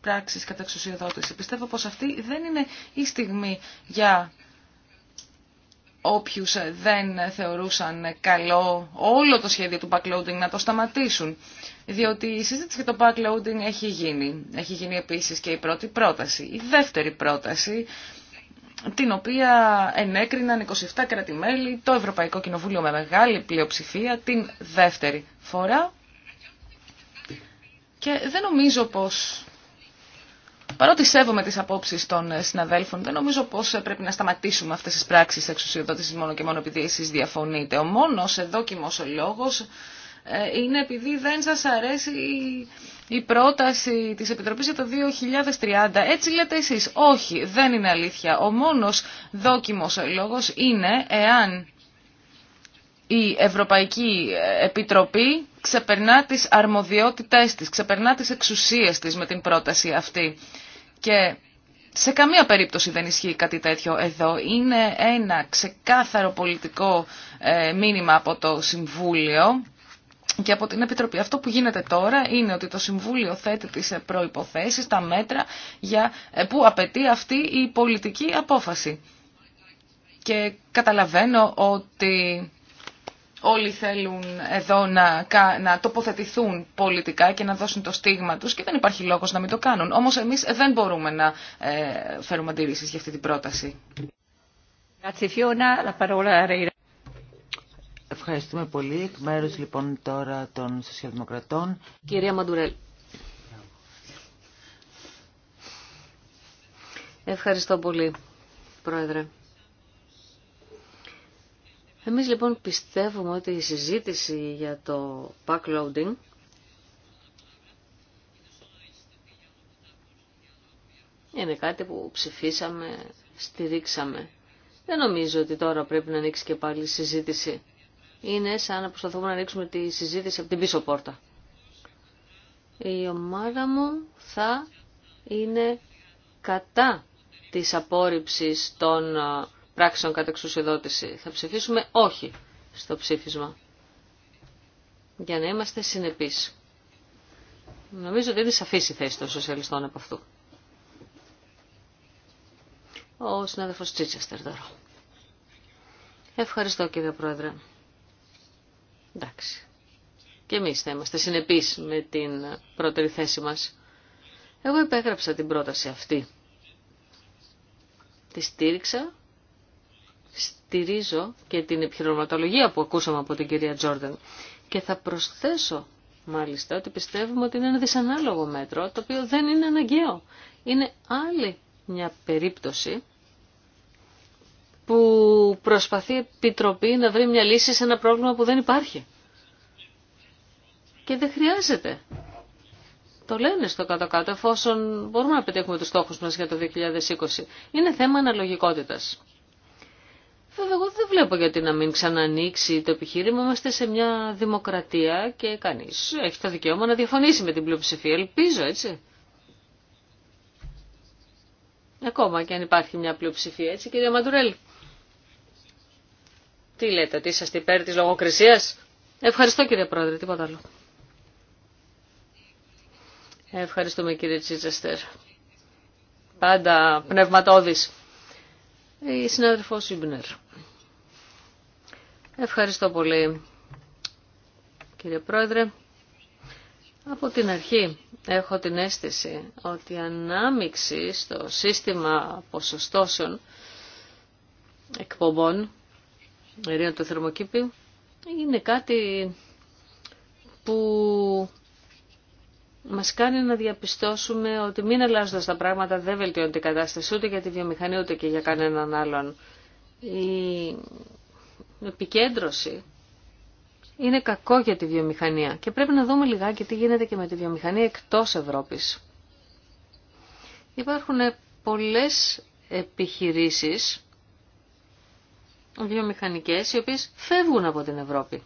πράξεις κατά εξουσιοδότηση. Πιστεύω πως αυτή δεν είναι η στιγμή για όποιους ε, δεν θεωρούσαν καλό όλο το σχέδιο του backloading να το σταματήσουν. Διότι η συζήτηση για το backloading έχει γίνει. Έχει γίνει επίσης και η πρώτη πρόταση. Η δεύτερη πρόταση, την οποία ενέκριναν 27 κρατημέλη, το Ευρωπαϊκό Κοινοβούλιο με μεγάλη πλειοψηφία, την δεύτερη φορά. Και δεν νομίζω πως Παρότι σέβομαι τις απόψει των ε, συναδέλφων, δεν νομίζω πως ε, πρέπει να σταματήσουμε αυτές τι πράξει εξουσιοδότησης μόνο και μόνο επειδή εσεί διαφωνείτε. Ο μόνος εδόκιμος λόγος ε, είναι επειδή δεν σας αρέσει η πρόταση της Επιτροπής για το 2030. Έτσι λέτε εσείς. Όχι, δεν είναι αλήθεια. Ο μόνος δόκιμος λόγος είναι εάν η Ευρωπαϊκή Επιτροπή ξεπερνά τις αρμοδιότητές της, ξεπερνά τις εξουσίες της με την πρόταση αυτή. Και σε καμία περίπτωση δεν ισχύει κάτι τέτοιο εδώ. Είναι ένα ξεκάθαρο πολιτικό ε, μήνυμα από το Συμβούλιο και από την Επιτροπή. Αυτό που γίνεται τώρα είναι ότι το Συμβούλιο θέτει τις ε, προϋποθέσεις, τα μέτρα για, ε, που απαιτεί αυτή η πολιτική απόφαση. Και καταλαβαίνω ότι όλοι θέλουν εδώ να, να τοποθετηθούν πολιτικά και να δώσουν το στίγμα τους και δεν υπάρχει λόγος να μην το κάνουν. Όμως εμείς δεν μπορούμε να ε, φέρουμε αντίρρησης για αυτή την πρόταση.
Ευχαριστούμε πολύ. Εκ μέρους λοιπόν τώρα των Σοσιαλδημοκρατών. Κυρία
Μαντουρέλ.
Ευχαριστώ πολύ, Πρόεδρε. Εμείς λοιπόν πιστεύουμε ότι η συζήτηση για το backloading είναι κάτι που ψηφίσαμε, στηρίξαμε. Δεν νομίζω ότι τώρα πρέπει να ανοίξει και πάλι η συζήτηση. Είναι σαν να προσπαθούμε να ανοίξουμε τη συζήτηση από την πίσω πόρτα. Η ομάδα μου θα είναι κατά της απόρριψης των πράξεων κατά εξουσιοδότηση. Θα ψηφίσουμε όχι στο ψήφισμα. Για να είμαστε συνεπείς. Νομίζω ότι είναι σαφής η θέση των σοσιαλιστών από αυτού. Ο συνάδελφος Τσίτσεστερ τώρα. Ευχαριστώ κύριε Πρόεδρε. Εντάξει. Και εμείς θα είμαστε συνεπείς με την πρώτερη θέση μας. Εγώ υπέγραψα την πρόταση αυτή. Τη στήριξα στηρίζω και την επιχειρηματολογία που ακούσαμε από την κυρία Τζόρνταν. Και θα προσθέσω μάλιστα ότι πιστεύουμε ότι είναι ένα δυσανάλογο μέτρο το οποίο δεν είναι αναγκαίο. Είναι άλλη μια περίπτωση που προσπαθεί η Επιτροπή να βρει μια λύση σε ένα πρόβλημα που δεν υπάρχει. Και δεν χρειάζεται. Το λένε στο κάτω-κάτω εφόσον μπορούμε να πετύχουμε τους στόχους μας για το 2020. Είναι θέμα αναλογικότητας. Βέβαια, εγώ δεν βλέπω γιατί να μην ξανανοίξει το επιχείρημα. Είμαστε σε μια δημοκρατία και κανείς έχει το δικαίωμα να διαφωνήσει με την πλειοψηφία. Ελπίζω, έτσι. Ακόμα και αν υπάρχει μια πλειοψηφία, έτσι, κύριε Μαντουρέλ. Τι λέτε, ότι είσαστε υπέρ της λογοκρισίας. Ευχαριστώ, κύριε Πρόεδρε, τίποτα άλλο. Ευχαριστούμε, κύριε Τσίτσεστερ. Πάντα πνευματόδης η συνάδελφος Ιμπνερ. Ευχαριστώ πολύ κύριε Πρόεδρε. Από την αρχή έχω την αίσθηση ότι η ανάμιξη στο σύστημα ποσοστώσεων εκπομπών ερήνων του θερμοκήπη είναι κάτι που μας κάνει να διαπιστώσουμε ότι μην αλλάζοντας τα πράγματα δεν βελτιώνεται η κατάσταση ούτε για τη βιομηχανία ούτε και για κανέναν άλλον. Η επικέντρωση είναι κακό για τη βιομηχανία και πρέπει να δούμε λιγάκι τι γίνεται και με τη βιομηχανία εκτός Ευρώπης. Υπάρχουν πολλές επιχειρήσεις βιομηχανικές οι οποίες φεύγουν από την Ευρώπη.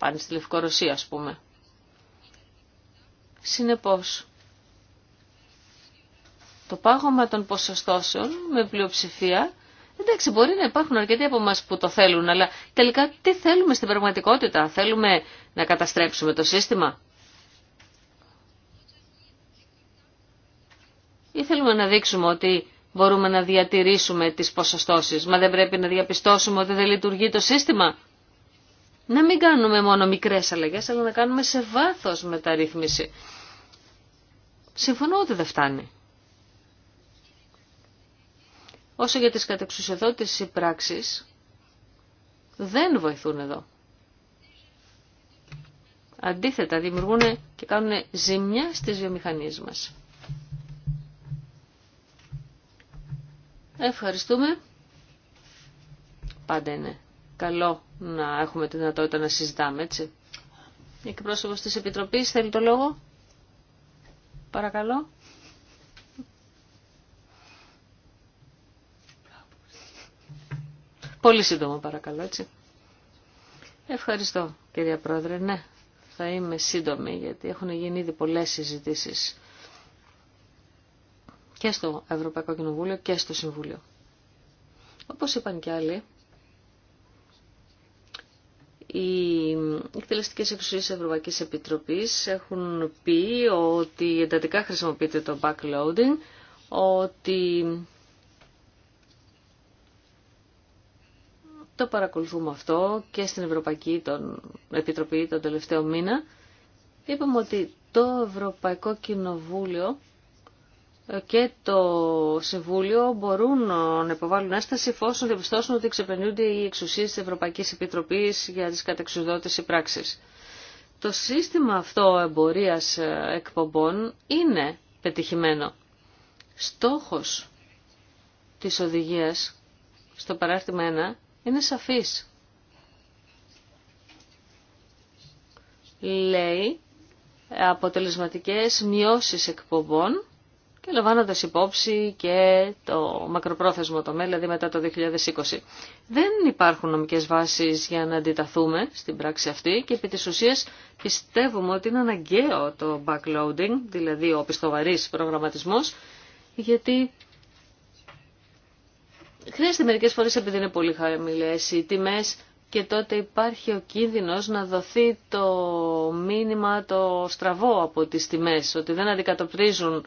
πάνε στη Λευκορωσία ας πούμε. Συνεπώς, το πάγωμα των ποσοστώσεων με πλειοψηφία, εντάξει μπορεί να υπάρχουν αρκετοί από εμά που το θέλουν, αλλά τελικά τι θέλουμε στην πραγματικότητα, θέλουμε να καταστρέψουμε το σύστημα. Ή θέλουμε να δείξουμε ότι μπορούμε να διατηρήσουμε τις ποσοστώσεις, μα δεν πρέπει να διαπιστώσουμε ότι δεν λειτουργεί το σύστημα να μην κάνουμε μόνο μικρές αλλαγές, αλλά να κάνουμε σε βάθος μεταρρύθμιση. Συμφωνώ ότι δεν φτάνει. Όσο για τις ή πράξεις, δεν βοηθούν εδώ. Αντίθετα, δημιουργούν και κάνουν ζημιά στις βιομηχανίες μας. Ευχαριστούμε. Πάντα είναι καλό να έχουμε τη δυνατότητα να συζητάμε, έτσι. Εκπρόσωπο της Επιτροπής θέλει το λόγο. Παρακαλώ. Πολύ σύντομα παρακαλώ, έτσι. Ευχαριστώ κυρία Πρόεδρε. Ναι, θα είμαι σύντομη γιατί έχουν γίνει ήδη πολλές συζητήσεις και στο Ευρωπαϊκό Κοινοβούλιο και στο Συμβούλιο. Όπως είπαν και άλλοι, οι εκτελεστικές εξουσίες της Ευρωπαϊκής Επιτροπής έχουν πει ότι εντατικά χρησιμοποιείται το backloading, ότι το παρακολουθούμε αυτό και στην Ευρωπαϊκή τον Επιτροπή τον τελευταίο μήνα. Είπαμε ότι το Ευρωπαϊκό Κοινοβούλιο και το Συμβούλιο μπορούν να υποβάλουν έσταση εφόσον διαπιστώσουν ότι ξεπερνούνται οι εξουσίε της Ευρωπαϊκής Επιτροπής για τις καταξιδότητε πράξεις. Το σύστημα αυτό εμπορίας ε, εκπομπών είναι πετυχημένο. Στόχος τη οδηγία στο παράρτημα 1 είναι σαφής. Λέει αποτελεσματικές μειώσεις εκπομπών και λαμβάνοντα υπόψη και το μακροπρόθεσμο το μέλλον, δηλαδή μετά το 2020. Δεν υπάρχουν νομικέ βάσεις για να αντιταθούμε στην πράξη αυτή και επί τη ουσία πιστεύουμε ότι είναι αναγκαίο το backloading, δηλαδή ο πιστοβαρή προγραμματισμός, γιατί χρειάζεται μερικέ φορές επειδή είναι πολύ χαμηλέ οι τιμέ και τότε υπάρχει ο κίνδυνος να δοθεί το μήνυμα το στραβό από τις τιμές, ότι δεν αντικατοπτρίζουν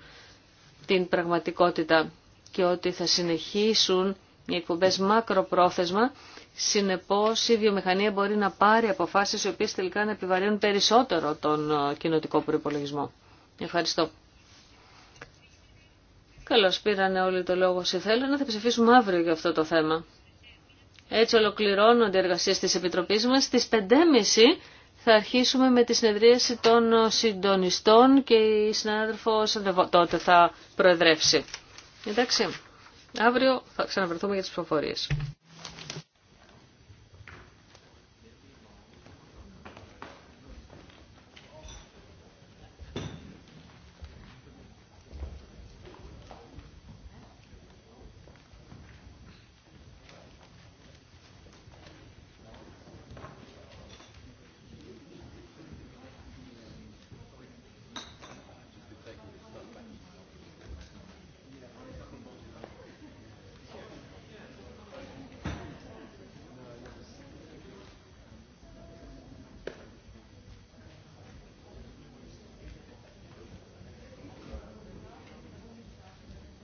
την πραγματικότητα και ότι θα συνεχίσουν οι εκπομπές μακροπρόθεσμα, συνεπώς η βιομηχανία μπορεί να πάρει αποφάσεις οι οποίες τελικά να επιβαρύνουν περισσότερο τον ε, κοινοτικό προϋπολογισμό. Ευχαριστώ. Καλώς πήρανε όλοι το λόγο σε θέλω να θα ψηφίσουμε αύριο για αυτό το θέμα. Έτσι ολοκληρώνονται οι εργασίες της Επιτροπής μας. Στις 5.30 θα αρχίσουμε με τη συνεδρίαση των συντονιστών και η συνάδελφος τότε θα προεδρεύσει. Εντάξει, αύριο θα ξαναβρεθούμε για τις προφορίες.